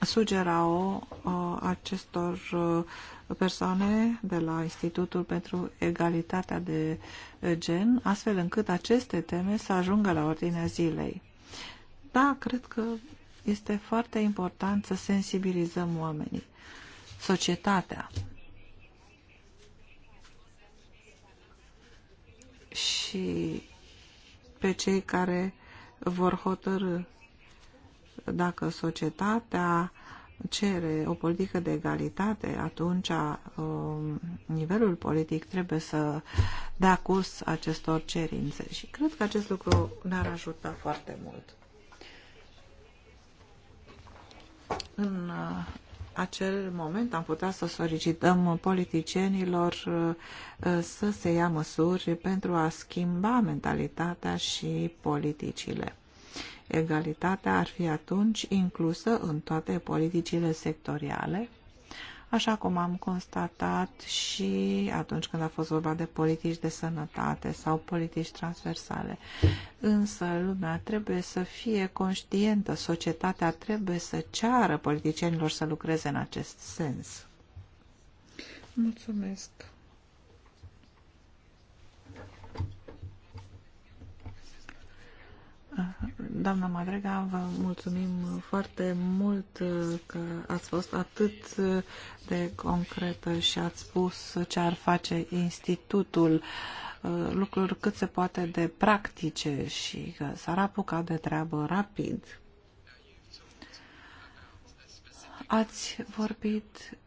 sugera-o uh, acestor uh, persoane de la Institutul pentru Egalitatea de Gen, astfel încât aceste teme să ajungă la ordinea zilei. Da, cred că este foarte important să sensibilizăm oamenii, societatea. Și pe cei care vor hotărâ dacă societatea cere o politică de egalitate, atunci um, nivelul politic trebuie să dea curs acestor cerințe și cred că acest lucru ne-ar ajuta foarte mult. În uh, acel moment am putea să solicităm politicienilor uh, uh, să se ia măsuri pentru a schimba mentalitatea și politicile. Egalitatea ar fi atunci inclusă în toate politicile sectoriale așa cum am constatat și atunci când a fost vorba de politici de sănătate sau politici transversale. Însă lumea trebuie să fie conștientă, societatea trebuie să ceară politicienilor să lucreze în acest sens. Mulțumesc! Doamna Madrega, vă mulțumim foarte mult că ați fost atât de concretă și ați spus ce ar face institutul, lucruri cât se poate de practice și că s-ar apuca de treabă rapid. Ați vorbit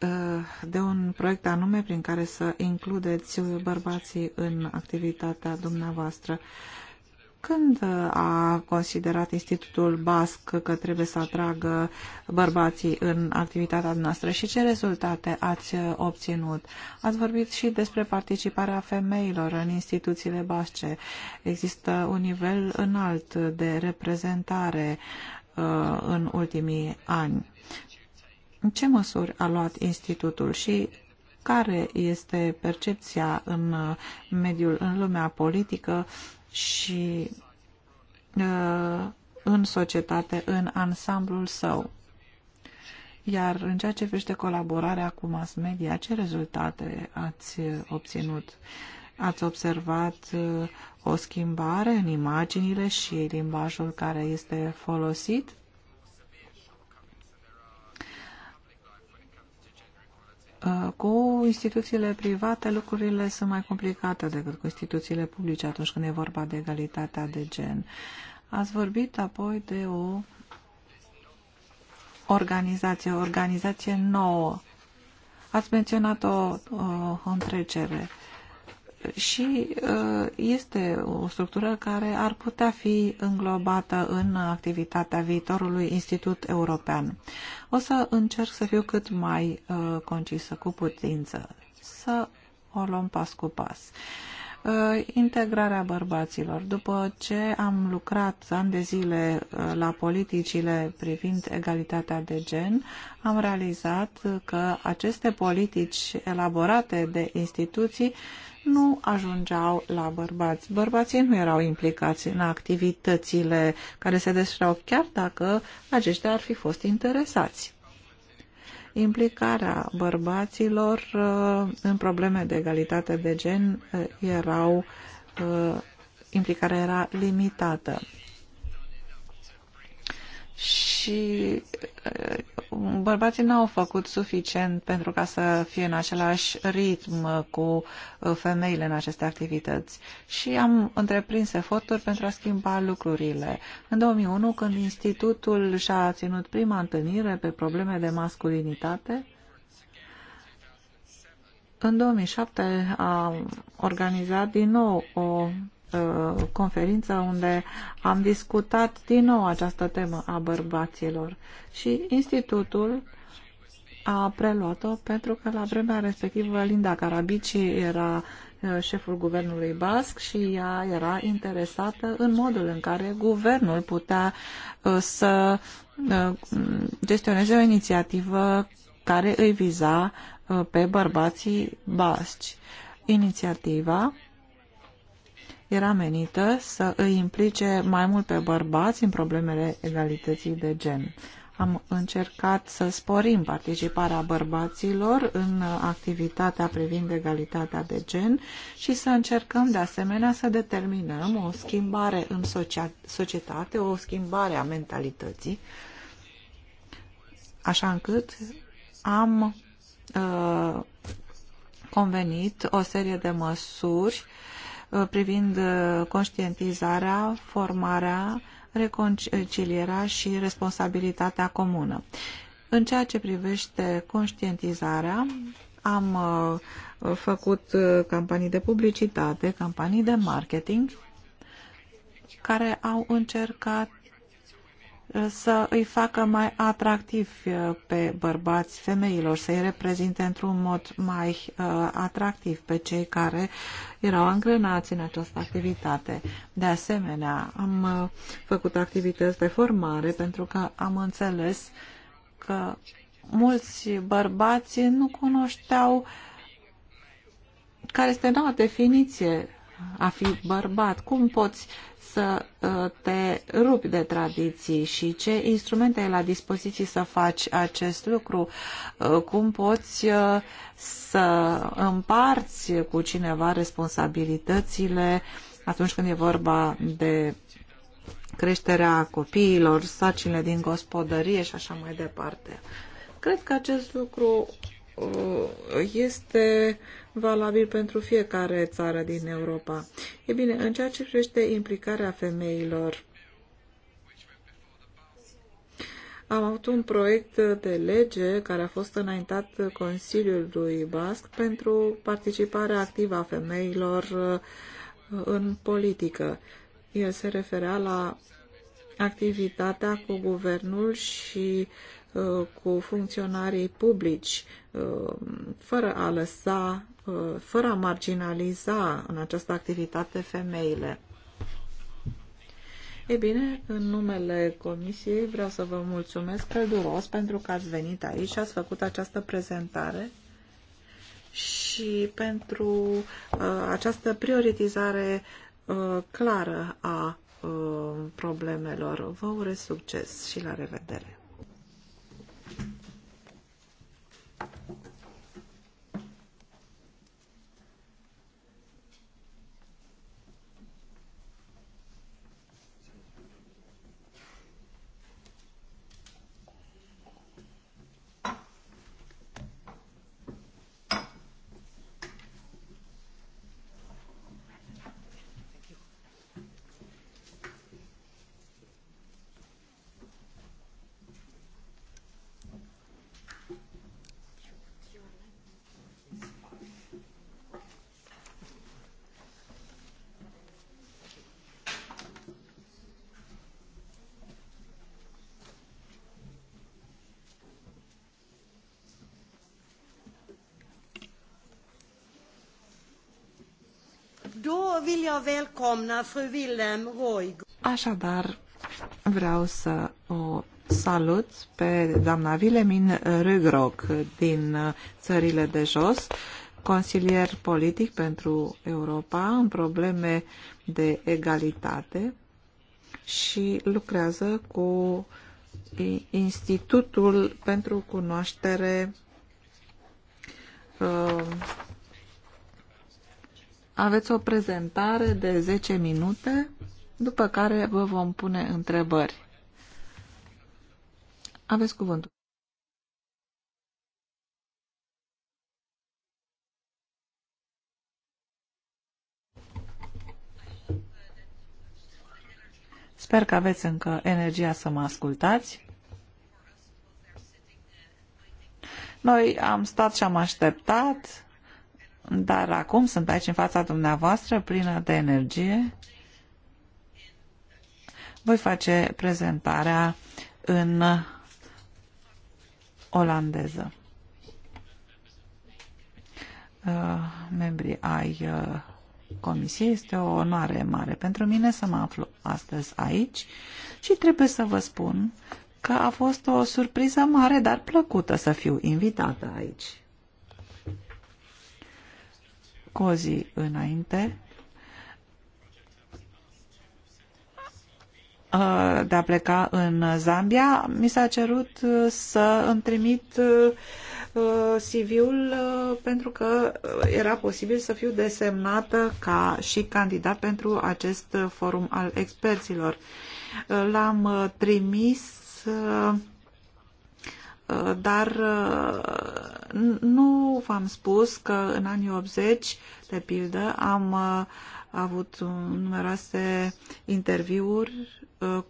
uh, de un proiect anume prin care să includeți bărbații în activitatea dumneavoastră. Când a considerat Institutul Basc că trebuie să atragă bărbații în activitatea noastră și ce rezultate ați obținut? Ați vorbit și despre participarea femeilor în instituțiile basce. Există un nivel înalt de reprezentare uh, în ultimii ani. Ce măsuri a luat Institutul și care este percepția în uh, mediul, în lumea politică și uh, în societate, în ansamblul său. Iar în ceea ce privește colaborarea cu mass media, ce rezultate ați obținut? Ați observat uh, o schimbare în imaginile și limbajul care este folosit? Uh, cu instituțiile private lucrurile sunt mai complicate decât cu instituțiile publice atunci când e vorba de egalitatea de gen. Ați vorbit apoi de o organizație, o organizație nouă. Ați menționat o, o, o întrecere și uh, este o structură care ar putea fi înglobată în activitatea viitorului Institut European. O să încerc să fiu cât mai uh, concisă cu putință, să o luăm pas cu pas. Uh, integrarea bărbaților. După ce am lucrat ani de zile la politicile privind egalitatea de gen, am realizat că aceste politici elaborate de instituții uh, nu ajungeau la bărbați. Bărbații nu erau implicați în activitățile care se desfășurau, chiar dacă aceștia ar fi fost interesați. Implicarea bărbaților uh, în probleme de egalitate de gen uh, erau, uh, implicarea era limitată și uh, bărbații n-au făcut suficient pentru ca să fie în același ritm cu uh, femeile în aceste activități. Și am întreprins eforturi pentru a schimba lucrurile. În 2001, când institutul și-a ținut prima întâlnire pe probleme de masculinitate, în 2007 a organizat din nou o Uh, conferință unde am discutat din nou această temă a bărbaților și institutul a preluat-o pentru că la vremea respectivă Linda Carabici era uh, șeful guvernului basc și ea era interesată în modul în care guvernul putea uh, să gestioneze o inițiativă care îi viza pe bărbații basci. Inițiativa era menită să îi implice mai mult pe bărbați în problemele egalității de gen. Am încercat să sporim participarea bărbaților în activitatea privind egalitatea de gen și să încercăm de asemenea să determinăm o schimbare în societate, o schimbare a mentalității, așa încât am uh, convenit o serie de măsuri uh, Uh, privind uh, conștientizarea, formarea, reconcilierea și responsabilitatea comună. În ceea ce privește conștientizarea, am uh, făcut campanii de publicitate, campanii de marketing, care au încercat să îi facă mai atractivi uh, pe bărbați femeilor, să-i reprezinte într-un mod mai uh, atractiv pe cei care erau angrenați în această activitate. De asemenea, am uh, făcut activități de formare pentru că am înțeles că mulți bărbați nu cunoșteau care este noua definiție a fi bărbat. Cum poți uh, să uh, te rupi de tradiții și ce instrumente ai la dispoziție să faci acest lucru, uh, cum poți uh, să împarți cu cineva responsabilitățile atunci când e vorba de creșterea copiilor, sacile din gospodărie și așa mai departe. Cred că acest lucru este uh, valabil pentru fiecare țară din Europa. E bine, în ceea ce privește implicarea femeilor, am avut un proiect de lege care a fost înaintat Consiliului Basc pentru participarea activă a femeilor uh, în politică. El se referea la activitatea cu guvernul și uh, cu funcționarii publici, uh, fără a lăsa Uh, fără a marginaliza în această activitate femeile. Ei bine, în numele Comisiei vreau să vă mulțumesc călduros pentru că ați venit aici și ați făcut această prezentare și pentru uh, această prioritizare uh, clară a uh, problemelor. Vă urez succes și la revedere! Așadar, vreau să o salut pe doamna Vilemin Rugroc din uh, țările de jos, consilier politic pentru Europa în probleme de egalitate și lucrează cu Institutul pentru Cunoaștere uh, aveți o prezentare de 10 minute, după care vă vom pune întrebări. Aveți cuvântul. Sper că aveți încă energia să mă ascultați. Noi am stat și am așteptat dar acum sunt aici în fața dumneavoastră, plină de energie. Voi face prezentarea în olandeză. Uh, membrii ai uh, comisiei. Este o onoare mare pentru mine să mă aflu astăzi aici și trebuie să vă spun că a fost o surpriză mare, dar plăcută să fiu invitată aici. Cozi înainte de a pleca în Zambia, mi s-a cerut uh, să îmi trimit uh, uh, CV-ul pentru că era posibil să fiu desemnată ca și candidat pentru acest forum al experților. L-am trimis Uh, dar uh, nu v-am spus că în anii 80, de pildă, am uh, avut numeroase interviuri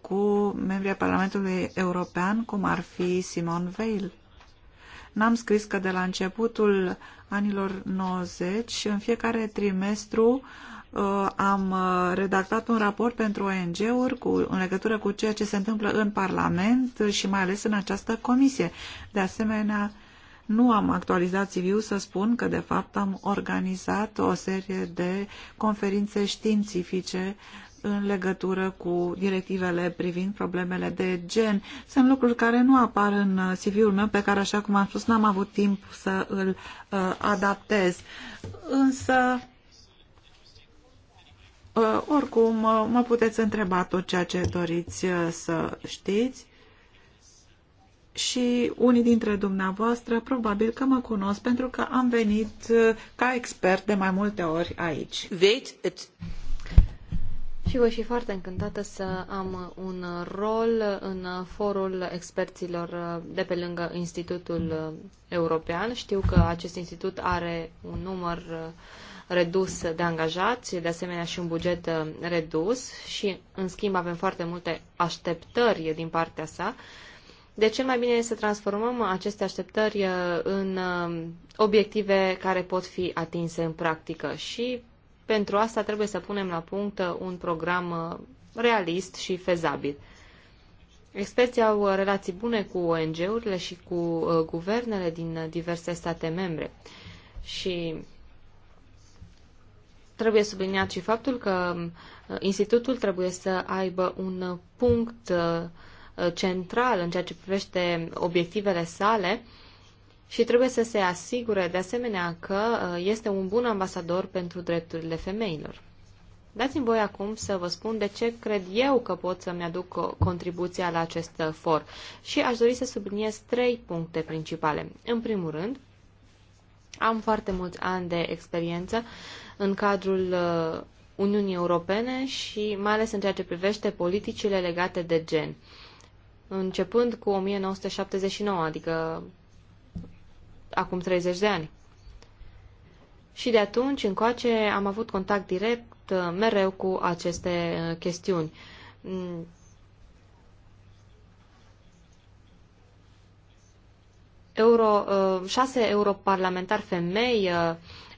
cu membrii Parlamentului European, cum ar fi Simon Veil. N-am scris că de la începutul anilor 90, în fiecare trimestru, uh, Uh, am uh, redactat un raport pentru ONG-uri cu, în legătură cu ceea ce se întâmplă în Parlament și mai ales în această comisie. De asemenea, nu am actualizat CV-ul să spun că, de fapt, am organizat o serie de conferințe științifice în legătură cu directivele privind problemele de gen. Sunt lucruri care nu apar în uh, CV-ul meu, pe care, așa cum am spus, n-am avut timp să îl uh, adaptez. Însă, Uh, oricum, uh, mă puteți întreba tot ceea ce doriți uh, să știți și unii dintre dumneavoastră probabil că mă cunosc pentru că am venit ca expert de mai multe ori aici. Și voi fi foarte încântată să am un rol în forul experților de pe lângă Institutul European. Știu că acest institut are un număr uh, redus de angajați, de asemenea și un buget uh, redus și, în schimb, avem foarte multe așteptări din partea sa. De ce mai bine este să transformăm aceste așteptări uh, în uh, obiective care pot fi atinse în practică și pentru asta trebuie să punem la punct un program realist și fezabil. Experții au relații bune cu ONG-urile și cu guvernele din diverse state membre. Și Trebuie subliniat și faptul că uh, institutul trebuie să aibă un punct uh, central în ceea ce privește obiectivele sale și trebuie să se asigure de asemenea că uh, este un bun ambasador pentru drepturile femeilor. Dați-mi voi acum să vă spun de ce cred eu că pot să-mi aduc contribuția la acest for și aș dori să subliniez trei puncte principale. În primul rând, am foarte mulți ani de experiență în cadrul uh, Uniunii Europene și mai ales în ceea ce privește politicile legate de gen, începând cu 1979, adică acum 30 de ani. Și de atunci încoace am avut contact direct uh, mereu cu aceste uh, chestiuni. Mm. Euro, șase europarlamentari femei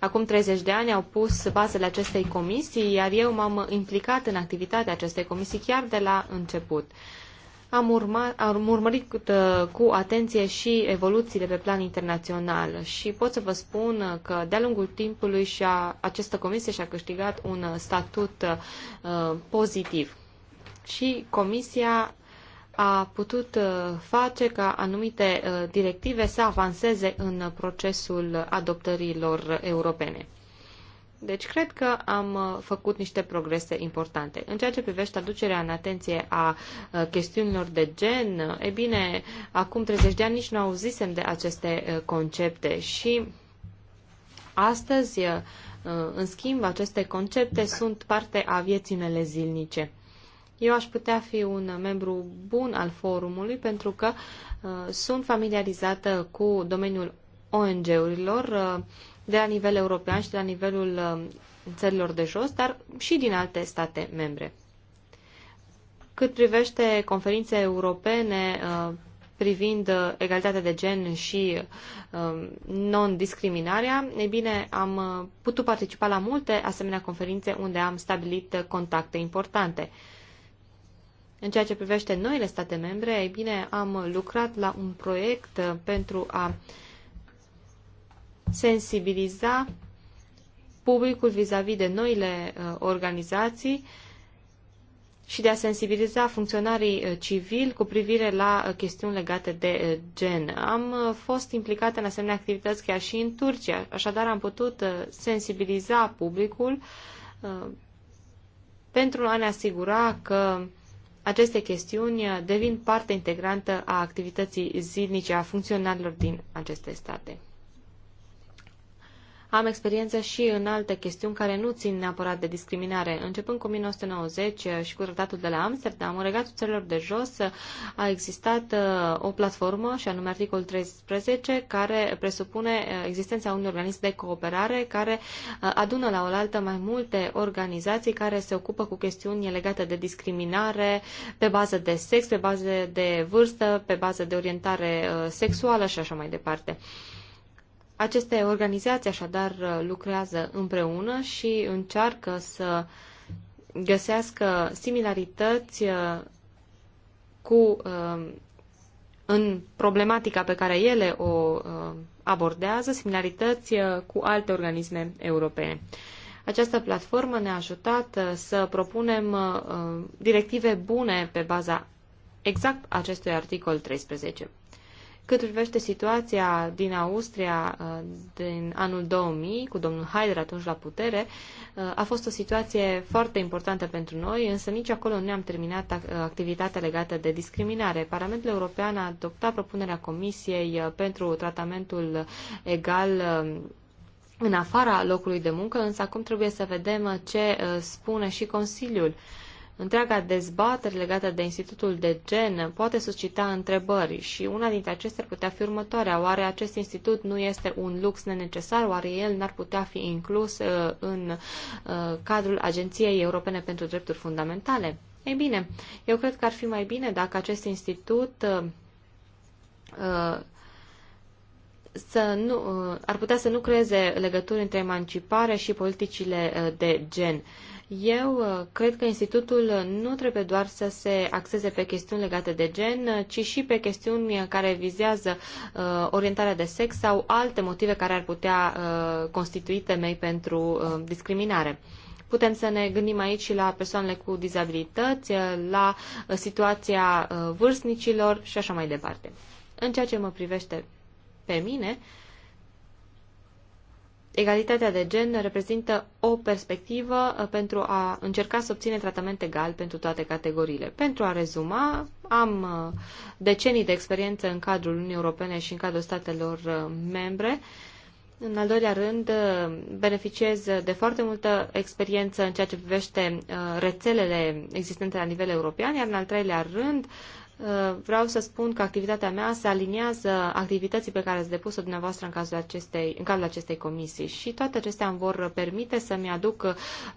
acum 30 de ani au pus bazele acestei comisii, iar eu m-am implicat în activitatea acestei comisii chiar de la început. Am, urma, am urmărit uh, cu, atenție și evoluțiile pe plan internațional și pot să vă spun că de-a lungul timpului și -a, această comisie și-a câștigat un statut uh, pozitiv. Și comisia a putut uh, face ca anumite uh, directive să avanseze în procesul adoptărilor europene. Deci cred că am uh, făcut niște progrese importante. În ceea ce privește aducerea în atenție a chestiunilor de gen, e bine, acum 30 de ani nici nu auzisem de aceste concepte și astăzi, în schimb, aceste concepte sunt parte a vieții mele zilnice. Eu aș putea fi un membru bun al forumului pentru că uh, sunt familiarizată cu domeniul ONG-urilor uh, de la nivel european și de la nivelul uh, țărilor de jos, dar și din alte state membre. Cât privește conferințe europene uh, privind uh, egalitatea de gen și uh, non-discriminarea, e bine, am uh, putut participa la multe asemenea conferințe unde am stabilit uh, contacte importante. Uh, în ceea ce privește noile state membre, ei bine, am lucrat la un proiect uh, pentru a sensibiliza publicul vis-a-vis -vis de noile uh, organizații și de a sensibiliza funcționarii uh, civili cu privire la chestiuni legate de gen. Am fost implicată în asemenea activități chiar și în Turcia, așadar am putut sensibiliza publicul pentru a ne asigura că aceste chestiuni uh, devin parte integrantă a activității zilnice a funcționarilor din aceste state. Am experiență și în alte chestiuni care nu țin neapărat de discriminare. Începând cu 1990 și cu tratatul de la Amsterdam, în regatul țărilor de jos a existat uh, o platformă, și anume articolul 13, care presupune uh, existența unui organism de cooperare care uh, adună la oaltă mai multe organizații care se ocupă cu chestiuni legate de discriminare pe bază de sex, pe bază de vârstă, pe bază de orientare sexuală și așa mai departe. Aceste organizații așadar lucrează împreună și încearcă să găsească similarități uh, cu, uh, în problematica pe care ele o uh, abordează, similarități cu alte organisme europene. Această platformă ne-a ajutat să propunem directive bune pe baza exact acestui articol 13. Cât privește situația din Austria uh, din anul 2000, cu domnul Haider atunci la putere, uh, a fost o situație foarte importantă pentru noi, însă nici acolo nu am terminat uh, activitatea legată de discriminare. Parlamentul European a adoptat propunerea Comisiei pentru tratamentul egal în afara locului de muncă, însă acum trebuie să vedem ce spune și Consiliul. Întreaga dezbatere legată de Institutul de Gen poate suscita întrebări și una dintre acestea ar putea fi următoarea. Oare acest institut nu este un lux nenecesar? Oare el n-ar putea fi inclus uh, în uh, cadrul Agenției Europene pentru Drepturi Fundamentale? Ei bine, eu cred că ar fi mai bine dacă acest institut uh, uh să nu, uh, ar putea să nu creeze legături între emancipare și politicile uh, de gen. Uh, eu uh, cred că institutul nu trebuie doar să se axeze pe chestiuni legate de gen, uh, ci și pe chestiuni uh, care vizează uh, orientarea de sex sau alte motive care ar putea uh, constitui temei pentru uh, discriminare. Putem să ne gândim aici și la persoanele cu dizabilități, la situația vârstnicilor și așa mai departe. În ceea ce mă privește pe mine, uh, Egalitatea de gen reprezintă o perspectivă uh, pentru a încerca să obține tratament egal pentru toate categoriile. Pentru a rezuma, am uh, decenii de experiență în cadrul Uniunii Europene și în cadrul statelor uh, membre. În al doilea rând, beneficiez de foarte multă experiență în ceea ce privește rețelele existente la nivel european, iar în al treilea rând, Uh, vreau să spun că activitatea mea se aliniază activității pe care ați depus-o dumneavoastră în cazul, acestei, în cazul acestei comisii și toate acestea îmi vor permite să-mi aduc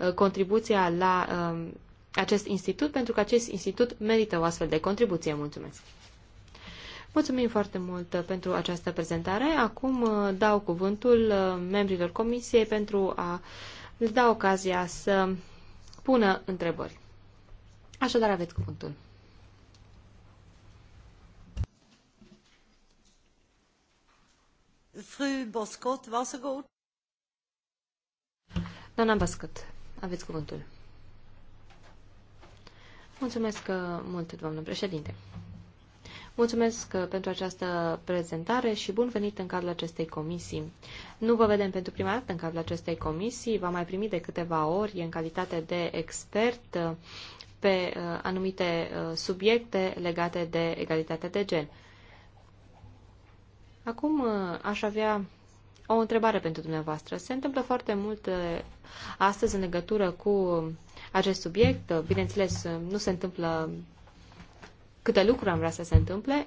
uh, contribuția la um, acest institut, pentru că acest institut merită o astfel de contribuție. Mulțumesc! Mulțumim foarte mult uh, pentru această prezentare. Acum dau cuvântul membrilor comisiei pentru a le da ocazia să pună întrebări. Așadar, aveți cuvântul. Fru Doamna Bascăt, aveți cuvântul. Mulțumesc uh, mult, doamnă președinte. Mulțumesc uh, pentru această prezentare și bun venit în cadrul acestei comisii. Nu vă vedem pentru prima dată în cadrul acestei comisii, v-am mai primit de câteva ori în calitate de expert uh, pe anumite subiecte legate de egalitatea de gen. Acum uh, aș avea o întrebare pentru dumneavoastră. Se întâmplă foarte mult uh, astăzi în legătură cu acest subiect. Uh, bineînțeles, nu se întâmplă câte lucruri am vrea să se întâmple,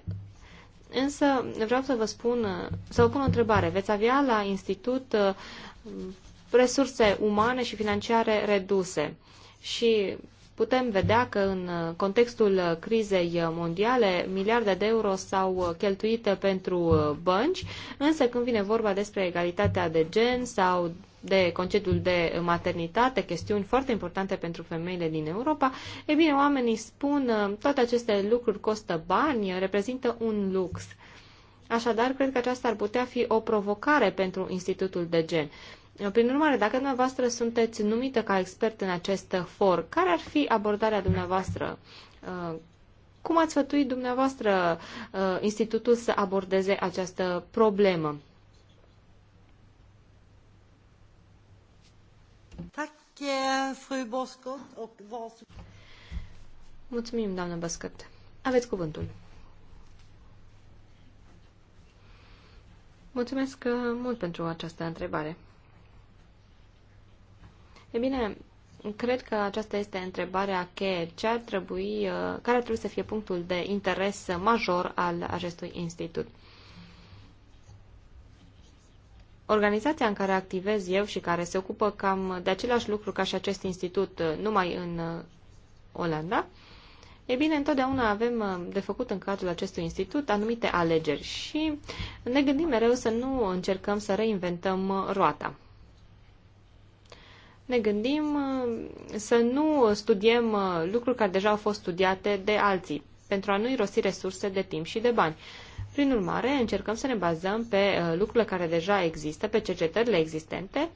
însă vreau să vă spun, să vă pun o întrebare. Veți avea la institut resurse umane și financiare reduse și putem vedea că în uh, contextul uh, crizei uh, mondiale miliarde de euro s-au cheltuit pentru bănci, însă când vine vorba despre egalitatea de gen sau de concediul de maternitate, chestiuni foarte importante pentru femeile din Europa, e bine, oamenii spun toate aceste lucruri costă bani, reprezintă un lux. Așadar, cred că aceasta ar putea fi o provocare pentru Institutul de Gen. Prin urmare, dacă dumneavoastră sunteți numită ca expert în acest for, care ar fi abordarea dumneavoastră? Uh, cum ați sfătuit dumneavoastră uh, institutul să abordeze această problemă? Eh, Mulțumim, doamnă Băscăt. Aveți cuvântul. Mulțumesc eh, mult pentru această întrebare. E bine, cred că aceasta este întrebarea cheie. Ce ar trebui, uh, care ar trebui să fie punctul de interes major al acestui institut? Organizația în care activez eu și care se ocupă cam de același lucru ca și acest institut uh, numai în uh, Olanda, E bine, întotdeauna avem de făcut în cadrul acestui institut anumite alegeri și ne gândim mereu să nu încercăm să reinventăm roata ne gândim uh, să nu studiem uh, lucruri care deja au fost studiate de alții, pentru a nu irosi resurse de timp și de bani. Prin urmare, încercăm să ne bazăm pe uh, lucrurile care deja există, pe cercetările existente,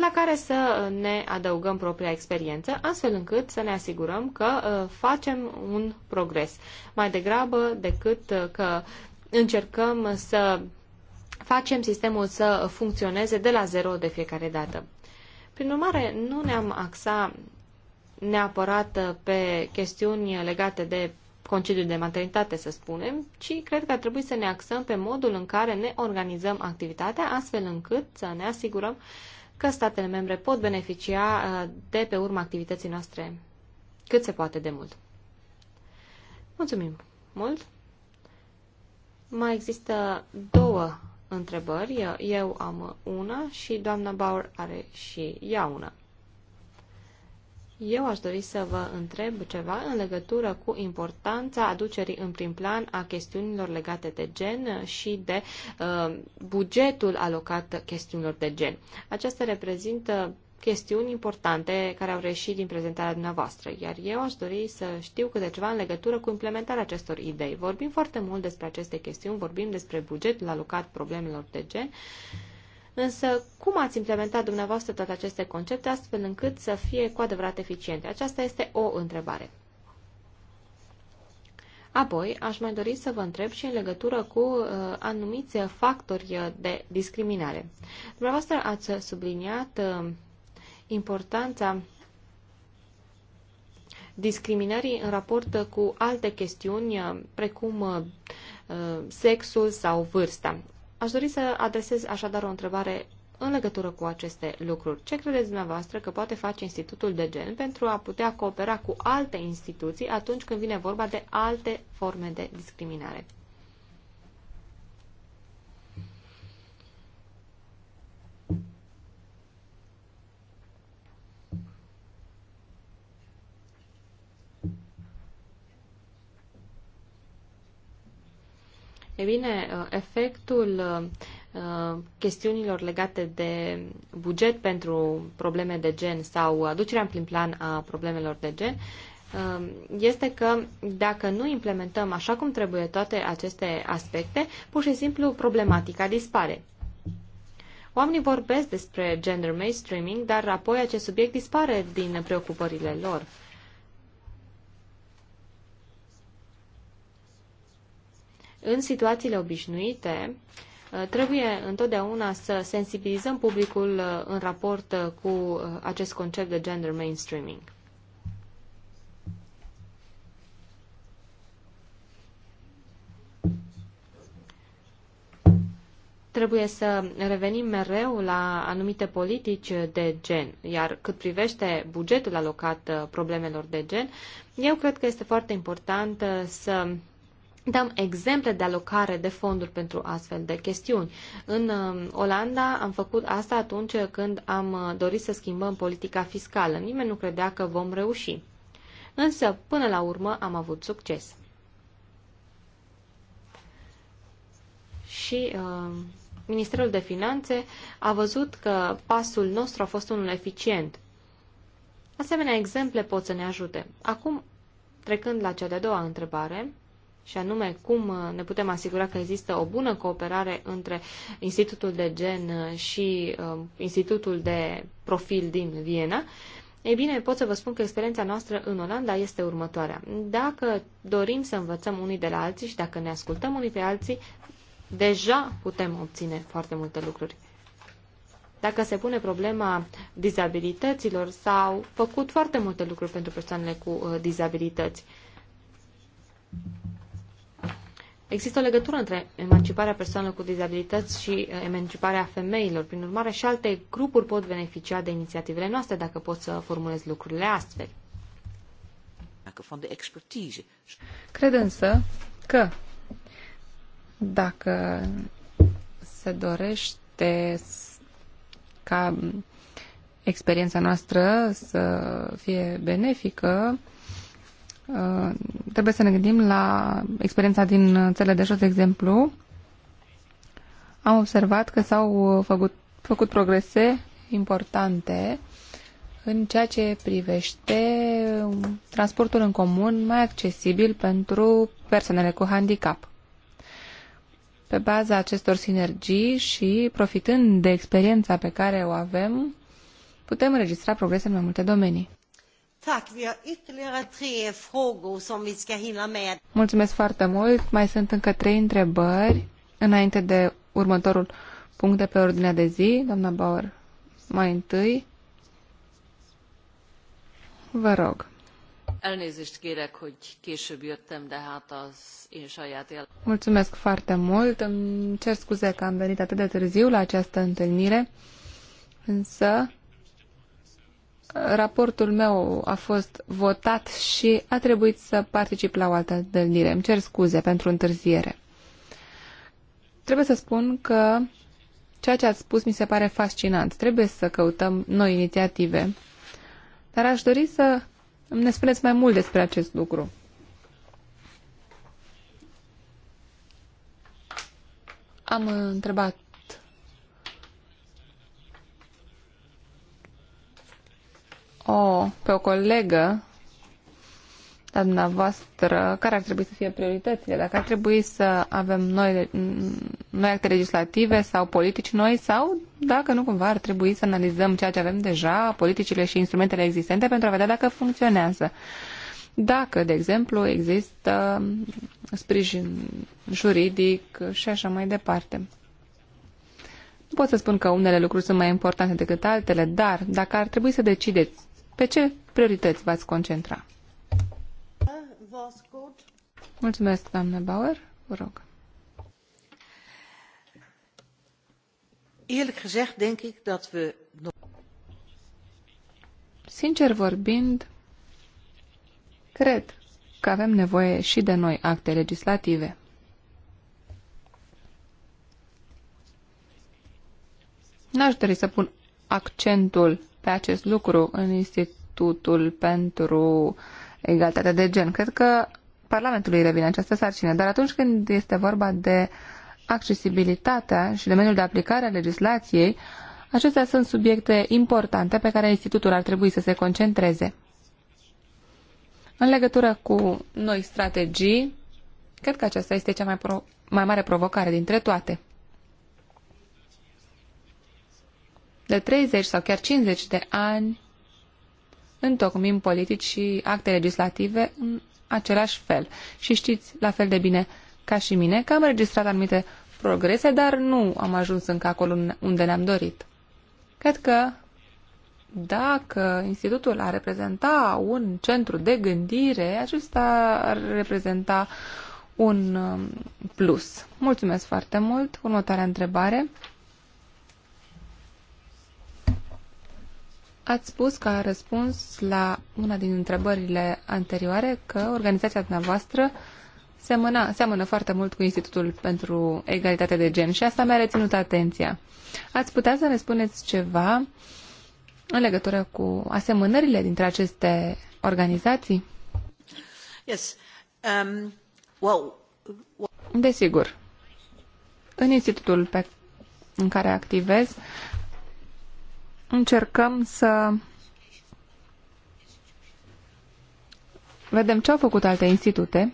la care să ne adăugăm propria experiență, astfel încât să ne asigurăm că facem un progres, mai degrabă decât că încercăm să facem sistemul să funcționeze de la zero de fiecare dată. Prin urmare, nu ne-am axat neapărat uh, pe chestiuni legate de concediu de maternitate, să spunem, ci cred că ar trebui să ne axăm pe modul în care ne organizăm activitatea, astfel încât să ne asigurăm că statele membre pot beneficia uh, de pe urma activității noastre cât se poate de mult. Mulțumim mult! Mai există două întrebări. Eu am una și doamna Bauer are și ea una. Eu aș dori să vă întreb ceva în legătură cu importanța aducerii în prim plan a chestiunilor legate de gen și de uh, bugetul alocat chestiunilor de gen. Aceasta reprezintă chestiuni importante care au reșit din prezentarea dumneavoastră, iar eu aș dori să știu câte ceva în legătură cu implementarea acestor idei. Vorbim foarte mult despre aceste chestiuni, vorbim despre bugetul alocat problemelor de gen, însă cum ați implementat dumneavoastră toate aceste concepte astfel încât să fie cu adevărat eficiente? Aceasta este o întrebare. Apoi, aș mai dori să vă întreb și în legătură cu uh, anumiți factori de discriminare. Dumneavoastră ați subliniat uh, importanța discriminării în raport cu alte chestiuni, precum uh, sexul sau vârsta. Aș dori să adresez așadar o întrebare în legătură cu aceste lucruri. Ce credeți dumneavoastră că poate face Institutul de Gen pentru a putea coopera cu alte instituții atunci când vine vorba de alte forme de discriminare? E bine, uh, efectul uh, chestiunilor legate de buget pentru probleme de gen sau aducerea în plan a problemelor de gen um, este că dacă nu implementăm așa cum trebuie toate aceste aspecte, pur și simplu problematica dispare. Oamenii vorbesc despre gender mainstreaming, dar apoi acest subiect dispare din preocupările lor. În situațiile obișnuite, uh, trebuie întotdeauna să sensibilizăm publicul uh, în raport uh, cu acest concept de gender mainstreaming. trebuie să revenim mereu la anumite politici de gen. Iar cât privește bugetul alocat problemelor de gen, eu cred că este foarte important să Dăm exemple de alocare de fonduri pentru astfel de chestiuni. În um, Olanda am făcut asta atunci când am uh, dorit să schimbăm politica fiscală. Nimeni nu credea că vom reuși. Însă, până la urmă, am avut succes. Și uh, Ministerul de Finanțe a văzut că pasul nostru a fost unul eficient. Asemenea, exemple pot să ne ajute. Acum, trecând la cea de-a doua întrebare, și anume cum uh, ne putem asigura că există o bună cooperare între Institutul de Gen uh, și uh, Institutul de Profil din Viena, ei bine, pot să vă spun că experiența noastră în Olanda este următoarea. Dacă dorim să învățăm unii de la alții și dacă ne ascultăm unii pe alții, deja putem obține foarte multe lucruri. Dacă se pune problema dizabilităților, s-au făcut foarte multe lucruri pentru persoanele cu uh, dizabilități. Există o legătură între emanciparea persoanelor cu dizabilități și uh, emanciparea femeilor. Prin urmare, și alte grupuri pot beneficia de inițiativele noastre dacă pot să formulez lucrurile astfel. Cred însă că dacă se dorește ca experiența noastră să fie benefică, Uh, trebuie să ne gândim la experiența din țele de jos, de exemplu. Am observat că s-au uh, făcut, făcut progrese importante în ceea ce privește um, transportul în comun mai accesibil pentru persoanele cu handicap. Pe baza acestor sinergii și profitând de experiența pe care o avem, putem înregistra progrese în mai multe domenii. Mulțumesc foarte mult. Mai sunt încă trei întrebări înainte de următorul punct de pe ordinea de zi. Doamna Bauer, mai întâi. Vă rog. Elnézést kérek, hogy később jöttem, de hát az én saját Mulțumesc foarte mult. Îmi cer scuze că am venit atât de târziu la această întâlnire, însă raportul meu a fost votat și a trebuit să particip la o altă întâlnire. Îmi cer scuze pentru întârziere. Trebuie să spun că ceea ce ați spus mi se pare fascinant. Trebuie să căutăm noi inițiative, dar aș dori să ne spuneți mai mult despre acest lucru. Am întrebat o, pe o colegă la dumneavoastră care ar trebui să fie prioritățile, dacă ar trebui să avem noi, noi acte legislative sau politici noi sau dacă nu cumva ar trebui să analizăm ceea ce avem deja, politicile și instrumentele existente pentru a vedea dacă funcționează. Dacă, de exemplu, există sprijin juridic și așa mai departe. Nu pot să spun că unele lucruri sunt mai importante decât altele, dar dacă ar trebui să decideți pe ce priorități v-ați concentra? Mulțumesc, doamnă Bauer. Vă rog. Sincer vorbind, cred că avem nevoie și de noi acte legislative. N-aș dori să pun accentul pe acest lucru în Institutul pentru Egalitatea de Gen. Cred că Parlamentului revine această sarcină, dar atunci când este vorba de accesibilitatea și domeniul de aplicare a legislației, acestea sunt subiecte importante pe care Institutul ar trebui să se concentreze. În legătură cu noi strategii, cred că aceasta este cea mai, pro- mai mare provocare dintre toate. de 30 sau chiar 50 de ani întocmim politici și acte legislative în același fel. Și știți la fel de bine ca și mine că am registrat anumite progrese, dar nu am ajuns încă acolo unde ne-am dorit. Cred că dacă institutul ar reprezenta un centru de gândire, acesta ar reprezenta un um, plus. Mulțumesc foarte mult. Următoarea întrebare. Ați spus că a răspuns la una din întrebările anterioare că organizația dumneavoastră semăna, seamănă foarte mult cu Institutul pentru Egalitate de Gen și asta mi-a reținut atenția. Ați putea să ne spuneți ceva în legătură cu asemănările dintre aceste organizații? Yes. Um, well, well... Desigur. În institutul pe în care activez, încercăm să vedem ce au făcut alte institute,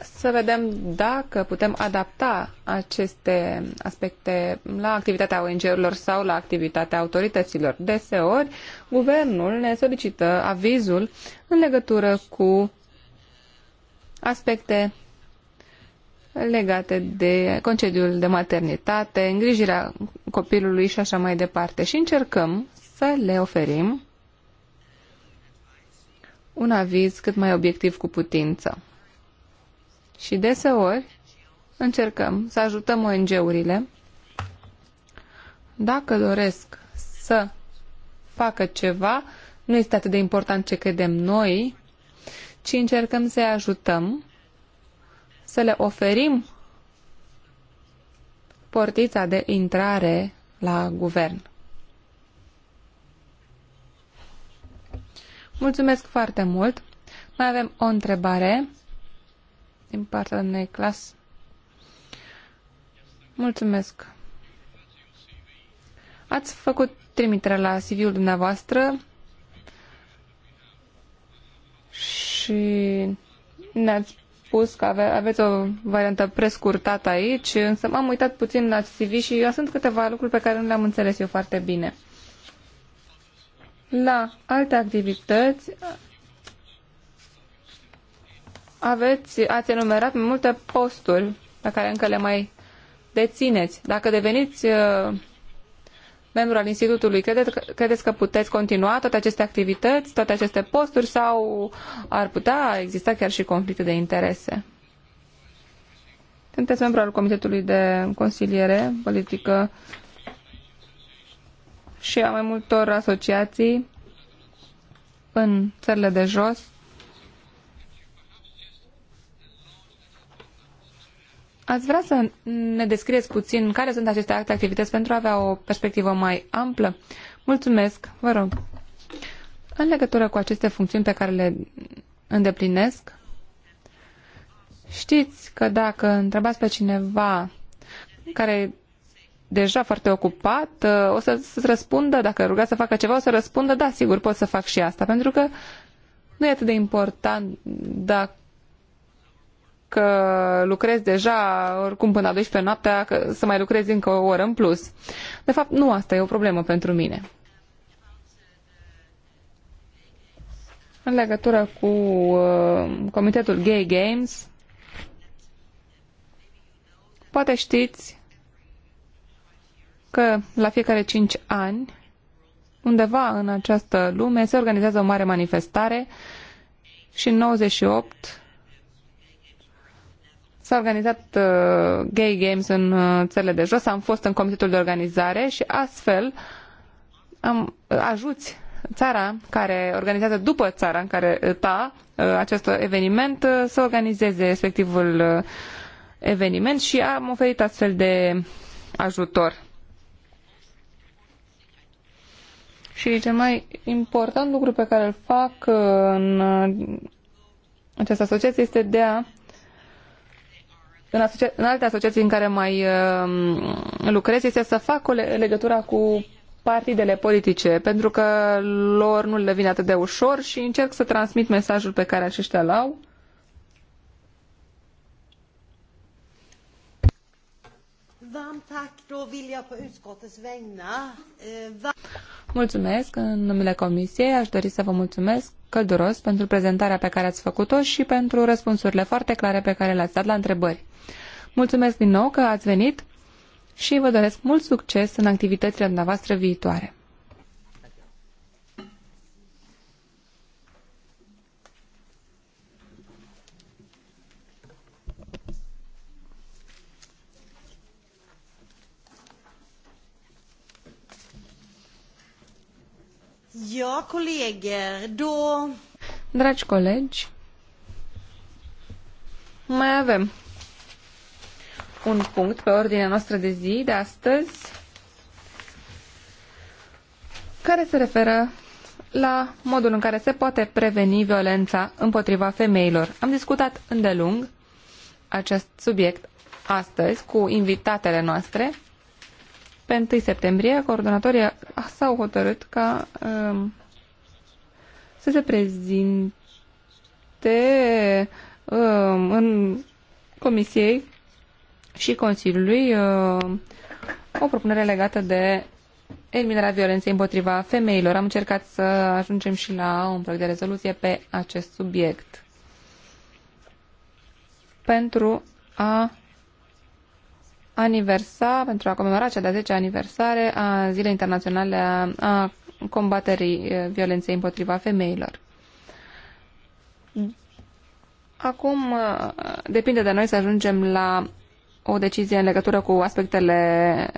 să vedem dacă putem adapta aceste aspecte la activitatea ONG-urilor sau la activitatea autorităților. Deseori, guvernul ne solicită avizul în legătură cu aspecte legate de concediul de maternitate, îngrijirea copilului și așa mai departe. Și încercăm să le oferim un aviz cât mai obiectiv cu putință. Și deseori încercăm să ajutăm ONG-urile dacă doresc să facă ceva, nu este atât de important ce credem noi, ci încercăm să-i ajutăm să le oferim portița de intrare la guvern. Mulțumesc foarte mult! Mai avem o întrebare din partea unei clas. Mulțumesc! Ați făcut trimitere la CV-ul dumneavoastră și ne-ați spus că ave, aveți o variantă prescurtată aici, însă m-am uitat puțin la CV și eu sunt câteva lucruri pe care nu le-am înțeles eu foarte bine. La alte activități aveți, ați enumerat multe posturi pe care încă le mai dețineți. Dacă deveniți uh, membru al Institutului, credeți, credeți că puteți continua toate aceste activități, toate aceste posturi sau ar putea exista chiar și conflicte de interese? Sunteți membru al Comitetului de Consiliere Politică și a mai multor asociații în țările de jos Ați vrea să ne descrieți puțin care sunt aceste acte activități pentru a avea o perspectivă mai amplă? Mulțumesc, vă rog. În legătură cu aceste funcțiuni pe care le îndeplinesc, știți că dacă întrebați pe cineva care e deja foarte ocupat, o să, să răspundă, dacă rugați să facă ceva, o să răspundă, da, sigur, pot să fac și asta, pentru că nu e atât de important dacă că lucrezi deja oricum până la 12 noaptea, că să mai lucrezi încă o oră în plus. De fapt, nu asta e o problemă pentru mine. În legătură cu uh, comitetul Gay Games, poate știți că la fiecare 5 ani, undeva în această lume, se organizează o mare manifestare și în 98 S-a organizat uh, gay games în uh, țările de jos, am fost în comitetul de organizare și astfel am uh, ajuți țara care organizează după țara în care uh, ta uh, acest eveniment să organizeze respectivul eveniment și am oferit astfel de ajutor. Și cel mai important lucru pe care îl fac în această asociație este de a în, asocia- în alte asociații în care mai ehm, lucrez este să fac o legătura cu partidele politice, pentru că lor nu le vine atât de ușor și încerc să transmit mesajul pe care aceștia l-au Eh, mulțumesc în numele Comisiei. Aș dori să vă mulțumesc călduros pentru prezentarea pe care ați făcut-o și pentru răspunsurile foarte clare pe care le-ați dat la întrebări. Mulțumesc din nou că ați venit și vă doresc mult succes în activitățile noastre viitoare. Ja, kolleger, då... Dragi colegi, mai avem un punct pe ordinea noastră de zi de astăzi care se referă la modul în care se poate preveni violența împotriva femeilor. Am discutat îndelung acest subiect astăzi cu invitatele noastre pe 1 septembrie, coordonatorii s-au hotărât ca um, să se prezinte um, în Comisiei și Consiliului um, o propunere legată de eliminarea violenței împotriva femeilor. Am încercat să ajungem și la un proiect de rezoluție pe acest subiect pentru a aniversa, pentru a comemora cea de-a 10 -a aniversare a Zilei Internaționale a, a combaterii violenței împotriva femeilor. Acum depinde de noi să ajungem la o decizie în legătură cu aspectele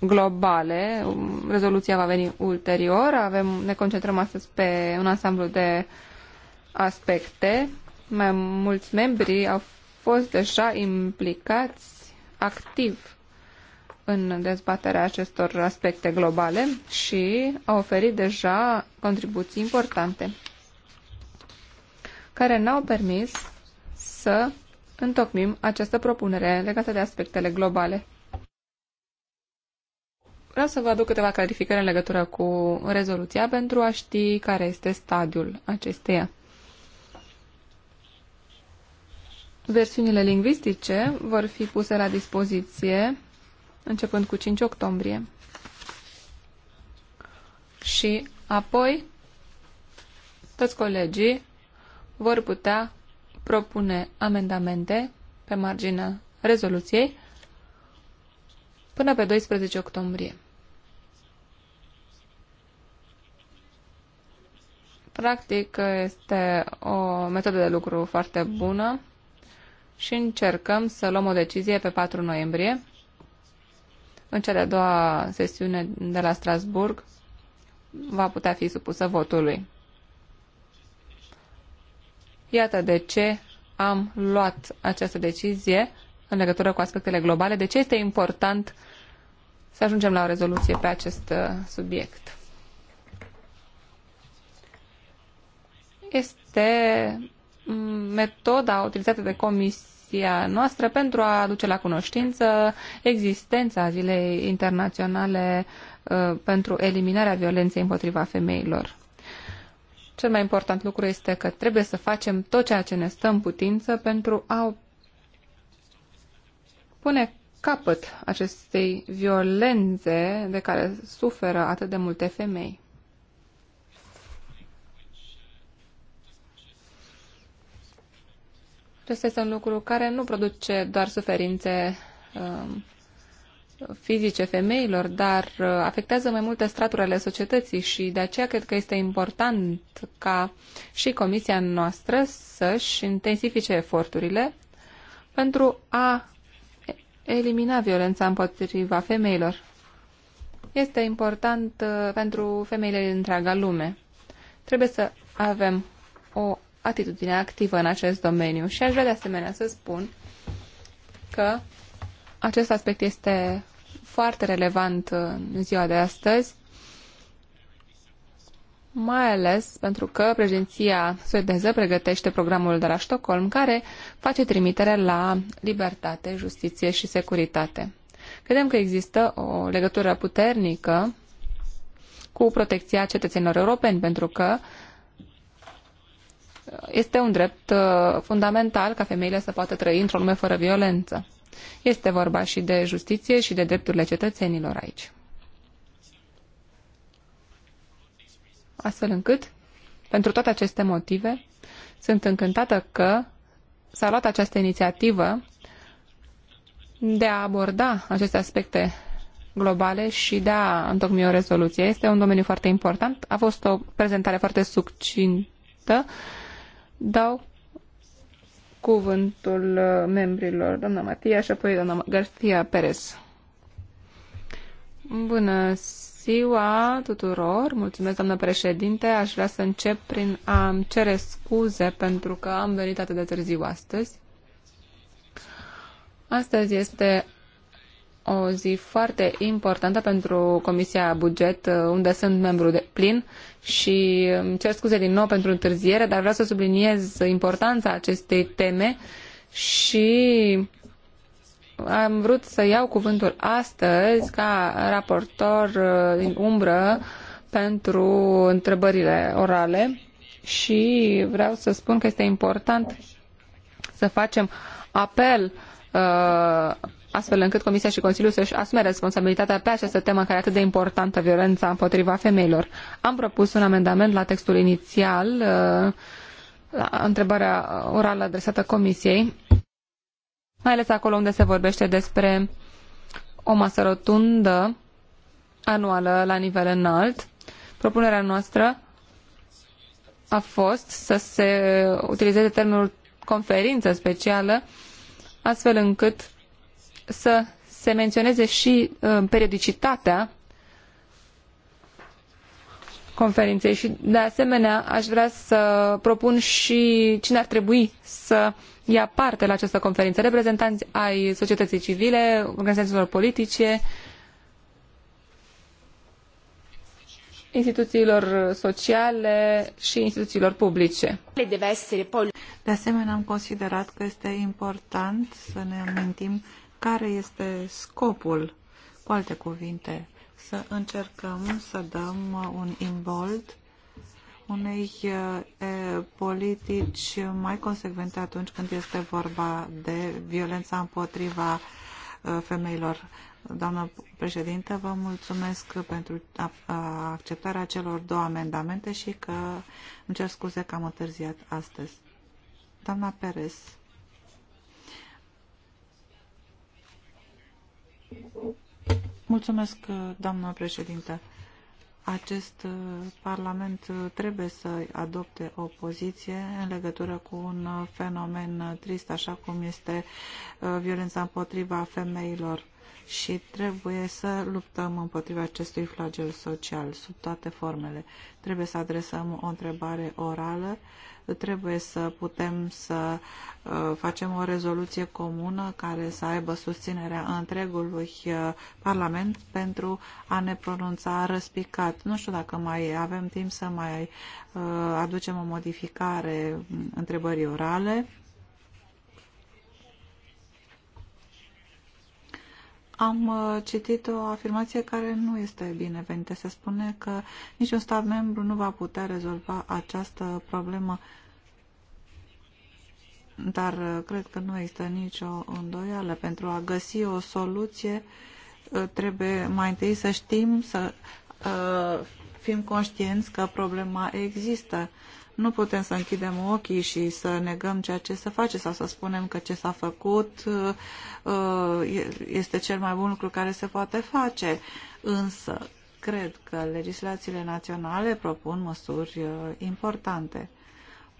globale. Rezoluția va veni ulterior. Avem, ne concentrăm astăzi pe un ansamblu de aspecte. Mai mulți membri au fost deja implicați activ în dezbaterea acestor aspecte globale și a oferit deja contribuții importante care n-au permis să întocmim această propunere legată de aspectele globale. Vreau să vă aduc câteva clarificări în legătură cu rezoluția pentru a ști care este stadiul acesteia. Versiunile lingvistice vor fi puse la dispoziție începând cu 5 octombrie. Și apoi toți colegii vor putea propune amendamente pe marginea rezoluției până pe 12 octombrie. Practic, este o metodă de lucru foarte bună și încercăm să luăm o decizie pe 4 noiembrie, în cea de-a doua sesiune de la Strasburg, va putea fi supusă votului. Iată de ce am luat această decizie în legătură cu aspectele globale, de ce este important să ajungem la o rezoluție pe acest uh, subiect. Este metoda utilizată de comisie comisia noastră pentru a aduce la cunoștință existența Zilei Internaționale uh, pentru eliminarea violenței împotriva femeilor. Cel mai important lucru este că trebuie să facem tot ceea ce ne stă în putință pentru a pune capăt acestei violențe de care suferă atât de multe femei. Acesta este un lucru care nu produce doar suferințe um, fizice femeilor, dar uh, afectează mai multe straturi ale societății și de aceea cred că este important ca și comisia noastră să-și intensifice eforturile pentru a elimina violența împotriva femeilor. Este important uh, pentru femeile din întreaga lume. Trebuie să avem o atitudine activă în acest domeniu. Și aș vrea de asemenea să spun că acest aspect este foarte relevant în ziua de astăzi, mai ales pentru că președinția suedeză pregătește programul de la Stockholm, care face trimitere la libertate, justiție și securitate. Credem că există o legătură puternică cu protecția cetățenilor europeni, pentru că uh, este un drept uh, fundamental ca femeile să poată trăi într-o lume fără violență. Este vorba și de justiție și de drepturile cetățenilor aici. Astfel încât, pentru toate aceste motive, sunt încântată că s-a luat această inițiativă de a aborda aceste aspecte globale și de a întocmi o rezoluție. Este un domeniu foarte important. A fost o prezentare foarte succintă dau cuvântul uh, membrilor, doamna Matia și apoi doamna Garcia Perez. Bună ziua tuturor, mulțumesc doamnă președinte, aș vrea să încep prin a cere scuze pentru că am venit atât de târziu astăzi. Astăzi este o zi foarte importantă pentru Comisia Buget, uh, unde sunt membru de plin și îmi cer scuze din nou pentru întârziere, dar vreau să subliniez importanța acestei teme și am vrut să iau cuvântul astăzi ca raportor uh, din umbră pentru întrebările orale și vreau să spun că este important să facem apel uh, astfel încât Comisia și Consiliul să-și asume responsabilitatea pe această temă care e atât de importantă, violența împotriva femeilor. Am propus un amendament la textul inițial, uh, la întrebarea orală adresată Comisiei, mai ales acolo unde se vorbește despre o masă rotundă anuală la nivel înalt. Propunerea noastră a fost să se utilizeze termenul conferință specială, astfel încât să se menționeze și uh, periodicitatea conferinței și de asemenea aș vrea să propun și cine ar trebui să ia parte la această conferință, reprezentanți ai societății civile, organizațiilor politice, instituțiilor sociale și instituțiilor publice. De asemenea, am considerat că este important să ne amintim care este scopul, cu alte cuvinte, să încercăm să dăm uh, un imbold unei uh, politici mai consecvente atunci când este vorba de violența împotriva uh, femeilor. Doamnă președintă, vă mulțumesc pentru acceptarea celor două amendamente și că îmi cer scuze că am întârziat astăzi. Doamna Perez. Mulțumesc, doamna președinte. Acest uh, parlament uh, trebuie să adopte o poziție în legătură cu un uh, fenomen trist, așa cum este violența împotriva femeilor și trebuie să luptăm împotriva acestui flagel social sub toate formele. Trebuie să adresăm o întrebare orală uh, trebuie să putem să uh, facem o rezoluție comună care să aibă susținerea întregului uh, Parlament pentru a ne pronunța răspicat. Nu știu dacă mai avem timp să mai uh, aducem o modificare întrebării orale. am uh, citit o afirmație care nu este binevenită. Se spune că niciun stat membru nu va putea rezolva această problemă, dar uh, cred că nu există nicio îndoială. Pentru a găsi o soluție, uh, trebuie mai întâi să știm, să fim conștienți că problema există nu putem să închidem ochii și să negăm ceea ce se face sau să spunem că ce s-a făcut uh, este cel mai bun lucru care se poate face. Însă, cred că legislațiile naționale propun măsuri uh, importante.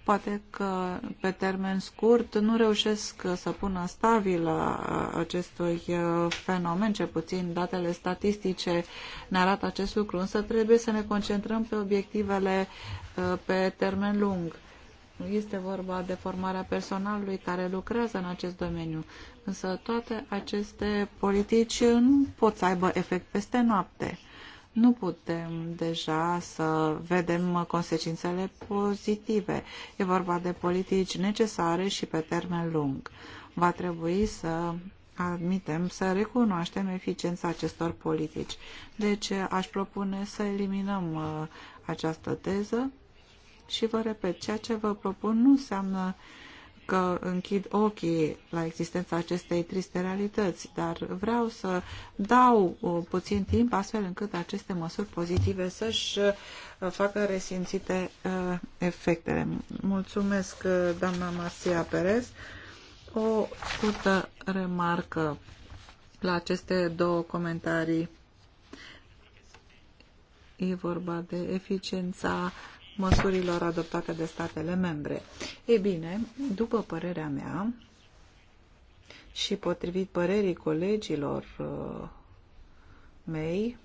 Poate că pe termen scurt nu reușesc să pună stabilă uh, acestui uh, fenomen, ce puțin datele statistice ne arată acest lucru, însă trebuie să ne concentrăm pe obiectivele uh, pe termen lung. Este vorba de formarea personalului care lucrează în acest domeniu, însă toate aceste politici nu pot să aibă efect peste noapte nu putem deja să vedem consecințele pozitive. E vorba de politici necesare și pe termen lung. Va trebui să admitem, să recunoaștem eficiența acestor politici. Deci aș propune să eliminăm uh, această teză și vă repet, ceea ce vă propun nu înseamnă că închid ochii la existența acestei triste realități, dar vreau să dau uh, puțin timp astfel încât aceste măsuri pozitive să-și uh, facă resimțite uh, efectele. Mulțumesc, doamna Marcia Perez. O scurtă remarcă la aceste două comentarii. E vorba de eficiența măsurilor adoptate de statele membre. Ei bine, după părerea mea și potrivit părerii colegilor uh, mei,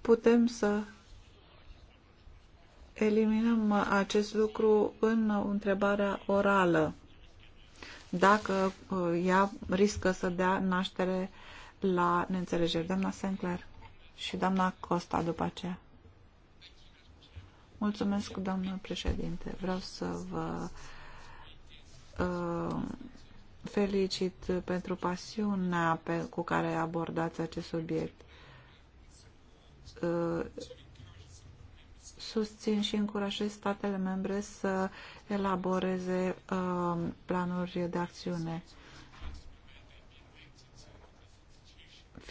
putem să eliminăm acest lucru în întrebarea orală, dacă uh, ea riscă să dea naștere la neînțelegeri. Doamna Sinclair și doamna Costa după aceea. Mulțumesc, doamnă președinte. Vreau să vă uh, felicit pentru pasiunea pe, cu care abordați acest subiect. Uh, susțin și încurajez statele membre să elaboreze uh, planuri de acțiune. Uh,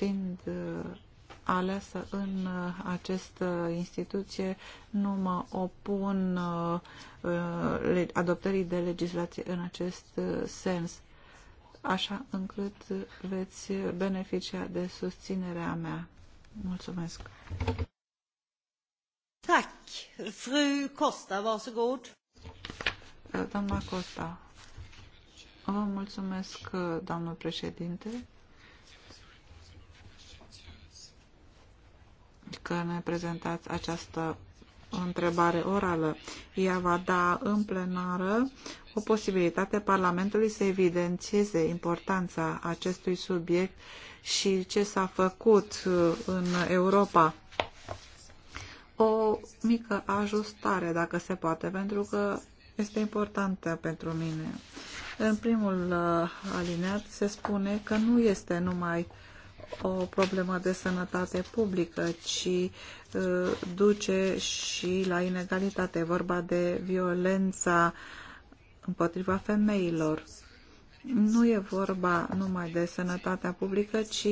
fiind uh, aleasă în uh, această instituție, nu mă opun uh, adoptării de legislație în acest sens, așa încât veți beneficia de susținerea mea. Mulțumesc! Tack! Fru Costa, god. Doamna Costa, vă mulțumesc, doamnă președinte. că ne prezentați această întrebare orală. Ea va da în plenară o posibilitate Parlamentului să evidențieze importanța acestui subiect și ce s-a făcut uh, în Europa. O mică ajustare, dacă se poate, pentru că este importantă pentru mine. În primul uh, alineat se spune că nu este numai uh, o problemă de sănătate publică, ci uh, duce și la inegalitate, vorba de violența împotriva femeilor. Nu e vorba numai de sănătatea publică, ci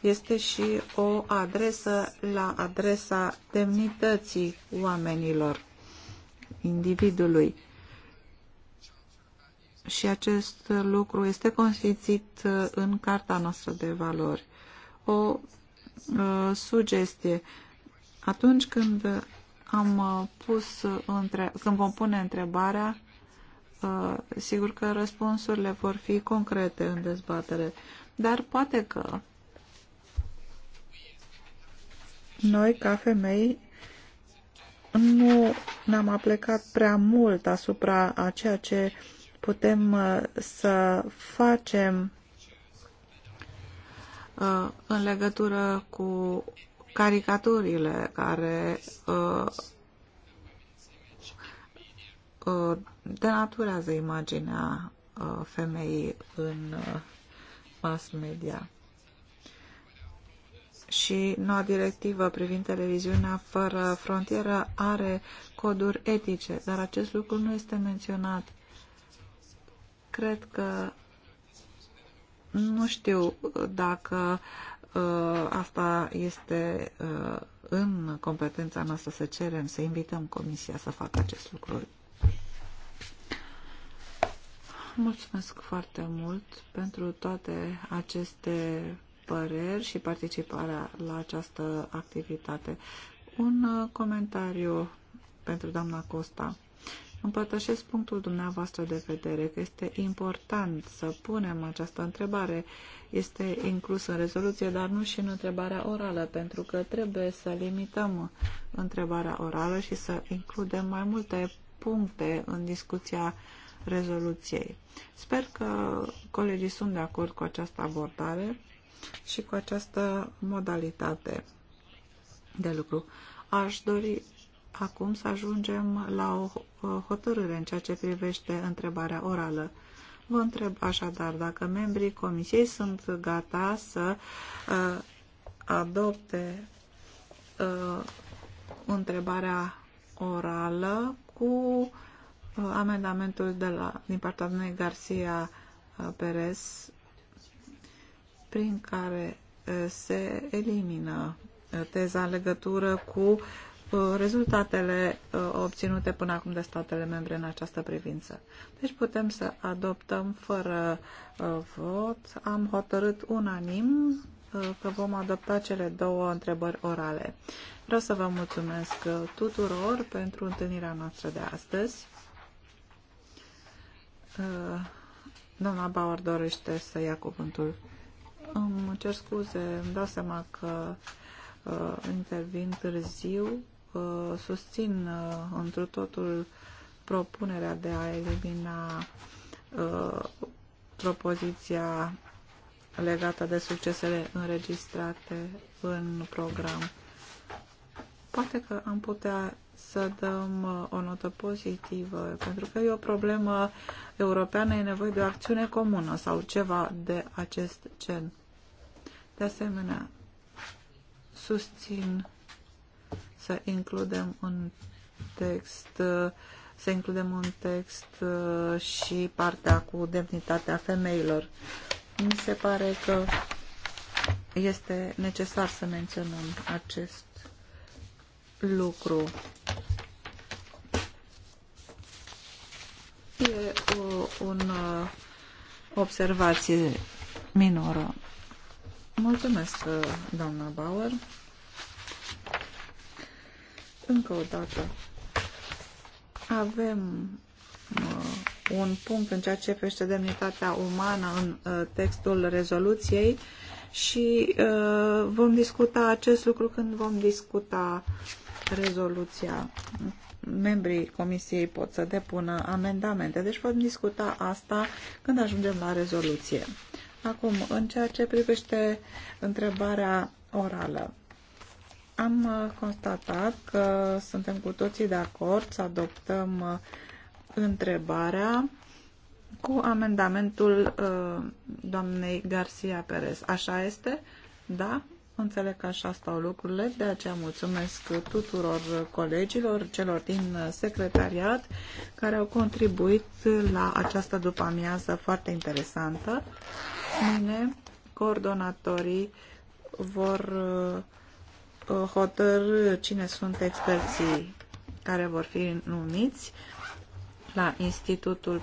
este și o adresă la adresa demnității oamenilor, individului și acest lucru este consfințit uh, în Carta noastră de valori o uh, sugestie. Atunci când am uh, pus uh, între, când vom pune întrebarea, sigur că răspunsurile vor fi concrete în dezbatere, dar poate că noi, ca femei, nu ne-am aplecat prea mult asupra a ceea ce putem să facem Uh, în legătură cu caricaturile care uh, uh, denaturează imaginea femeii în mass media. Și noua directivă privind televiziunea fără frontieră are coduri etice, dar acest lucru nu este menționat. Cred că nu știu dacă uh, asta este uh, în competența noastră să cerem, să invităm Comisia să facă acest lucru. Mulțumesc foarte mult pentru toate aceste păreri și participarea la această activitate. Un uh, comentariu pentru doamna Costa. Împărtășesc punctul dumneavoastră de vedere că este important să punem această întrebare. Este inclusă în rezoluție, dar nu și în întrebarea orală, pentru că trebuie să limităm întrebarea orală și să includem mai multe puncte în discuția rezoluției. Sper că colegii sunt de acord cu această abordare și cu această modalitate de lucru. Aș dori acum să ajungem la o hotărâre în ceea ce privește întrebarea orală. Vă întreb așadar dacă membrii comisiei sunt gata să uh, adopte uh, întrebarea orală cu uh, amendamentul de la, din partea domnului Garcia uh, Perez prin care uh, se elimină uh, teza în legătură cu rezultatele uh, obținute până acum de statele membre în această privință. Deci putem să adoptăm fără uh, vot. Am hotărât unanim uh, că vom adopta cele două întrebări orale. Vreau să vă mulțumesc tuturor pentru întâlnirea noastră de astăzi. Doamna Bauer dorește să ia cuvântul. Îmi cer scuze, îmi dau seama că uh, intervin târziu. Uh, susțin uh, întru totul propunerea de a elimina uh, propoziția legată de succesele înregistrate în program. Poate că am putea să dăm o notă pozitivă, pentru că e o problemă europeană, e nevoie de o acțiune comună sau ceva de acest gen. De asemenea, susțin să includem un text să includem un text uh, și partea cu demnitatea femeilor. Mi se pare că este necesar să menționăm acest lucru. E o un, uh, observație minoră. Mulțumesc, uh, doamna Bauer. Încă o dată. Avem uh, un punct în ceea ce privește demnitatea umană în uh, textul rezoluției și uh, vom discuta acest lucru când vom discuta rezoluția. Membrii comisiei pot să depună amendamente, deci vom discuta asta când ajungem la rezoluție. Acum, în ceea ce privește întrebarea orală, am uh, constatat că suntem cu toții de acord să adoptăm uh, întrebarea cu amendamentul uh, doamnei Garcia Perez. Așa este? Da? Înțeleg că așa stau lucrurile, de aceea mulțumesc tuturor colegilor, celor din secretariat, care au contribuit la această după-amiază foarte interesantă. Mâine, coordonatorii vor Uh, hotărâ cine sunt experții care vor fi numiți la Institutul